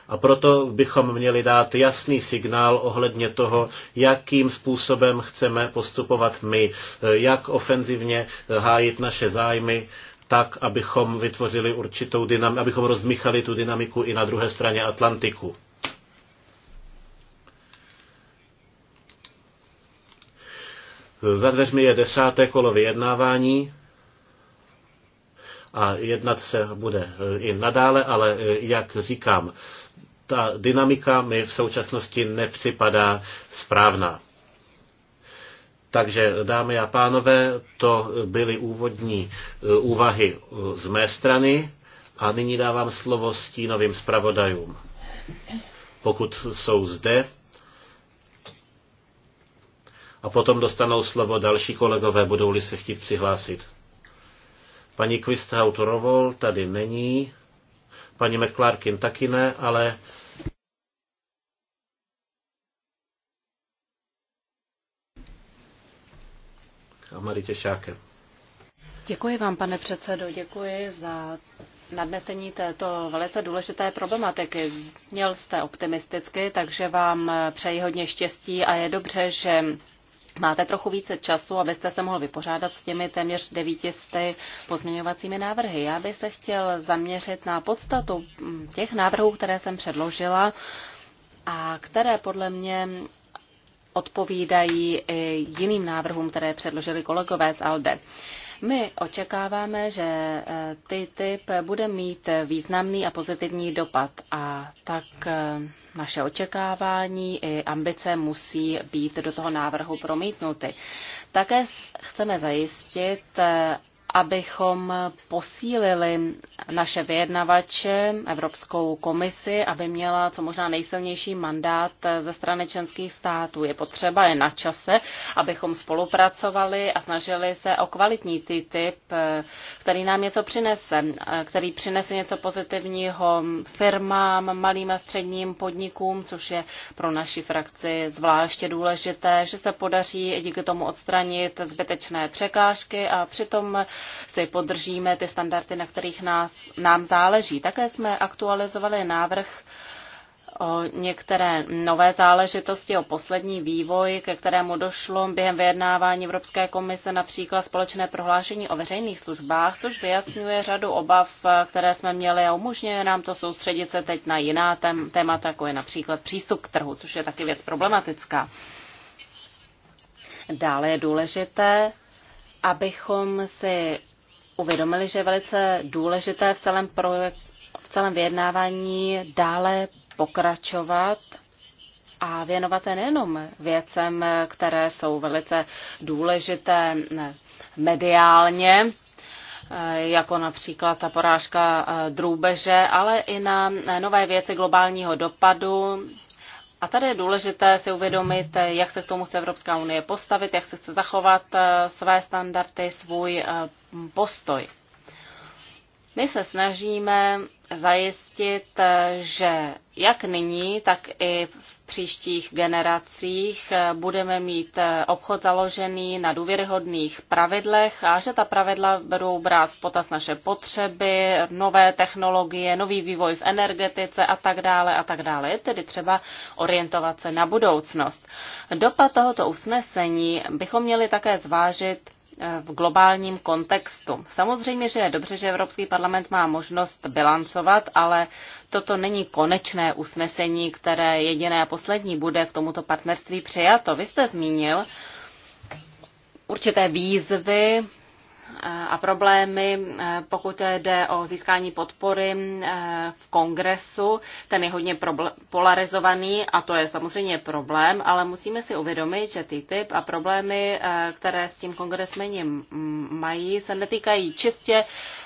A proto bychom měli dát jasný signál ohledně toho, jakým způsobem chceme postupovat my, jak ofenzivně hájit naše zájmy, tak, abychom vytvořili určitou dynamiku, abychom rozmíchali tu dynamiku i na druhé straně Atlantiku. Za dveřmi je desáté kolo vyjednávání a jednat se bude i nadále, ale eh, jak říkám, ta dynamika mi v současnosti nepřipadá správná. Takže, dámy a pánové, to byly úvodní eh, úvahy eh, z mé strany a nyní dávám slovo stínovým zpravodajům. Pokud jsou zde, a potom dostanou slovo další kolegové, budou-li se chtít přihlásit. Paní Quisthout Rovol tady není. Paní McClarkin taky ne, ale a Maritě Šáke. Děkuji vám, pane předsedo, děkuji za nadnesení této velice důležité problematiky. Měl jste optimisticky, takže vám přeji hodně štěstí a je dobře, že máte trochu více času, abyste se mohl vypořádat s těmi téměř 900 pozměňovacími návrhy. Já bych se chtěl zaměřit na podstatu mm, těch návrhů, které jsem předložila a které podle mě odpovídají i jiným návrhům, které předložili kolegové z ALDE. My očekáváme, že eh, TTIP bude mít významný a pozitivní dopad a tak eh, naše očekávání i ambice musí být do toho návrhu promítnuty. Také chceme zajistit, eh, abychom posílili naše vyjednavače, Evropskou komisi, aby měla co možná nejsilnější mandát ze strany členských států. Je potřeba, je na čase, abychom spolupracovali a snažili se o kvalitní TTIP, který nám něco přinese, který přinese něco pozitivního firmám, malým a středním podnikům, což je pro naši frakci zvláště důležité, že se podaří díky tomu odstranit zbytečné překážky a přitom si podržíme ty standardy, na kterých nás, nám záleží. Také jsme aktualizovali návrh o některé nové záležitosti, o poslední vývoj, ke kterému došlo během vyjednávání Evropské komise, například společné prohlášení o veřejných službách, což vyjasňuje řadu obav, které jsme měli a umožňuje nám to soustředit se teď na jiná témata, jako je například přístup k trhu, což je taky věc problematická. Dále je důležité abychom si uvědomili, že je velice důležité v celém, projek- v celém vyjednávání dále pokračovat a věnovat se nejenom věcem, které jsou velice důležité mediálně, eh, jako například ta porážka eh, drůbeže, ale i na eh, nové věci globálního dopadu, a tady je důležité si uvědomit, jak se k tomu chce Evropská unie postavit, jak se chce zachovat eh, své standardy, svůj eh, postoj. My se snažíme zajistit, eh, že jak nyní, tak i v příštích generacích eh, budeme mít eh, obchod založený na důvěryhodných pravidlech a že ta pravidla budou brát v potaz naše potřeby, nové technologie, nový vývoj v energetice a tak dále a tak dále. Je tedy třeba orientovat se na budoucnost. Dopad tohoto usnesení bychom měli také zvážit v globálním kontextu. Samozřejmě, že je dobře, že Evropský parlament má možnost bilancovat, ale toto není konečné usnesení, které jediné a poslední bude k tomuto partnerství přijato. Vy jste zmínil určité výzvy a problémy, eh, pokud jde o získání podpory eh, v kongresu. Ten je hodně polarizovaný a to je samozřejmě problém, ale musíme si uvědomit, že ty typ a problémy, eh, které s tím kongresmeni mají, se netýkají čistě,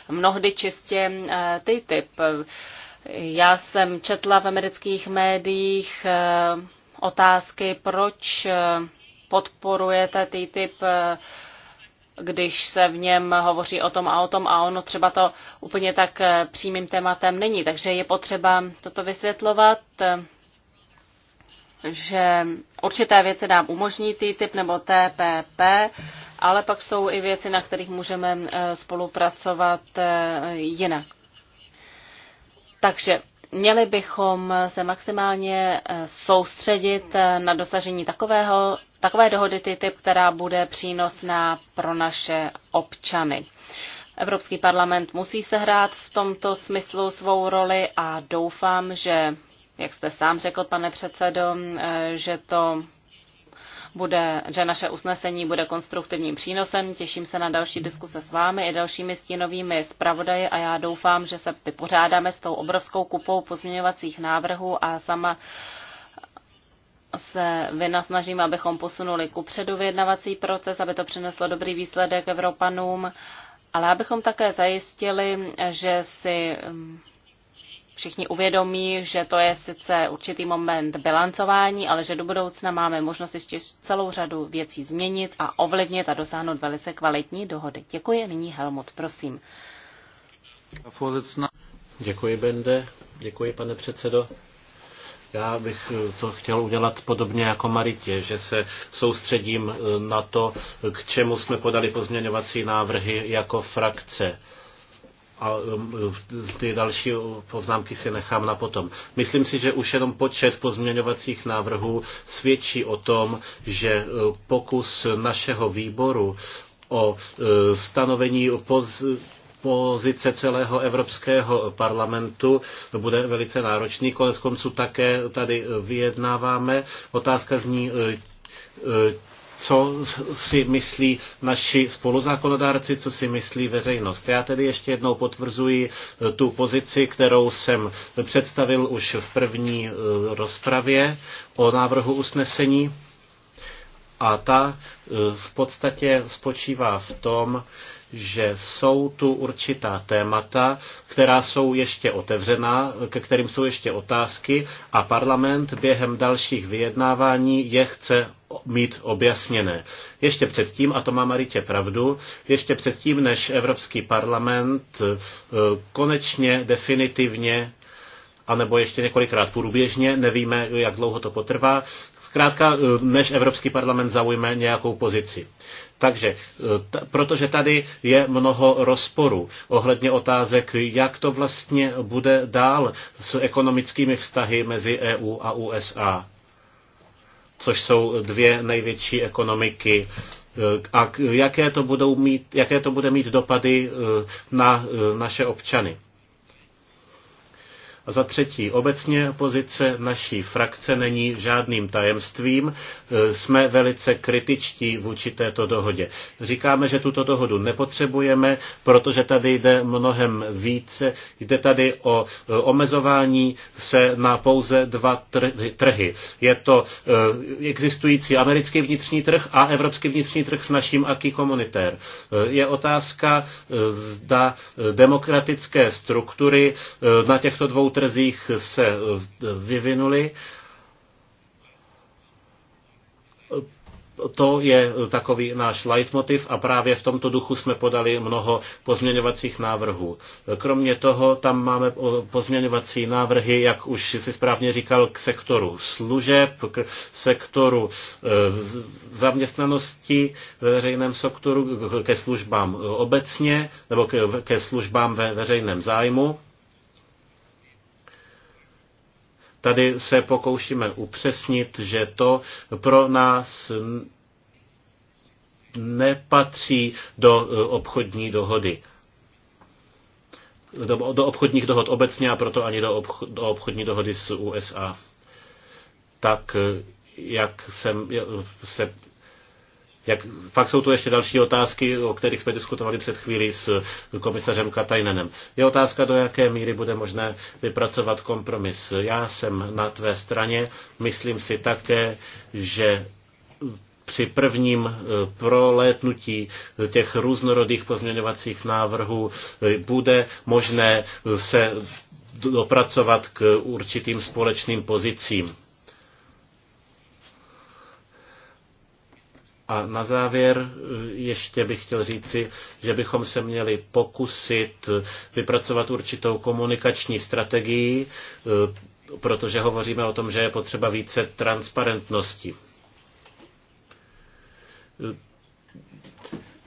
mnohdy čistě ty typ. Já jsem četla v amerických médiích otázky, proč podporujete ty typ když se v něm hovoří o tom a o tom a ono třeba to úplně tak eh, přímým tématem není. Takže je potřeba toto vysvětlovat, eh, že určité věci nám umožní TTIP nebo TPP, ale pak jsou i věci, na kterých můžeme eh, spolupracovat jinak. Takže měli bychom se maximálně soustředit na dosažení takového takové dohody TTIP, která bude přínosná pro naše občany. Evropský parlament musí sehrát v tomto smyslu svou roli a doufám, že, jak jste sám řekl, pane předsedo, že to bude, že naše usnesení bude konstruktivním přínosem. Těším se na další diskuse s vámi i dalšími stínovými zpravodaji a já doufám, že se vypořádáme s tou obrovskou kupou pozměňovacích návrhů a sama uh, se vynasnažíme, abychom posunuli ku předu vyjednavací proces, aby to přineslo dobrý výsledek Evropanům, ale abychom také zajistili, že si mm, všichni uvědomí, že to je sice určitý moment bilancování, ale že do budoucna máme možnost ještě celou řadu věcí změnit a ovlivnit a dosáhnout velice kvalitní dohody. Děkuji. Nyní Helmut, prosím. Děkuji, Bende. Děkuji, pane předsedo. Já bych eh, to chtěl udělat podobně jako Maritě, že se soustředím eh, na to, k čemu jsme podali pozměňovací návrhy jako frakce a eh, ty další poznámky si nechám na potom. Myslím si, že už jenom počet pozměňovacích návrhů svědčí o tom, že pokus našeho výboru o stanovení poz pozice celého Evropského parlamentu bude velice náročný. Konec konců také tady vyjednáváme. Otázka zní, e, e, co si myslí naši spoluzákonodárci, co si myslí veřejnost. Já tedy ještě jednou potvrzuji e, tu pozici, kterou jsem představil už v první rozpravě o návrhu usnesení. A ta v podstatě spočívá v tom, že jsou tu určitá témata, která jsou ještě otevřená, ke kterým jsou ještě otázky a parlament během dalších vyjednávání je chce mít objasněné. Ještě předtím, a to má Maritě pravdu, ještě předtím, než Evropský parlament eh, konečně definitivně anebo ještě několikrát průběžně, nevíme, jak dlouho to potrvá, zkrátka, eh, než Evropský parlament zaujme nějakou pozici. Takže, eh, t- protože tady je mnoho rozporů ohledně otázek, jak to vlastně bude dál s ekonomickými vztahy mezi EU a USA, což jsou dvě největší ekonomiky eh, a jaké to, budou mít, jaké to bude mít dopady na naše občany. A za třetí, obecně pozice naší frakce není žádným tajemstvím. E, jsme velice kritičtí vůči této dohodě. Říkáme, že tuto dohodu nepotřebujeme, protože tady jde mnohem více. Jde tady o e, omezování se na pouze dva trhy. Je to e, existující americký vnitřní trh a evropský vnitřní trh s naším aký komunitér. Je otázka, zda demokratické struktury na těchto dvou trzích se eh, vyvinuly. To je takový náš leitmotiv a právě v tomto duchu jsme podali mnoho pozměňovacích návrhů. Kromě toho tam máme eh, pozměňovací návrhy, jak už si správně říkal, k sektoru služeb, k sektoru eh, zaměstnanosti ve veřejném sektoru, ke službám obecně nebo ke službám ve veřejném zájmu Tady se pokoušíme upřesnit, že to pro nás nepatří do e, obchodní dohody. Do, do obchodních dohod obecně a proto ani do, obchod, do obchodní dohody s USA. Tak e, jak jsem e, se jak, pak jsou tu ještě další otázky, o kterých jsme diskutovali před chvílí s komisařem Katajnenem. Je otázka, do jaké míry bude možné vypracovat kompromis. Já jsem na tvé straně, myslím si také, že při prvním eh, prolétnutí těch různorodých pozměňovacích návrhů eh, bude možné se dopracovat k určitým společným pozicím. A na závěr eh, ještě bych chtěl říci, že bychom se měli pokusit vypracovat určitou komunikační strategii, eh, protože hovoříme o tom, že je potřeba více transparentnosti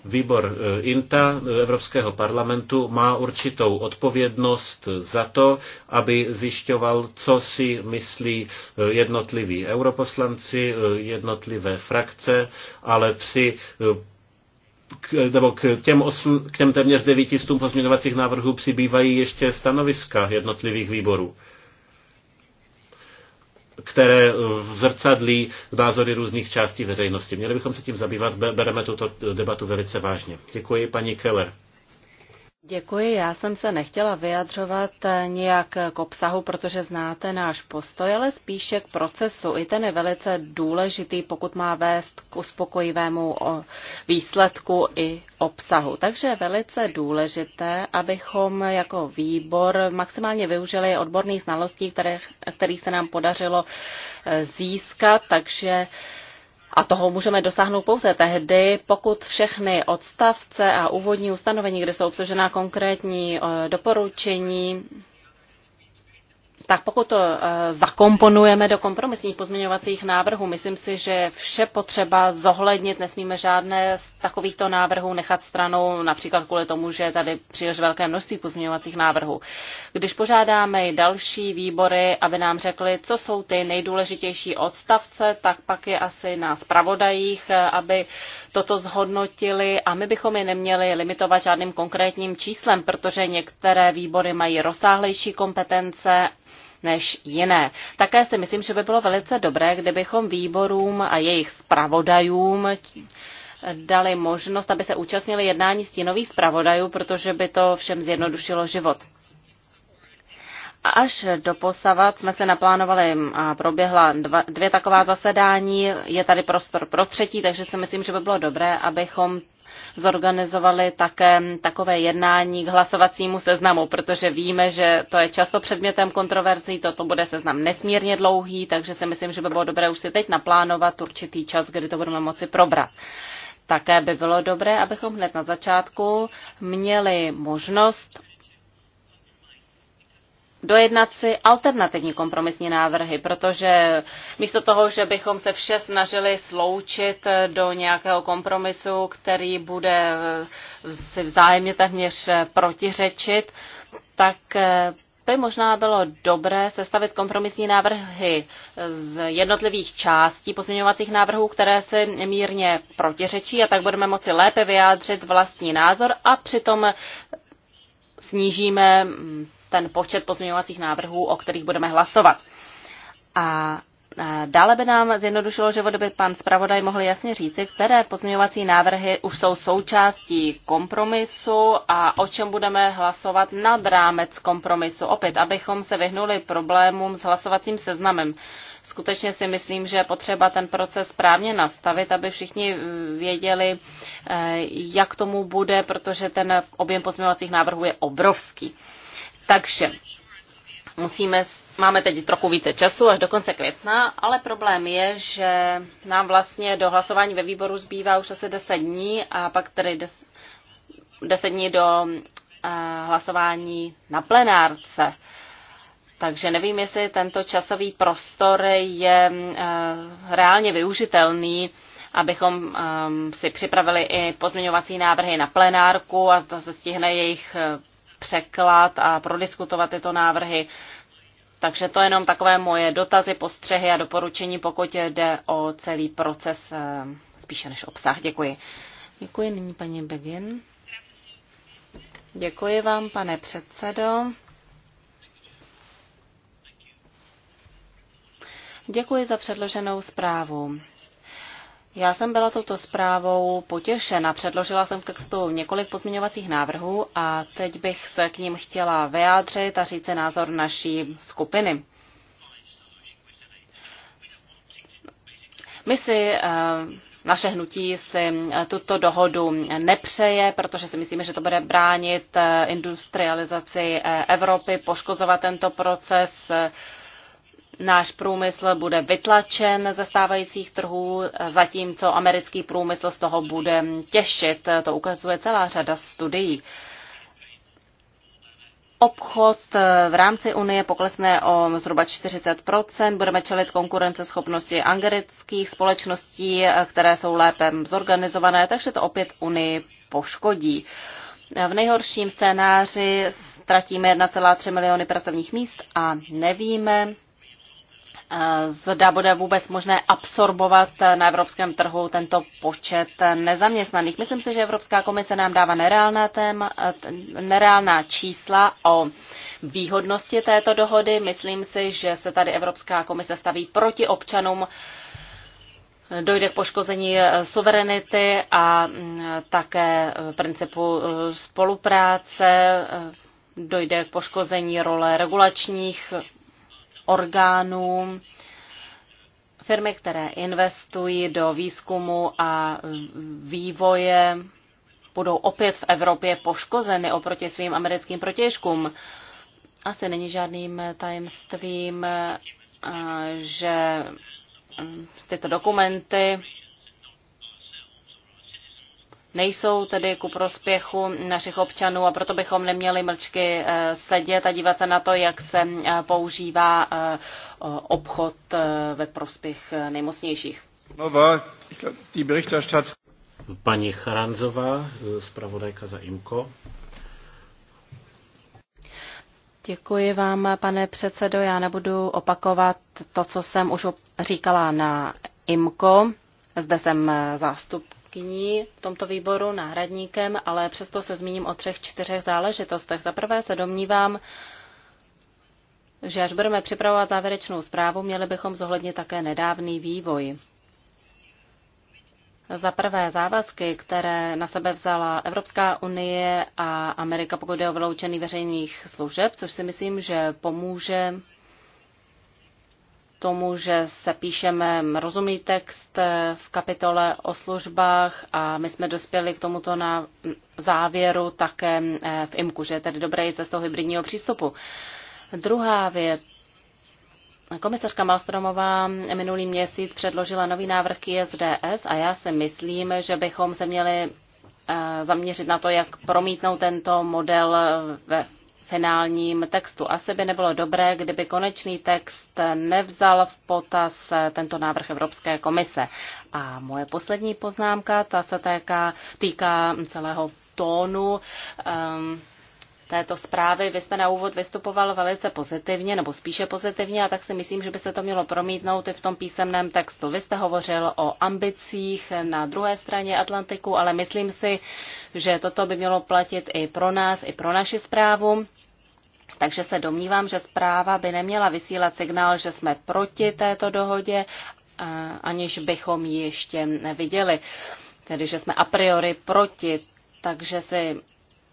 Výbor eh, INTA eh, Evropského parlamentu má určitou odpovědnost za to, aby zjišťoval, co si myslí eh, jednotliví europoslanci, jednotlivé frakce, ale při k, nebo k těm, osm, k těm téměř 900 pozměňovacích návrhů přibývají ještě stanoviska jednotlivých výborů které eh, zrcadlí názory různých částí veřejnosti. Měli bychom se tím zabývat, bereme tuto debatu velice vážně. Děkuji, paní Keller. Děkuji, já jsem se nechtěla vyjadřovat eh, nějak k obsahu, protože znáte náš postoj, ale spíše k procesu. I ten je velice důležitý, pokud má vést k uspokojivému výsledku i obsahu. Takže je velice důležité, abychom jako výbor maximálně využili odborných znalostí, které, který se nám podařilo eh, získat, takže a toho můžeme dosáhnout pouze tehdy, pokud všechny odstavce a úvodní ustanovení, kde jsou obsažená konkrétní eh, doporučení, tak pokud to eh, zakomponujeme do kompromisních pozměňovacích návrhů, myslím si, že vše potřeba zohlednit, nesmíme žádné z takovýchto návrhů nechat stranou, například kvůli tomu, že je tady příliš velké množství pozměňovacích návrhů. Když požádáme i další výbory, aby nám řekli, co jsou ty nejdůležitější odstavce, tak pak je asi na zpravodajích, eh, aby toto zhodnotili a my bychom je neměli limitovat žádným konkrétním číslem, protože některé výbory mají rozsáhlejší kompetence než jiné. Také si myslím, že by bylo velice dobré, kdybychom výborům a jejich zpravodajům dali možnost, aby se účastnili jednání stínových zpravodajů, protože by to všem zjednodušilo život. Až do posavat jsme se naplánovali a proběhla dva, dvě taková zasedání, je tady prostor pro třetí, takže si myslím, že by bylo dobré, abychom zorganizovali také takové jednání k hlasovacímu seznamu, protože víme, že to je často předmětem kontroverzí, toto bude seznam nesmírně dlouhý, takže si myslím, že by bylo dobré už si teď naplánovat určitý čas, kdy to budeme moci probrat. Také by bylo dobré, abychom hned na začátku měli možnost dojednat si alternativní kompromisní návrhy, protože místo toho, že bychom se vše snažili sloučit do nějakého kompromisu, který bude si vzájemně téměř protiřečit, tak eh, by možná bylo dobré sestavit kompromisní návrhy z jednotlivých částí pozměňovacích návrhů, které se mírně protiřečí a tak budeme moci lépe vyjádřit vlastní názor a přitom snížíme mm, ten počet pozměňovacích návrhů, o kterých budeme hlasovat. A Dále by nám zjednodušilo život, kdyby pan zpravodaj mohl jasně říci, které pozměňovací návrhy už jsou součástí kompromisu a o čem budeme hlasovat nad rámec kompromisu. Opět, abychom se vyhnuli problémům s hlasovacím seznamem. Skutečně si myslím, že je potřeba ten proces správně nastavit, aby všichni věděli, eh, jak tomu bude, protože ten objem pozměňovacích návrhů je obrovský. Takže musíme, máme teď trochu více času až do konce května, ale problém je, že nám vlastně do hlasování ve výboru zbývá už asi 10 dní a pak tedy 10, 10 dní do eh, hlasování na plenárce. Takže nevím, jestli tento časový prostor je eh, reálně využitelný, abychom eh, si připravili i pozměňovací návrhy na plenárku a zda se stihne jejich překlad a prodiskutovat tyto návrhy. Takže to je jenom takové moje dotazy, postřehy a doporučení, pokud jde o celý proces eh, spíše než obsah. Děkuji. Děkuji nyní paní Begin. Děkuji vám, pane předsedo. Děkuji za předloženou zprávu. Já jsem byla touto zprávou potěšena. Předložila jsem k textu několik pozměňovacích návrhů a teď bych se k ním chtěla vyjádřit a říct názor naší skupiny. My si, eh, naše hnutí si eh, tuto dohodu nepřeje, protože si myslíme, že to bude bránit eh, industrializaci Evropy, poškozovat tento proces náš průmysl bude vytlačen ze stávajících trhů, zatímco americký průmysl z toho bude těšit. To ukazuje celá řada studií. Obchod v rámci Unie poklesne o zhruba 40 Budeme čelit konkurenceschopnosti anglických společností, které jsou lépe zorganizované, takže to opět Unii poškodí. V nejhorším scénáři ztratíme 1,3 miliony pracovních míst a nevíme, zda bude vůbec možné absorbovat na evropském trhu tento počet nezaměstnaných. Myslím si, že Evropská komise nám dává nereálná, téma, nereálná čísla o výhodnosti této dohody. Myslím si, že se tady Evropská komise staví proti občanům, dojde k poškození suverenity a také principu spolupráce, dojde k poškození role regulačních orgánům, firmy, které investují do výzkumu a vývoje, budou opět v Evropě poškozeny oproti svým americkým protěžkům. Asi není žádným tajemstvím, že mm, tyto dokumenty nejsou tedy ku prospěchu našich občanů a proto bychom neměli mlčky eh, sedět a dívat se na to, jak se eh, používá eh, obchod ve prospěch nejmocnějších. Paní Charanzová, zpravodajka za IMKO. Děkuji vám, pane předsedo. Já nebudu opakovat to, co jsem už říkala na IMKO. Zde jsem zástup předsedkyní v tomto výboru náhradníkem, ale přesto se zmíním o třech, čtyřech záležitostech. Za prvé se domnívám, že až budeme připravovat závěrečnou zprávu, měli bychom zohlednit také nedávný vývoj. Za prvé závazky, které na sebe vzala Evropská unie a Amerika, pokud je o vyloučený veřejných služeb, což si myslím, že pomůže tomu, že píšeme rozumný text v kapitole o službách a my jsme dospěli k tomuto na závěru také eh, v IMKU, že je tedy dobré jít cestou hybridního přístupu. Druhá věc, Komisařka Malstromová minulý měsíc předložila nový návrh k ISDS a já si myslím, že bychom se měli eh, zaměřit na to, jak promítnout tento model eh, ve finálním textu. Asi by nebylo dobré, kdyby konečný text nevzal v potaz eh, tento návrh Evropské komise. A moje poslední poznámka, ta se týká, týká celého tónu. Um, této zprávy. Vy jste na úvod vystupoval velice pozitivně, nebo spíše pozitivně, a tak si myslím, že by se to mělo promítnout i v tom písemném textu. Vy jste hovořil o ambicích na druhé straně Atlantiku, ale myslím si, že toto by mělo platit i pro nás, i pro naši zprávu. Takže se domnívám, že zpráva by neměla vysílat signál, že jsme proti této dohodě, aniž bychom ji ještě neviděli. Tedy, že jsme a priori proti. Takže si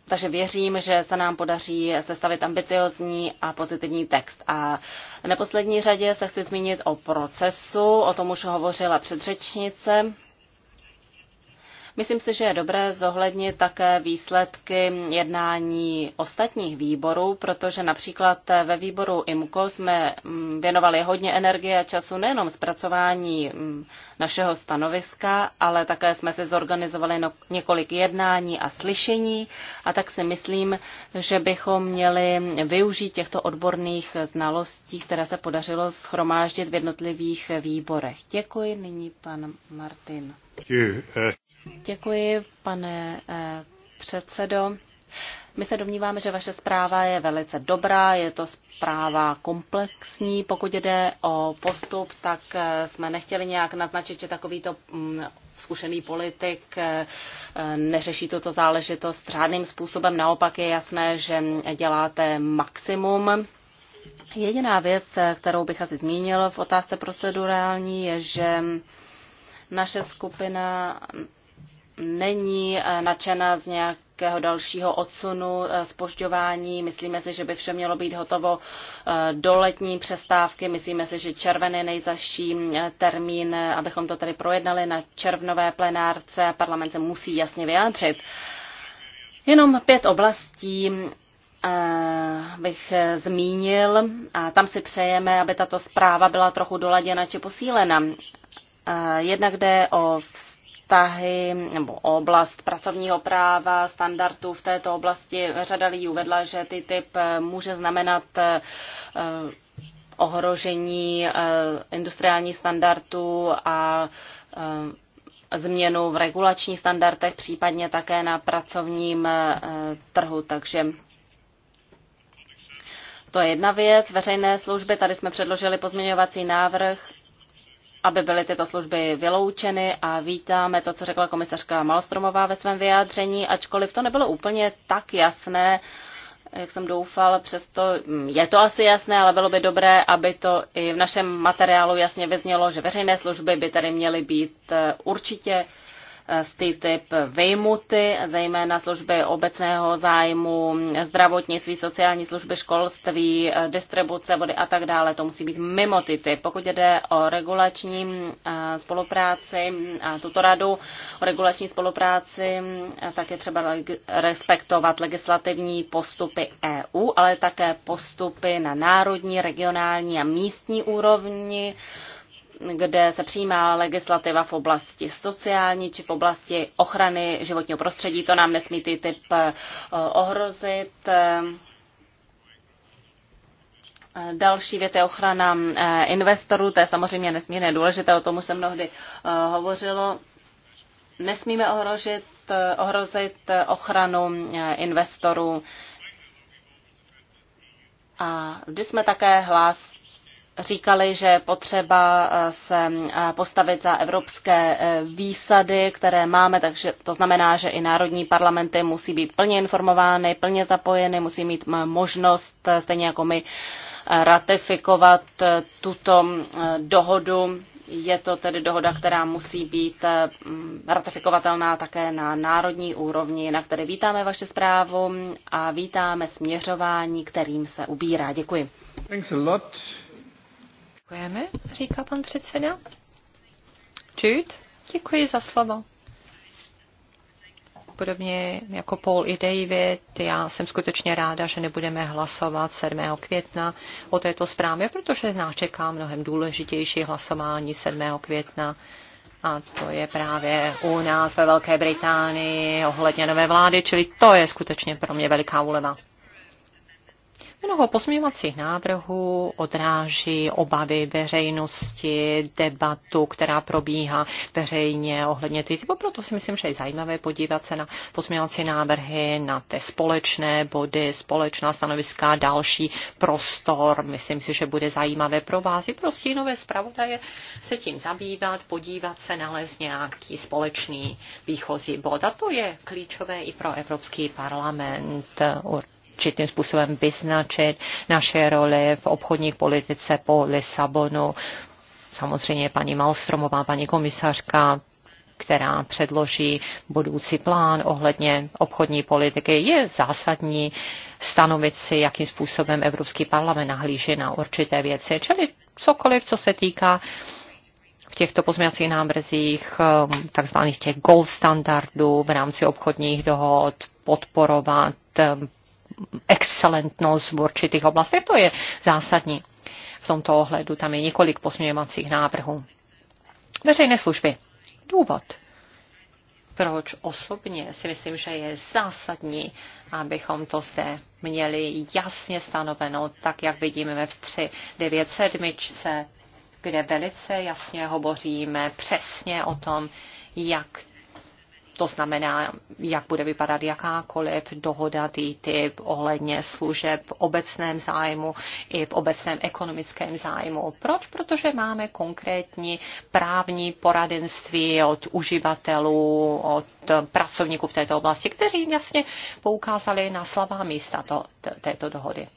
takže věřím, že se nám podaří sestavit ambiciozní a pozitivní text. A v neposlední řadě se chci zmínit o procesu, o tom už hovořila předřečnice. Myslím si, že je dobré zohlednit také výsledky jednání ostatních výborů, protože například ve výboru IMCO jsme mm, věnovali hodně energie a času nejenom zpracování mm, našeho stanoviska, ale také jsme si zorganizovali no, několik jednání a slyšení a tak si myslím, že bychom měli využít těchto odborných znalostí, které se podařilo schromáždit v jednotlivých výborech. Děkuji. Nyní pan Martin. Děkuji. Děkuji, pane eh, předsedo. My se domníváme, že vaše zpráva je velice dobrá, je to zpráva komplexní. Pokud jde o postup, tak eh, jsme nechtěli nějak naznačit, že takovýto mm, zkušený politik eh, neřeší tuto záležitost řádným způsobem. Naopak je jasné, že děláte maximum. Jediná věc, kterou bych asi zmínil v otázce procedurální, je, že naše skupina není eh, nadšená z nějakého dalšího odsunu, spožďování. Eh, Myslíme si, že by vše mělo být hotovo eh, do letní přestávky. Myslíme si, že červen je nejzaší termín, abychom to tady projednali na červnové plenárce. Parlament se musí jasně vyjádřit. Jenom pět oblastí bych zmínil a tam si přejeme, aby tato zpráva byla trochu doladěna či posílena. Jednak jde o vztahy nebo oblast pracovního práva, standardů v této oblasti. Řada lidí uvedla, že ty typ eh, může znamenat eh, eh, ohrožení industriálních standardů a změnu v regulačních standardech, případně také na pracovním trhu. Takže to je jedna věc. Veřejné služby, tady jsme předložili pozměňovací návrh, aby byly tyto služby vyloučeny a vítáme to, co řekla komisařka Malstromová ve svém vyjádření, ačkoliv to nebylo úplně tak jasné, jak jsem doufal, přesto mm, je to asi jasné, ale bylo by dobré, aby to i v našem materiálu jasně vyznělo, že veřejné služby by tady měly být eh, určitě z typ vyjmuty, zejména služby obecného zájmu, zdravotnictví, sociální služby, školství, distribuce vody a tak dále. To musí být mimo typ. Pokud jde o regulační eh, spolupráci a tuto radu o regulační spolupráci, eh, tak je třeba respektovat legislativní postupy EU, ale také postupy na národní, regionální a místní úrovni kde se přijímá legislativa v oblasti sociální či v oblasti ochrany životního prostředí. To nám nesmí ty typ eh, ohrozit. Eh, další věc je ochrana eh, investorů, to je samozřejmě nesmírně důležité, o tom už se mnohdy hovořilo. Nesmíme ohrožit, ohrozit ochranu investorů. A vždy jsme také hlas říkali, že je potřeba eh, se eh, postavit za evropské eh, výsady, které máme, takže to znamená, že i národní parlamenty musí být plně informovány, plně zapojeny, musí mít možnost, stejně jako my, ratifikovat tuto dohodu. Je to tedy dohoda, která musí být mm, ratifikovatelná také na národní úrovni. na které vítáme vaše zprávu a vítáme směřování, kterým se ubírá. Děkuji. Thanks a lot. Děkujeme, říká pan předseda. Jude, děkuji za slovo. Podobně jako Paul i David, já jsem skutečně ráda, že nebudeme hlasovat 7. května o této zprávě, protože nás čeká mnohem důležitější hlasování 7. května. A to je právě u nás ve Velké Británii ohledně nové vlády, čili to je skutečně pro mě veliká úleva. Mnoho pozměňovacích návrhů odráží obavy veřejnosti, debatu, která probíhá veřejně ohledně ty Proto si myslím, že je zajímavé podívat se na pozměňovací návrhy, na ty společné body, společná stanoviska, další prostor. Myslím si, že bude zajímavé pro vás i pro stínové zpravodaje se tím zabývat, podívat se, nalézt nějaký společný výchozí bod. A to je klíčové i pro Evropský parlament. Určitě určitým způsobem vyznačit naše roli v obchodní politice po Lisabonu. Samozřejmě paní Malstromová, paní komisařka, která předloží budoucí plán ohledně obchodní politiky, je zásadní stanovit si, jakým způsobem Evropský parlament nahlíží na určité věci, čili cokoliv, co se týká v těchto pozměňovacích návrzích eh, takzvaných těch gold standardů v rámci obchodních dohod podporovat eh, excelentnost v určitých oblastech. To je zásadní. V tomto ohledu tam je několik posměvacích návrhů. Veřejné služby. Důvod proč osobně si myslím, že je zásadní, abychom to zde měli jasně stanoveno, tak jak vidíme ve 397, kde velice jasně hovoříme přesně o tom, jak to znamená, jak bude vypadat jakákoliv dohoda TTIP ohledně služeb v obecném zájmu i v obecném ekonomickém zájmu. Proč? Protože máme konkrétní právní poradenství od uživatelů, od pracovníků v této oblasti, kteří jasně poukázali na slabá místa to, této dohody.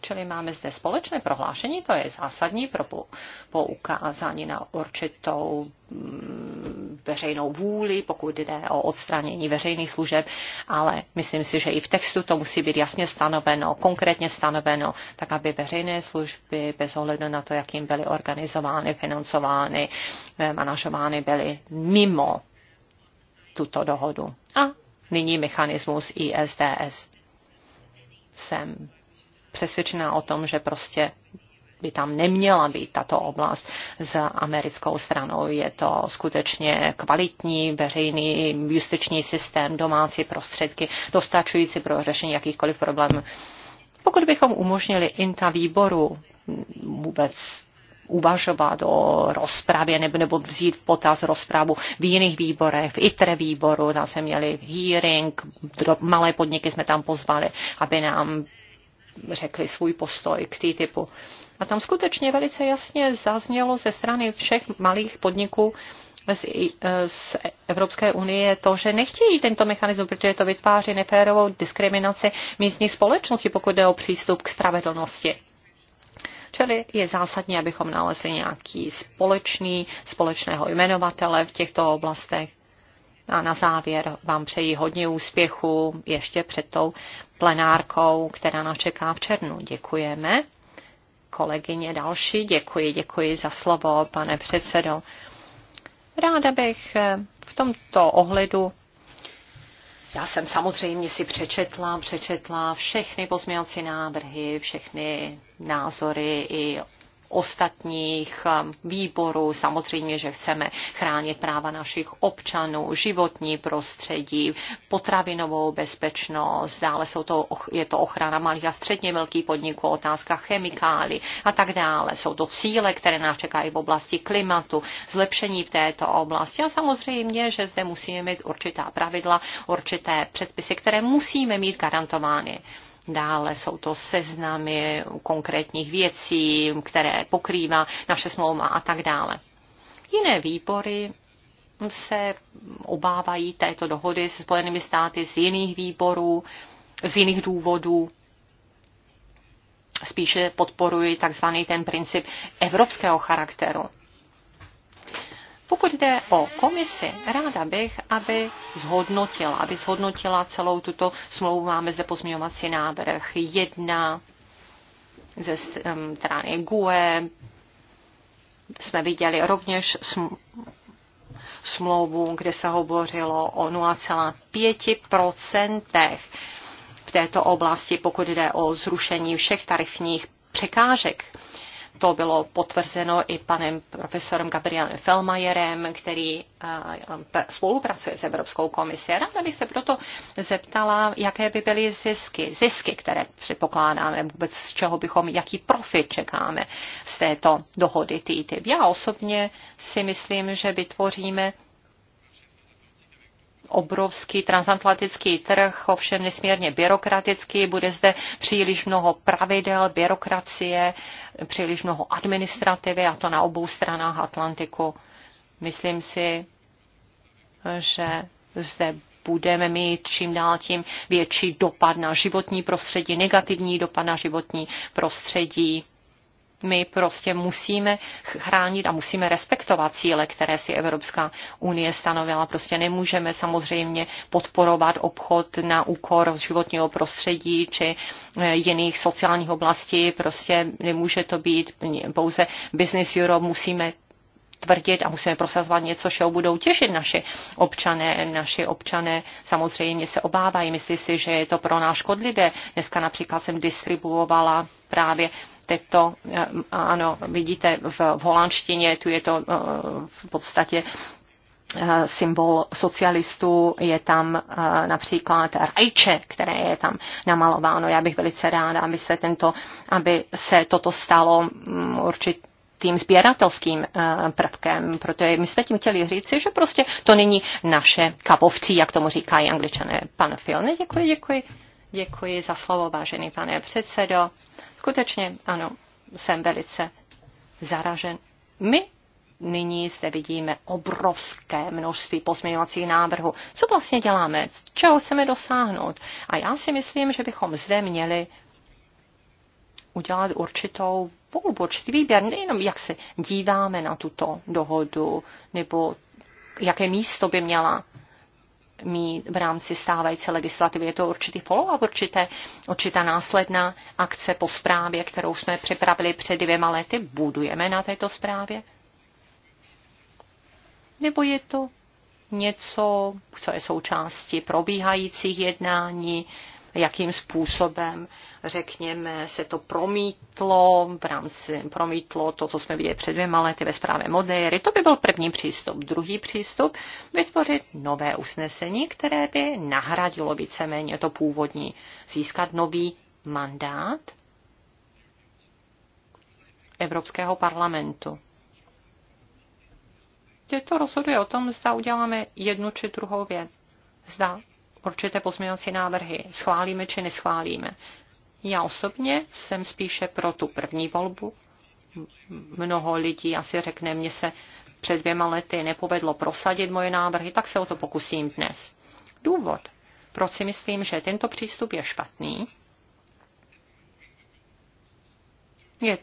Čili máme zde společné prohlášení, to je zásadní pro poukázání na určitou mm, veřejnou vůli, pokud jde o odstranění veřejných služeb, ale myslím si, že i v textu to musí být jasně stanoveno, konkrétně stanoveno, tak aby veřejné služby bez ohledu na to, jak jim byly organizovány, financovány, eh, manažovány, byly mimo tuto dohodu. A nyní mechanismus ISDS. Jsem přesvědčená o tom, že prostě by tam neměla být tato oblast s americkou stranou. Je to skutečně kvalitní veřejný justiční systém, domácí prostředky, dostačující pro řešení jakýchkoliv problémů. Pokud bychom umožnili INTA výboru vůbec uvažovat o rozpravě nebo, nebo vzít v potaz rozpravu v jiných výborech, v ITRE výboru, tam jsme měli hearing, malé podniky jsme tam pozvali, aby nám řekli svůj postoj k té typu A tam skutečně velice jasně zaznělo ze strany všech malých podniků z, e, z Evropské unie to, že nechtějí tento mechanismus, protože to vytváří neférovou diskriminaci místních společností, pokud jde o přístup k spravedlnosti. Čili je zásadní, abychom nalezli nějaký společný, společného jmenovatele v těchto oblastech. A na závěr vám přeji hodně úspěchu ještě před tou plenárkou, která nás čeká v červnu. Děkujeme. Kolegyně další, děkuji, děkuji za slovo, pane předsedo. Ráda bych eh, v tomto ohledu já jsem samozřejmě si přečetla, přečetla všechny pozměňovací návrhy, všechny názory i ostatních eh, výborů. Samozřejmě, že chceme chránit práva našich občanů, životní prostředí, potravinovou bezpečnost, dále jsou to, je to ochrana malých a středně velkých podniků, otázka chemikály a tak dále. Jsou to cíle, které nás čekají v oblasti klimatu, zlepšení v této oblasti a samozřejmě, že zde musíme mít určitá pravidla, určité předpisy, které musíme mít garantovány. Dále jsou to seznamy konkrétních věcí, které pokrývá naše smlouva a tak dále. Jiné výbory se obávají této dohody se Spojenými státy z jiných výborů, z jiných důvodů. Spíše podporují takzvaný ten princip evropského charakteru. Pokud jde o komisi, ráda bych, aby zhodnotila, aby zhodnotila celou tuto smlouvu. Máme zde pozměňovací návrh jedna ze strany GUE. Jsme viděli rovněž smlouvu, kde se hovořilo o 0,5 v této oblasti, pokud jde o zrušení všech tarifních překážek to bylo potvrzeno i panem profesorem Gabrielem Felmajerem, který spolupracuje s Evropskou komisí. Ráda bych se proto zeptala, jaké by byly zisky, zisky, které předpokládáme, vůbec z čeho bychom, jaký profit čekáme z této dohody TTIP. Já osobně si myslím, že vytvoříme obrovský transatlantický trh, ovšem nesmírně byrokratický, bude zde příliš mnoho pravidel, byrokracie, příliš mnoho administrativy a to na obou stranách Atlantiku. Myslím si, že zde budeme mít čím dál tím větší dopad na životní prostředí, negativní dopad na životní prostředí my prostě musíme chránit a musíme respektovat cíle, které si Evropská unie stanovila. Prostě nemůžeme samozřejmě podporovat obchod na úkor životního prostředí či eh, jiných sociálních oblastí. Prostě nemůže to být pouze Business Europe. Musíme tvrdit a musíme prosazovat něco, čeho budou těšit naše občané. Naši občané samozřejmě se obávají, myslí si, že je to pro nás škodlivé. Dneska například jsem distribuovala právě tyto, eh, ano, vidíte v, v holandštině, tu je to eh, v podstatě eh, symbol socialistů, je tam například rajče, které je tam namalováno. Já bych velice ráda, aby se, tento, aby se toto stalo mm, určitě tím sběratelským prvkem, protože my jsme tím chtěli říci, že prostě to není naše kapovcí, jak tomu říkají angličané. Pan Filne, děkuji, děkuji. Děkuji za slovo, vážený pane předsedo. Skutečně, ano, jsem velice zaražen. My nyní zde vidíme obrovské množství pozměňovacích návrhů. Co vlastně děláme? Čeho chceme dosáhnout? A já si myslím, že bychom zde měli udělat určitou volbu, určitý výběr, nejenom jak se díváme na tuto dohodu, nebo jaké místo by měla mít v rámci stávající legislativy. Je to určitý follow-up, určité, určitá následná akce po zprávě, kterou jsme připravili před dvěma lety. Budujeme na této zprávě? Nebo je to něco, co je součástí probíhajících jednání, jakým způsobem, řekněme, se to promítlo v rámci, promítlo to, co jsme viděli před dvěma lety ve zprávě Modéry. To by byl první přístup. Druhý přístup, vytvořit nové usnesení, které by nahradilo víceméně to původní. Získat nový mandát Evropského parlamentu Teď to rozhoduje o tom, zda uděláme jednu či druhou věc. Zda určité pozměňovací návrhy schválíme či neschválíme. Já osobně jsem spíše pro tu první volbu. Mnoho lidí asi řekne, mně se před dvěma lety nepovedlo prosadit moje návrhy, tak se o to pokusím dnes. Důvod, proč si myslím, že tento přístup je špatný, je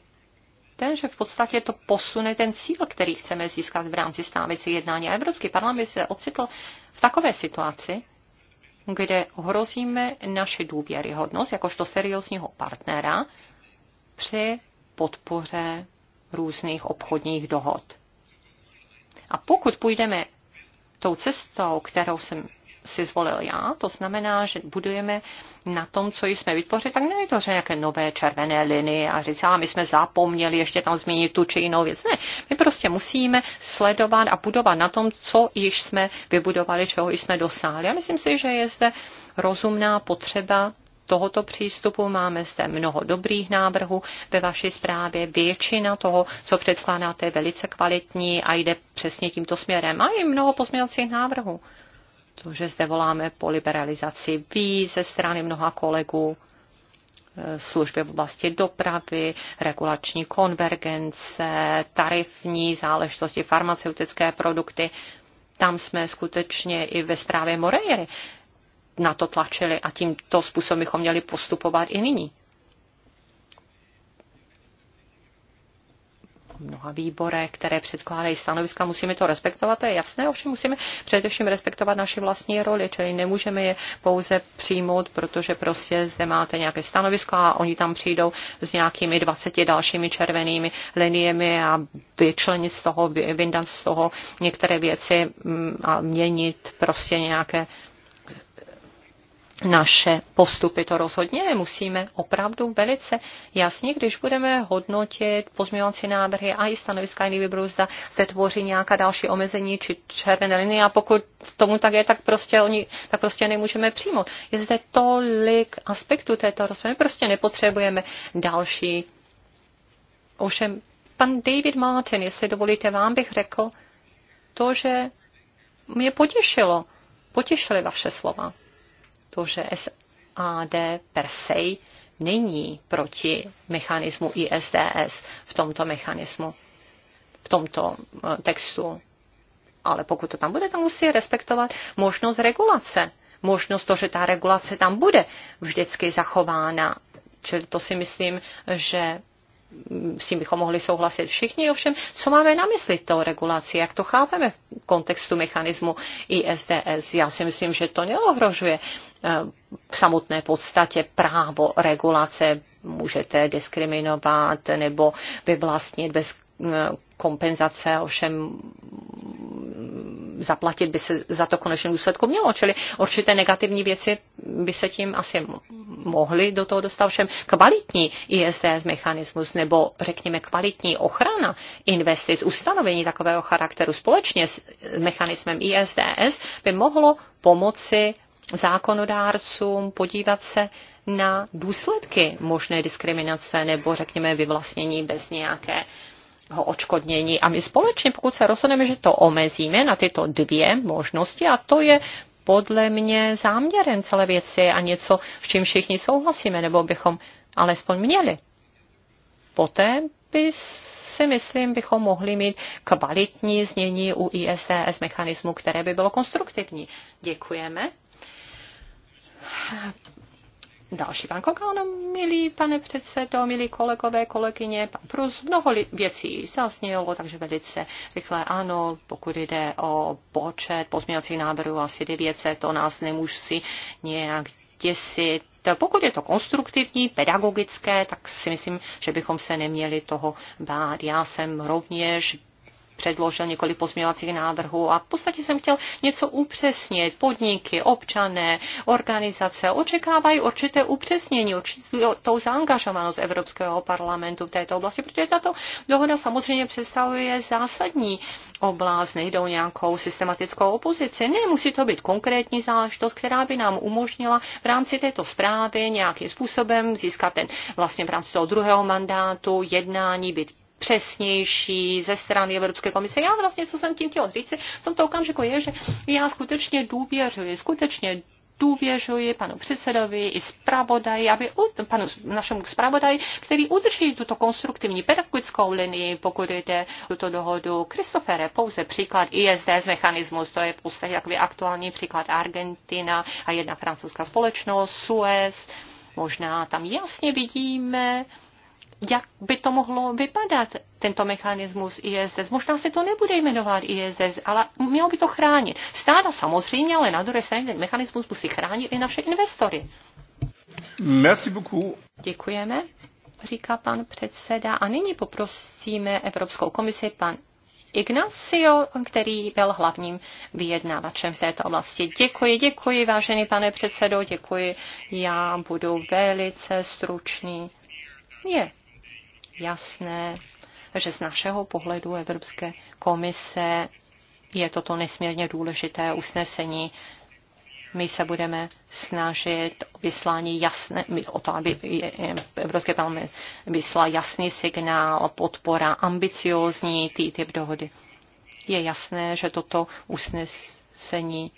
ten, že v podstatě to posune ten cíl, který chceme získat v rámci stávající jednání. A Evropský parlament se ocitl v takové situaci, kde ohrozíme naši důvěryhodnost jakožto seriózního partnera při podpoře různých obchodních dohod. A pokud půjdeme tou cestou, kterou jsem si zvolil já, to znamená, že budujeme na tom, co jsme vytvořili, tak není to, že nějaké nové červené linie a říct, a my jsme zapomněli ještě tam změnit tu či jinou věc. Ne, my prostě musíme sledovat a budovat na tom, co již jsme vybudovali, čeho jsme dosáhli. Já myslím si, že je zde rozumná potřeba tohoto přístupu. Máme zde mnoho dobrých návrhů ve vaší zprávě. Většina toho, co předkládáte, je velice kvalitní a jde přesně tímto směrem. A i mnoho pozměňovacích návrhů to, že zde voláme po liberalizaci víz ze strany mnoha kolegů, e, služby v oblasti dopravy, regulační konvergence, tarifní záležitosti, farmaceutické produkty. Tam jsme skutečně i ve zprávě Moreiry na to tlačili a tímto způsobem bychom měli postupovat i nyní. mnoha výborech, které předkládají stanoviska, musíme to respektovat, to je jasné, ovšem musíme především respektovat naši vlastní roli, čili nemůžeme je pouze přijmout, protože prostě zde máte nějaké stanovisko a oni tam přijdou s nějakými 20 dalšími červenými liniemi a vyčlenit z toho, vyndat z toho některé věci mm, a měnit prostě nějaké naše postupy. To rozhodně nemusíme opravdu velice jasně, když budeme hodnotit pozměňovací návrhy a i stanoviska jiných výborů, zda se tvoří nějaká další omezení či červené linie a pokud tomu tak je, tak prostě, oni, tak prostě nemůžeme přijmout. Je zde tolik aspektů této rozpravy, my prostě nepotřebujeme další. Ovšem, pan David Martin, jestli dovolíte, vám bych řekl to, že mě potěšilo, potěšily vaše slova to, že SAD per se není proti mechanismu ISDS v tomto mechanismu, v tomto eh, textu. Ale pokud to tam bude, tam musí respektovat možnost regulace. Možnost to, že ta regulace tam bude vždycky zachována. Čili to si myslím, že s tím bychom mohli souhlasit všichni, ovšem, co máme na mysli tou regulací, jak to chápeme v kontextu mechanismu ISDS. Já si myslím, že to neohrožuje eh, v samotné podstatě právo regulace. Můžete diskriminovat nebo vyvlastnit bez eh, kompenzace, ovšem zaplatit by se za to konečně důsledku mělo. Čili určité negativní věci by se tím asi mohly do toho dostat. Všem kvalitní ISDS mechanismus nebo řekněme kvalitní ochrana investic, ustanovení takového charakteru společně s mechanismem ISDS by mohlo pomoci zákonodárcům podívat se na důsledky možné diskriminace nebo řekněme vyvlastnění bez nějaké očkodnění. A my společně, pokud se rozhodneme, že to omezíme na tyto dvě možnosti, a to je podle mě záměrem celé věci a něco, v čím všichni souhlasíme, nebo bychom alespoň měli. Poté by si myslím, bychom mohli mít kvalitní znění u ISDS mechanismu, které by bylo konstruktivní. Děkujeme. Další pan Kokan, milí pane předsedo, milí kolegové, kolegyně, pan Prus, mnoho věcí zaznělo, takže velice rychle ano, pokud jde o počet pozměňovacích návrhů asi 900, to nás nemusí nějak děsit. Pokud je to konstruktivní, pedagogické, tak si myslím, že bychom se neměli toho bát. Já jsem rovněž předložil několik pozměňovacích návrhů a v podstatě jsem chtěl něco upřesnit. Podniky, občané, organizace očekávají určité upřesnění, určitou zaangažovanost Evropského parlamentu v této oblasti, protože tato dohoda samozřejmě představuje zásadní oblast, nejde o nějakou systematickou opozici. Ne, musí to být konkrétní záležitost, která by nám umožnila v rámci této zprávy nějakým způsobem získat ten vlastně v rámci toho druhého mandátu jednání, být přesnější ze strany Evropské komise. Já vlastně, co jsem tím chtěl říct, v tomto okamžiku je, že já skutečně důvěřuji, skutečně důvěřuji panu předsedovi i zpravodaji, aby panu našemu zpravodaji, který udrží tuto konstruktivní pedagogickou linii, pokud jde tuto dohodu. Kristofere, pouze příklad ISDS mechanismus, to je pouze podstatě takový aktuální příklad Argentina a jedna francouzská společnost, Suez, možná tam jasně vidíme, jak by to mohlo vypadat, tento mechanismus ISS. Možná se to nebude jmenovat ISS, ale mělo by to chránit. Stáda samozřejmě, ale na druhé straně ten mechanismus musí chránit i naše investory. Merci beaucoup. Děkujeme, říká pan předseda. A nyní poprosíme Evropskou komisi pan Ignacio, který byl hlavním vyjednávačem v této oblasti. Děkuji, děkuji, vážený pane předsedo, děkuji. Já budu velice stručný. Je jasné, že z našeho pohledu Evropské komise je toto nesmírně důležité usnesení. My se budeme snažit o vyslání jasné, o to, aby Evropské parlament vyslal jasný signál podpora ambiciózní TTIP dohody. Je jasné, že toto usnesení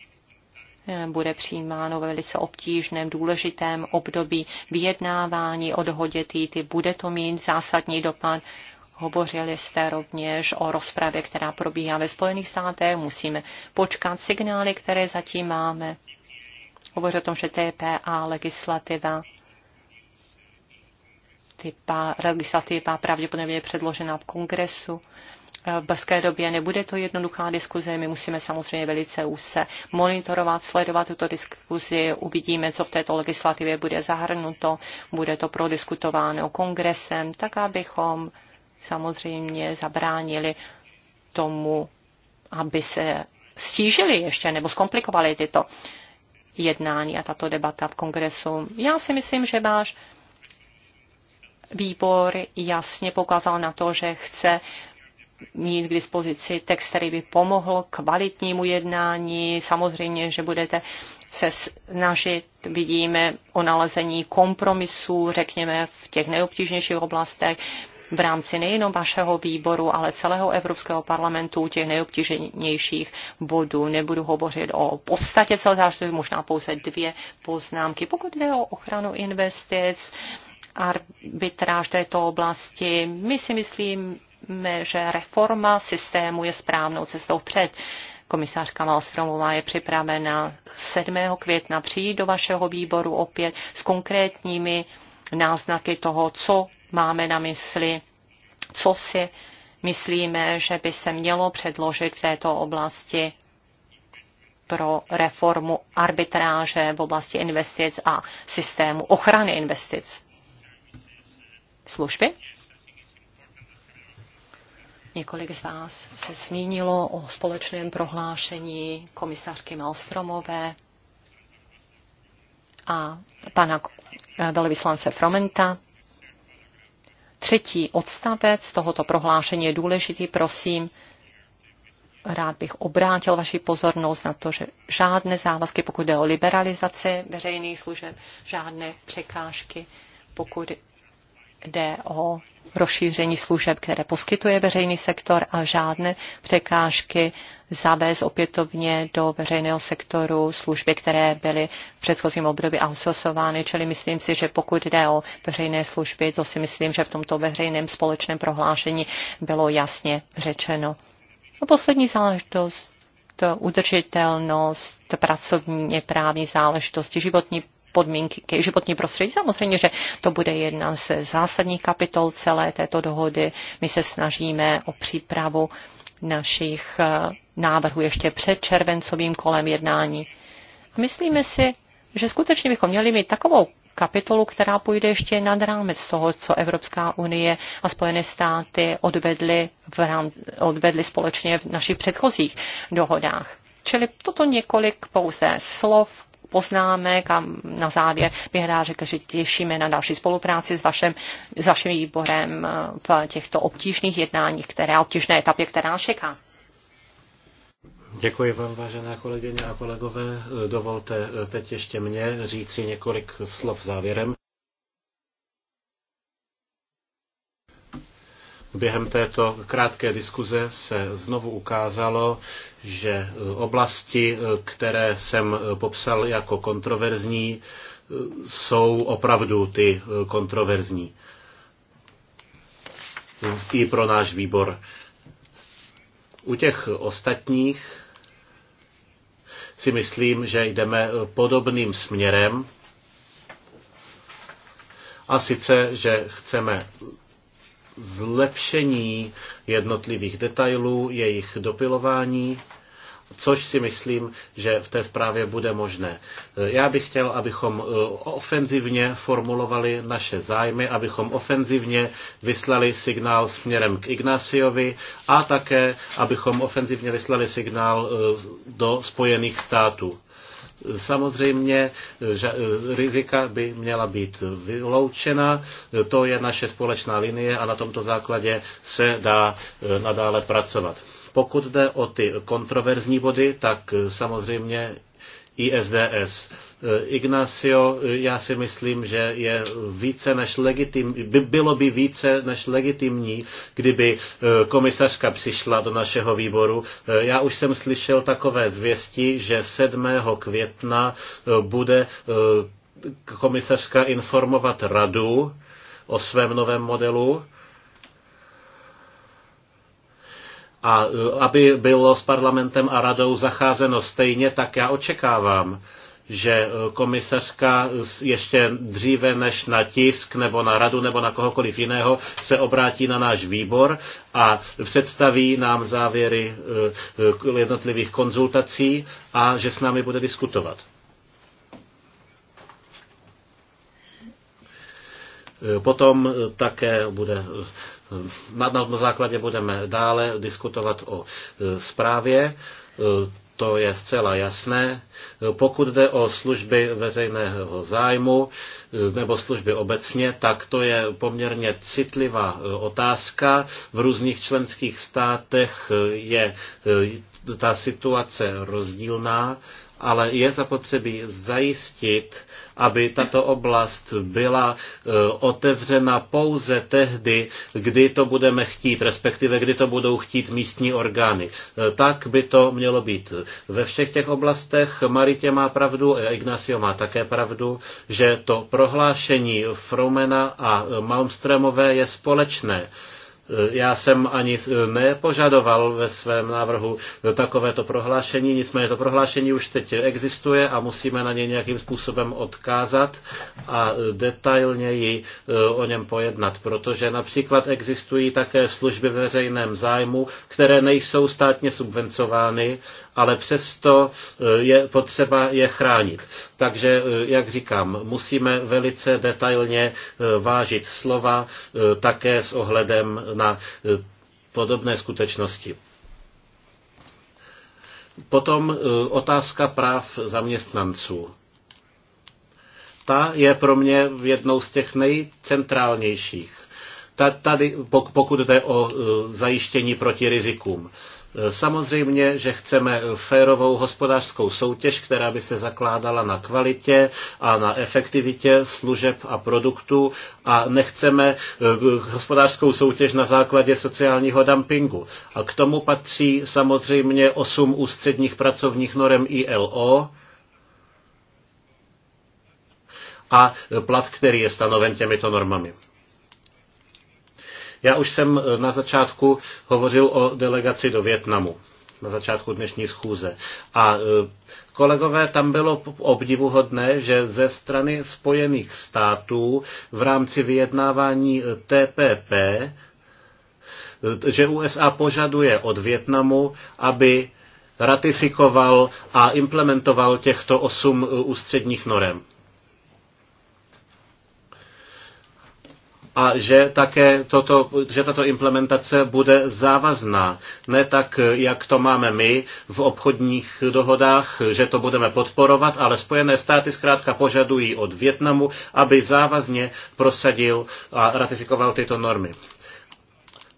bude přijímáno ve velice obtížném, důležitém období vyjednávání o dohodě TTIP. Bude to mít zásadní dopad. Hovořili jste rovněž o rozpravě, která probíhá ve Spojených státech. Musíme počkat signály, které zatím máme. Hovořil o tom, že TPA legislativa typa, legislativa pravděpodobně je předložena v kongresu Eh, v brzké době. Nebude to jednoduchá diskuze, my musíme samozřejmě velice úzce monitorovat, sledovat tuto diskuzi, uvidíme, co v této legislativě bude zahrnuto, bude to prodiskutováno kongresem, tak abychom samozřejmě zabránili tomu, aby se stížili ještě nebo zkomplikovali tyto jednání a tato debata v kongresu. Já si myslím, že váš výbor jasně poukázal na to, že chce mít k dispozici text, který by pomohl kvalitnímu jednání. Samozřejmě, že budete se snažit, vidíme, o nalezení kompromisů, řekněme, v těch nejobtížnějších oblastech v rámci nejenom vašeho výboru, ale celého Evropského parlamentu těch nejobtíženějších bodů. Nebudu hovořit o podstatě celé záležitosti, možná pouze dvě poznámky. Pokud jde o ochranu investic, arbitráž této oblasti, my si myslím, že reforma systému je správnou cestou před. Komisářka Malstromová je připravena 7. května přijít do vašeho výboru opět s konkrétními náznaky toho, co máme na mysli, co si myslíme, že by se mělo předložit v této oblasti pro reformu arbitráže v oblasti investic a systému ochrany investic. Služby? Několik z vás se zmínilo o společném prohlášení komisařky Malstromové a pana velvyslance Fromenta. Třetí odstavec tohoto prohlášení je důležitý, prosím, rád bych obrátil vaši pozornost na to, že žádné závazky, pokud jde o liberalizaci veřejných služeb, žádné překážky, pokud jde o rozšíření služeb, které poskytuje veřejný sektor a žádné překážky zavést opětovně do veřejného sektoru služby, které byly v předchozím období outsourcovány. Čili myslím si, že pokud jde o veřejné služby, to si myslím, že v tomto veřejném společném prohlášení bylo jasně řečeno. A poslední záležitost udržitelnost, pracovní, právní záležitosti, životní podmínky životní prostředí. Samozřejmě, že to bude jedna ze zásadních kapitol celé této dohody. My se snažíme o přípravu našich eh, návrhů ještě před červencovým kolem jednání. A myslíme si, že skutečně bychom měli mít takovou kapitolu, která půjde ještě nad rámec toho, co Evropská unie a Spojené státy odvedly, v rám, odvedly společně v našich předchozích dohodách. Čili toto několik pouze slov poznámek a na závěr bych rád řekl, že těšíme na další spolupráci s vaším, s vaším výborem eh, v těchto obtížných jednáních, které obtížné etapě, která čeká. Děkuji vám, vážené kolegyně a kolegové. Eh, dovolte eh, teď ještě mě říci několik slov závěrem. Během této krátké diskuze se znovu ukázalo, že oblasti, které jsem popsal jako kontroverzní, jsou opravdu ty kontroverzní. I pro náš výbor. U těch ostatních si myslím, že jdeme podobným směrem. A sice, že chceme zlepšení jednotlivých detailů, jejich dopilování, což si myslím, že v té zprávě bude možné. Já bych chtěl, abychom e, ofenzivně formulovali naše zájmy, abychom ofenzivně vyslali signál směrem k Ignáciovi a také, abychom ofenzivně vyslali signál e, do Spojených států. Samozřejmě že eh, rizika by měla být vyloučena, to je naše společná linie a na tomto základě se dá eh, nadále pracovat. Pokud jde o ty kontroverzní body, tak eh, samozřejmě ISDS. Eh, Ignacio, eh, já si myslím, že je více než legitim, by bylo by více než legitimní, kdyby eh, komisařka přišla do našeho výboru. Já už jsem slyšel takové zvěsti, že 7. května bude komisařka informovat radu o svém novém modelu a e, aby bylo s parlamentem a radou zacházeno stejně, tak já očekávám, že e, komisařka ještě dříve než na tisk nebo na radu nebo na kohokoliv jiného se obrátí na náš výbor a představí nám závěry e, jednotlivých konzultací a že s námi bude diskutovat. Potom také bude Eh, na základě budeme dále diskutovat o eh, zprávě, eh, to je zcela jasné. Pokud jde o služby veřejného zájmu nebo služby obecně, tak to je poměrně citlivá otázka. V různých členských státech je ta situace rozdílná ale je zapotřebí zajistit, aby tato oblast byla eh, otevřena pouze tehdy, kdy to budeme chtít, respektive kdy to budou chtít místní orgány. Eh, tak by to mělo být. Ve všech těch oblastech Maritě má pravdu, Ignacio má také pravdu, že to prohlášení Fromena a Malmströmové je společné Eh, já jsem ani eh, nepožadoval ve svém návrhu eh, takovéto prohlášení, nicméně to prohlášení už teď existuje a musíme na něj nějakým způsobem odkázat a detailněji o něm pojednat, protože například existují také služby ve veřejném zájmu, které nejsou státně subvencovány, ale přesto je potřeba je chránit. Takže, eh, jak říkám, musíme velice detailně eh, vážit slova eh, také s ohledem na podobné skutečnosti. Potom otázka práv zaměstnanců. Ta je pro mě jednou z těch nejcentrálnějších. Tady, pokud jde o zajištění proti rizikům. Samozřejmě, že chceme férovou hospodářskou soutěž, která by se zakládala na kvalitě a na efektivitě služeb a produktů a nechceme eh, hospodářskou soutěž na základě sociálního dumpingu. A k tomu patří samozřejmě osm ústředních pracovních norem ILO, a plat, který je stanoven těmito normami. Já už jsem eh, na začátku hovořil o delegaci do Větnamu na začátku dnešní schůze. A eh, kolegové, tam bylo obdivuhodné, že ze strany Spojených států v rámci vyjednávání eh, TPP, že USA požaduje od Větnamu, aby ratifikoval a implementoval těchto osm ústředních norem. a že také toto, že tato implementace bude závazná. Ne tak, jak to máme my v obchodních dohodách, že to budeme podporovat, ale Spojené státy zkrátka požadují od Větnamu, aby závazně prosadil a ratifikoval tyto normy.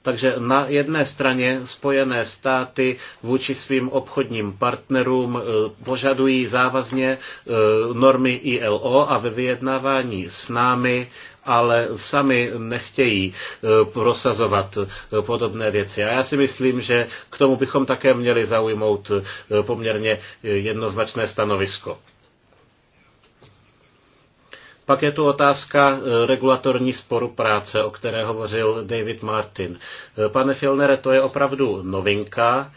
Takže na jedné straně Spojené státy vůči svým obchodním partnerům eh, požadují závazně eh, normy ILO a ve vyjednávání s námi ale sami nechtějí eh, prosazovat podobné věci. A já si myslím, že k tomu bychom také měli zaujmout poměrně jednoznačné stanovisko. Pak je tu otázka eh, regulatorní sporu práce, o které hovořil David Martin. Eh, pane Filnere, to je opravdu novinka.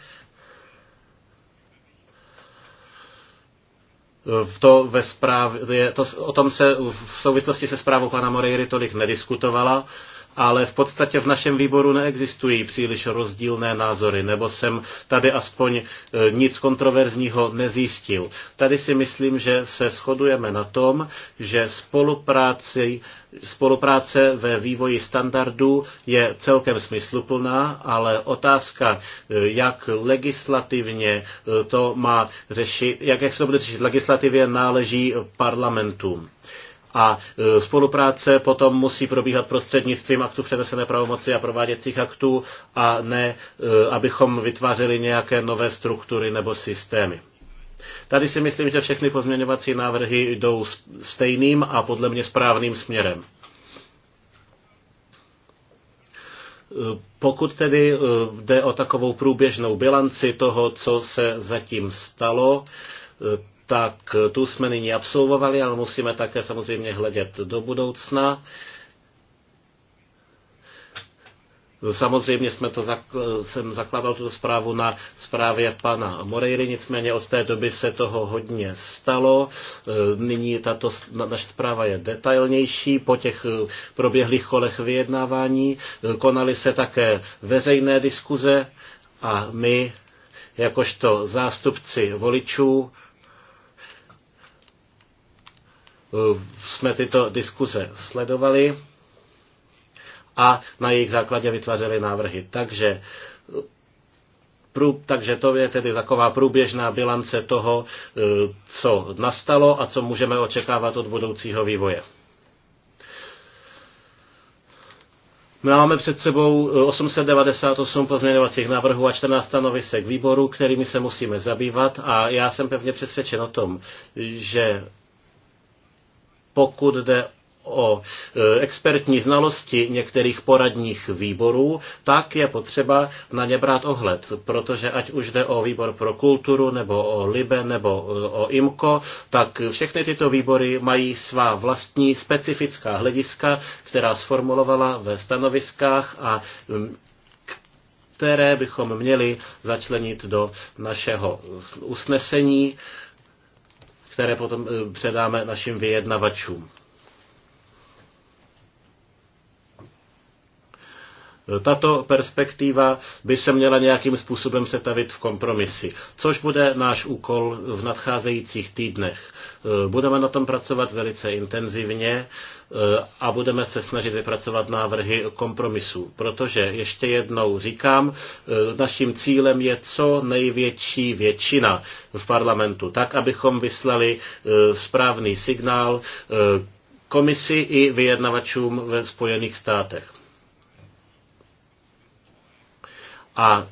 Eh, to ve správě, to, o tom se v souvislosti se zprávou pana Moreiry tolik nediskutovala ale v podstatě v našem výboru neexistují příliš rozdílné názory, nebo jsem tady aspoň e, nic kontroverzního nezjistil. Tady si myslím, že se shodujeme na tom, že spolupráci, spolupráce ve vývoji standardů je celkem smysluplná, ale otázka, e, jak legislativně e, to má řešit, jak, jak se to bude řešit legislativě, náleží parlamentům. A e, spolupráce potom musí probíhat prostřednictvím aktů přenesené pravomoci a prováděcích aktů a ne, e, abychom vytvářeli nějaké nové struktury nebo systémy. Tady si myslím, že všechny pozměňovací návrhy jdou stejným a podle mě správným směrem. E, pokud tedy jde o takovou průběžnou bilanci toho, co se zatím stalo, tak tu jsme nyní absolvovali, ale musíme také samozřejmě hledět do budoucna. Samozřejmě jsme to, jsem zakládal tuto zprávu na zprávě pana Moreiry, nicméně od té doby se toho hodně stalo. Nyní tato naše zpráva je detailnější po těch eh, proběhlých kolech vyjednávání. Eh, konaly se také veřejné diskuze a my, jakožto zástupci voličů, Eh, jsme tyto diskuze sledovali a na jejich základě vytvářeli návrhy. Takže eh, takže to je tedy taková průběžná bilance toho, eh, co nastalo a co můžeme očekávat od budoucího vývoje. Máme před sebou 898 pozměňovacích návrhů a 14 stanovisek výboru, kterými se musíme zabývat a já jsem pevně přesvědčen o tom, že pokud jde o e, expertní znalosti některých poradních výborů, tak je potřeba na ně brát ohled, protože ať už jde o výbor pro kulturu, nebo o LIBE, nebo e, o IMKO, tak všechny tyto výbory mají svá vlastní specifická hlediska, která sformulovala ve stanoviskách a které bychom měli začlenit do našeho usnesení které potom eh, předáme našim vyjednavačům. Tato perspektiva by se měla nějakým způsobem setavit v kompromisy, což bude náš úkol v nadcházejících týdnech. Eh, budeme na tom pracovat velice intenzivně eh, a budeme se snažit vypracovat návrhy kompromisu, protože ještě jednou říkám, eh, naším cílem je co největší většina v parlamentu, tak abychom vyslali správný signál komisi i vyjednavačům ve Spojených státech. A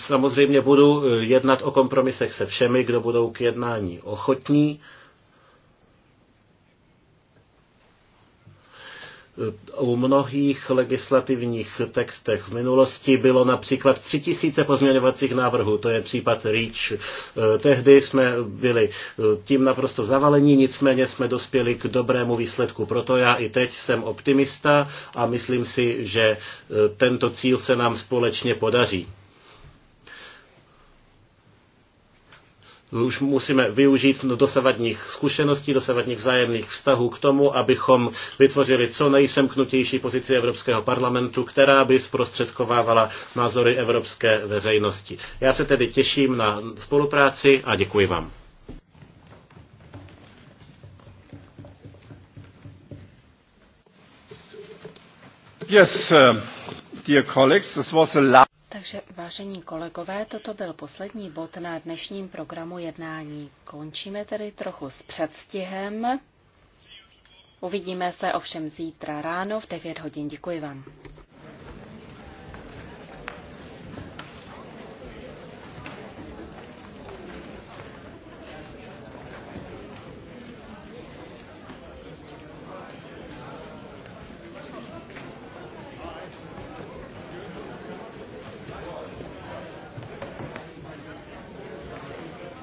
samozřejmě budu jednat o kompromisech se všemi, kdo budou k jednání ochotní. u mnohých legislativních textech v minulosti bylo například 3000 pozměňovacích návrhů, to je případ REACH. E, tehdy jsme byli e, tím naprosto zavalení, nicméně jsme dospěli k dobrému výsledku. Proto já i teď jsem optimista a myslím si, že e, tento cíl se nám společně podaří. už musíme využít dosavadních zkušeností, dosavadních vzájemných vztahů k tomu, abychom vytvořili co nejsemknutější pozici Evropského parlamentu, která by zprostředkovávala názory evropské veřejnosti. Já se tedy těším na spolupráci a děkuji vám. Yes, uh, dear colleagues, this was a takže, vážení kolegové, toto byl poslední bod na dnešním programu jednání. Končíme tedy trochu s předstihem. Uvidíme se ovšem zítra ráno v 9 hodin. Děkuji vám.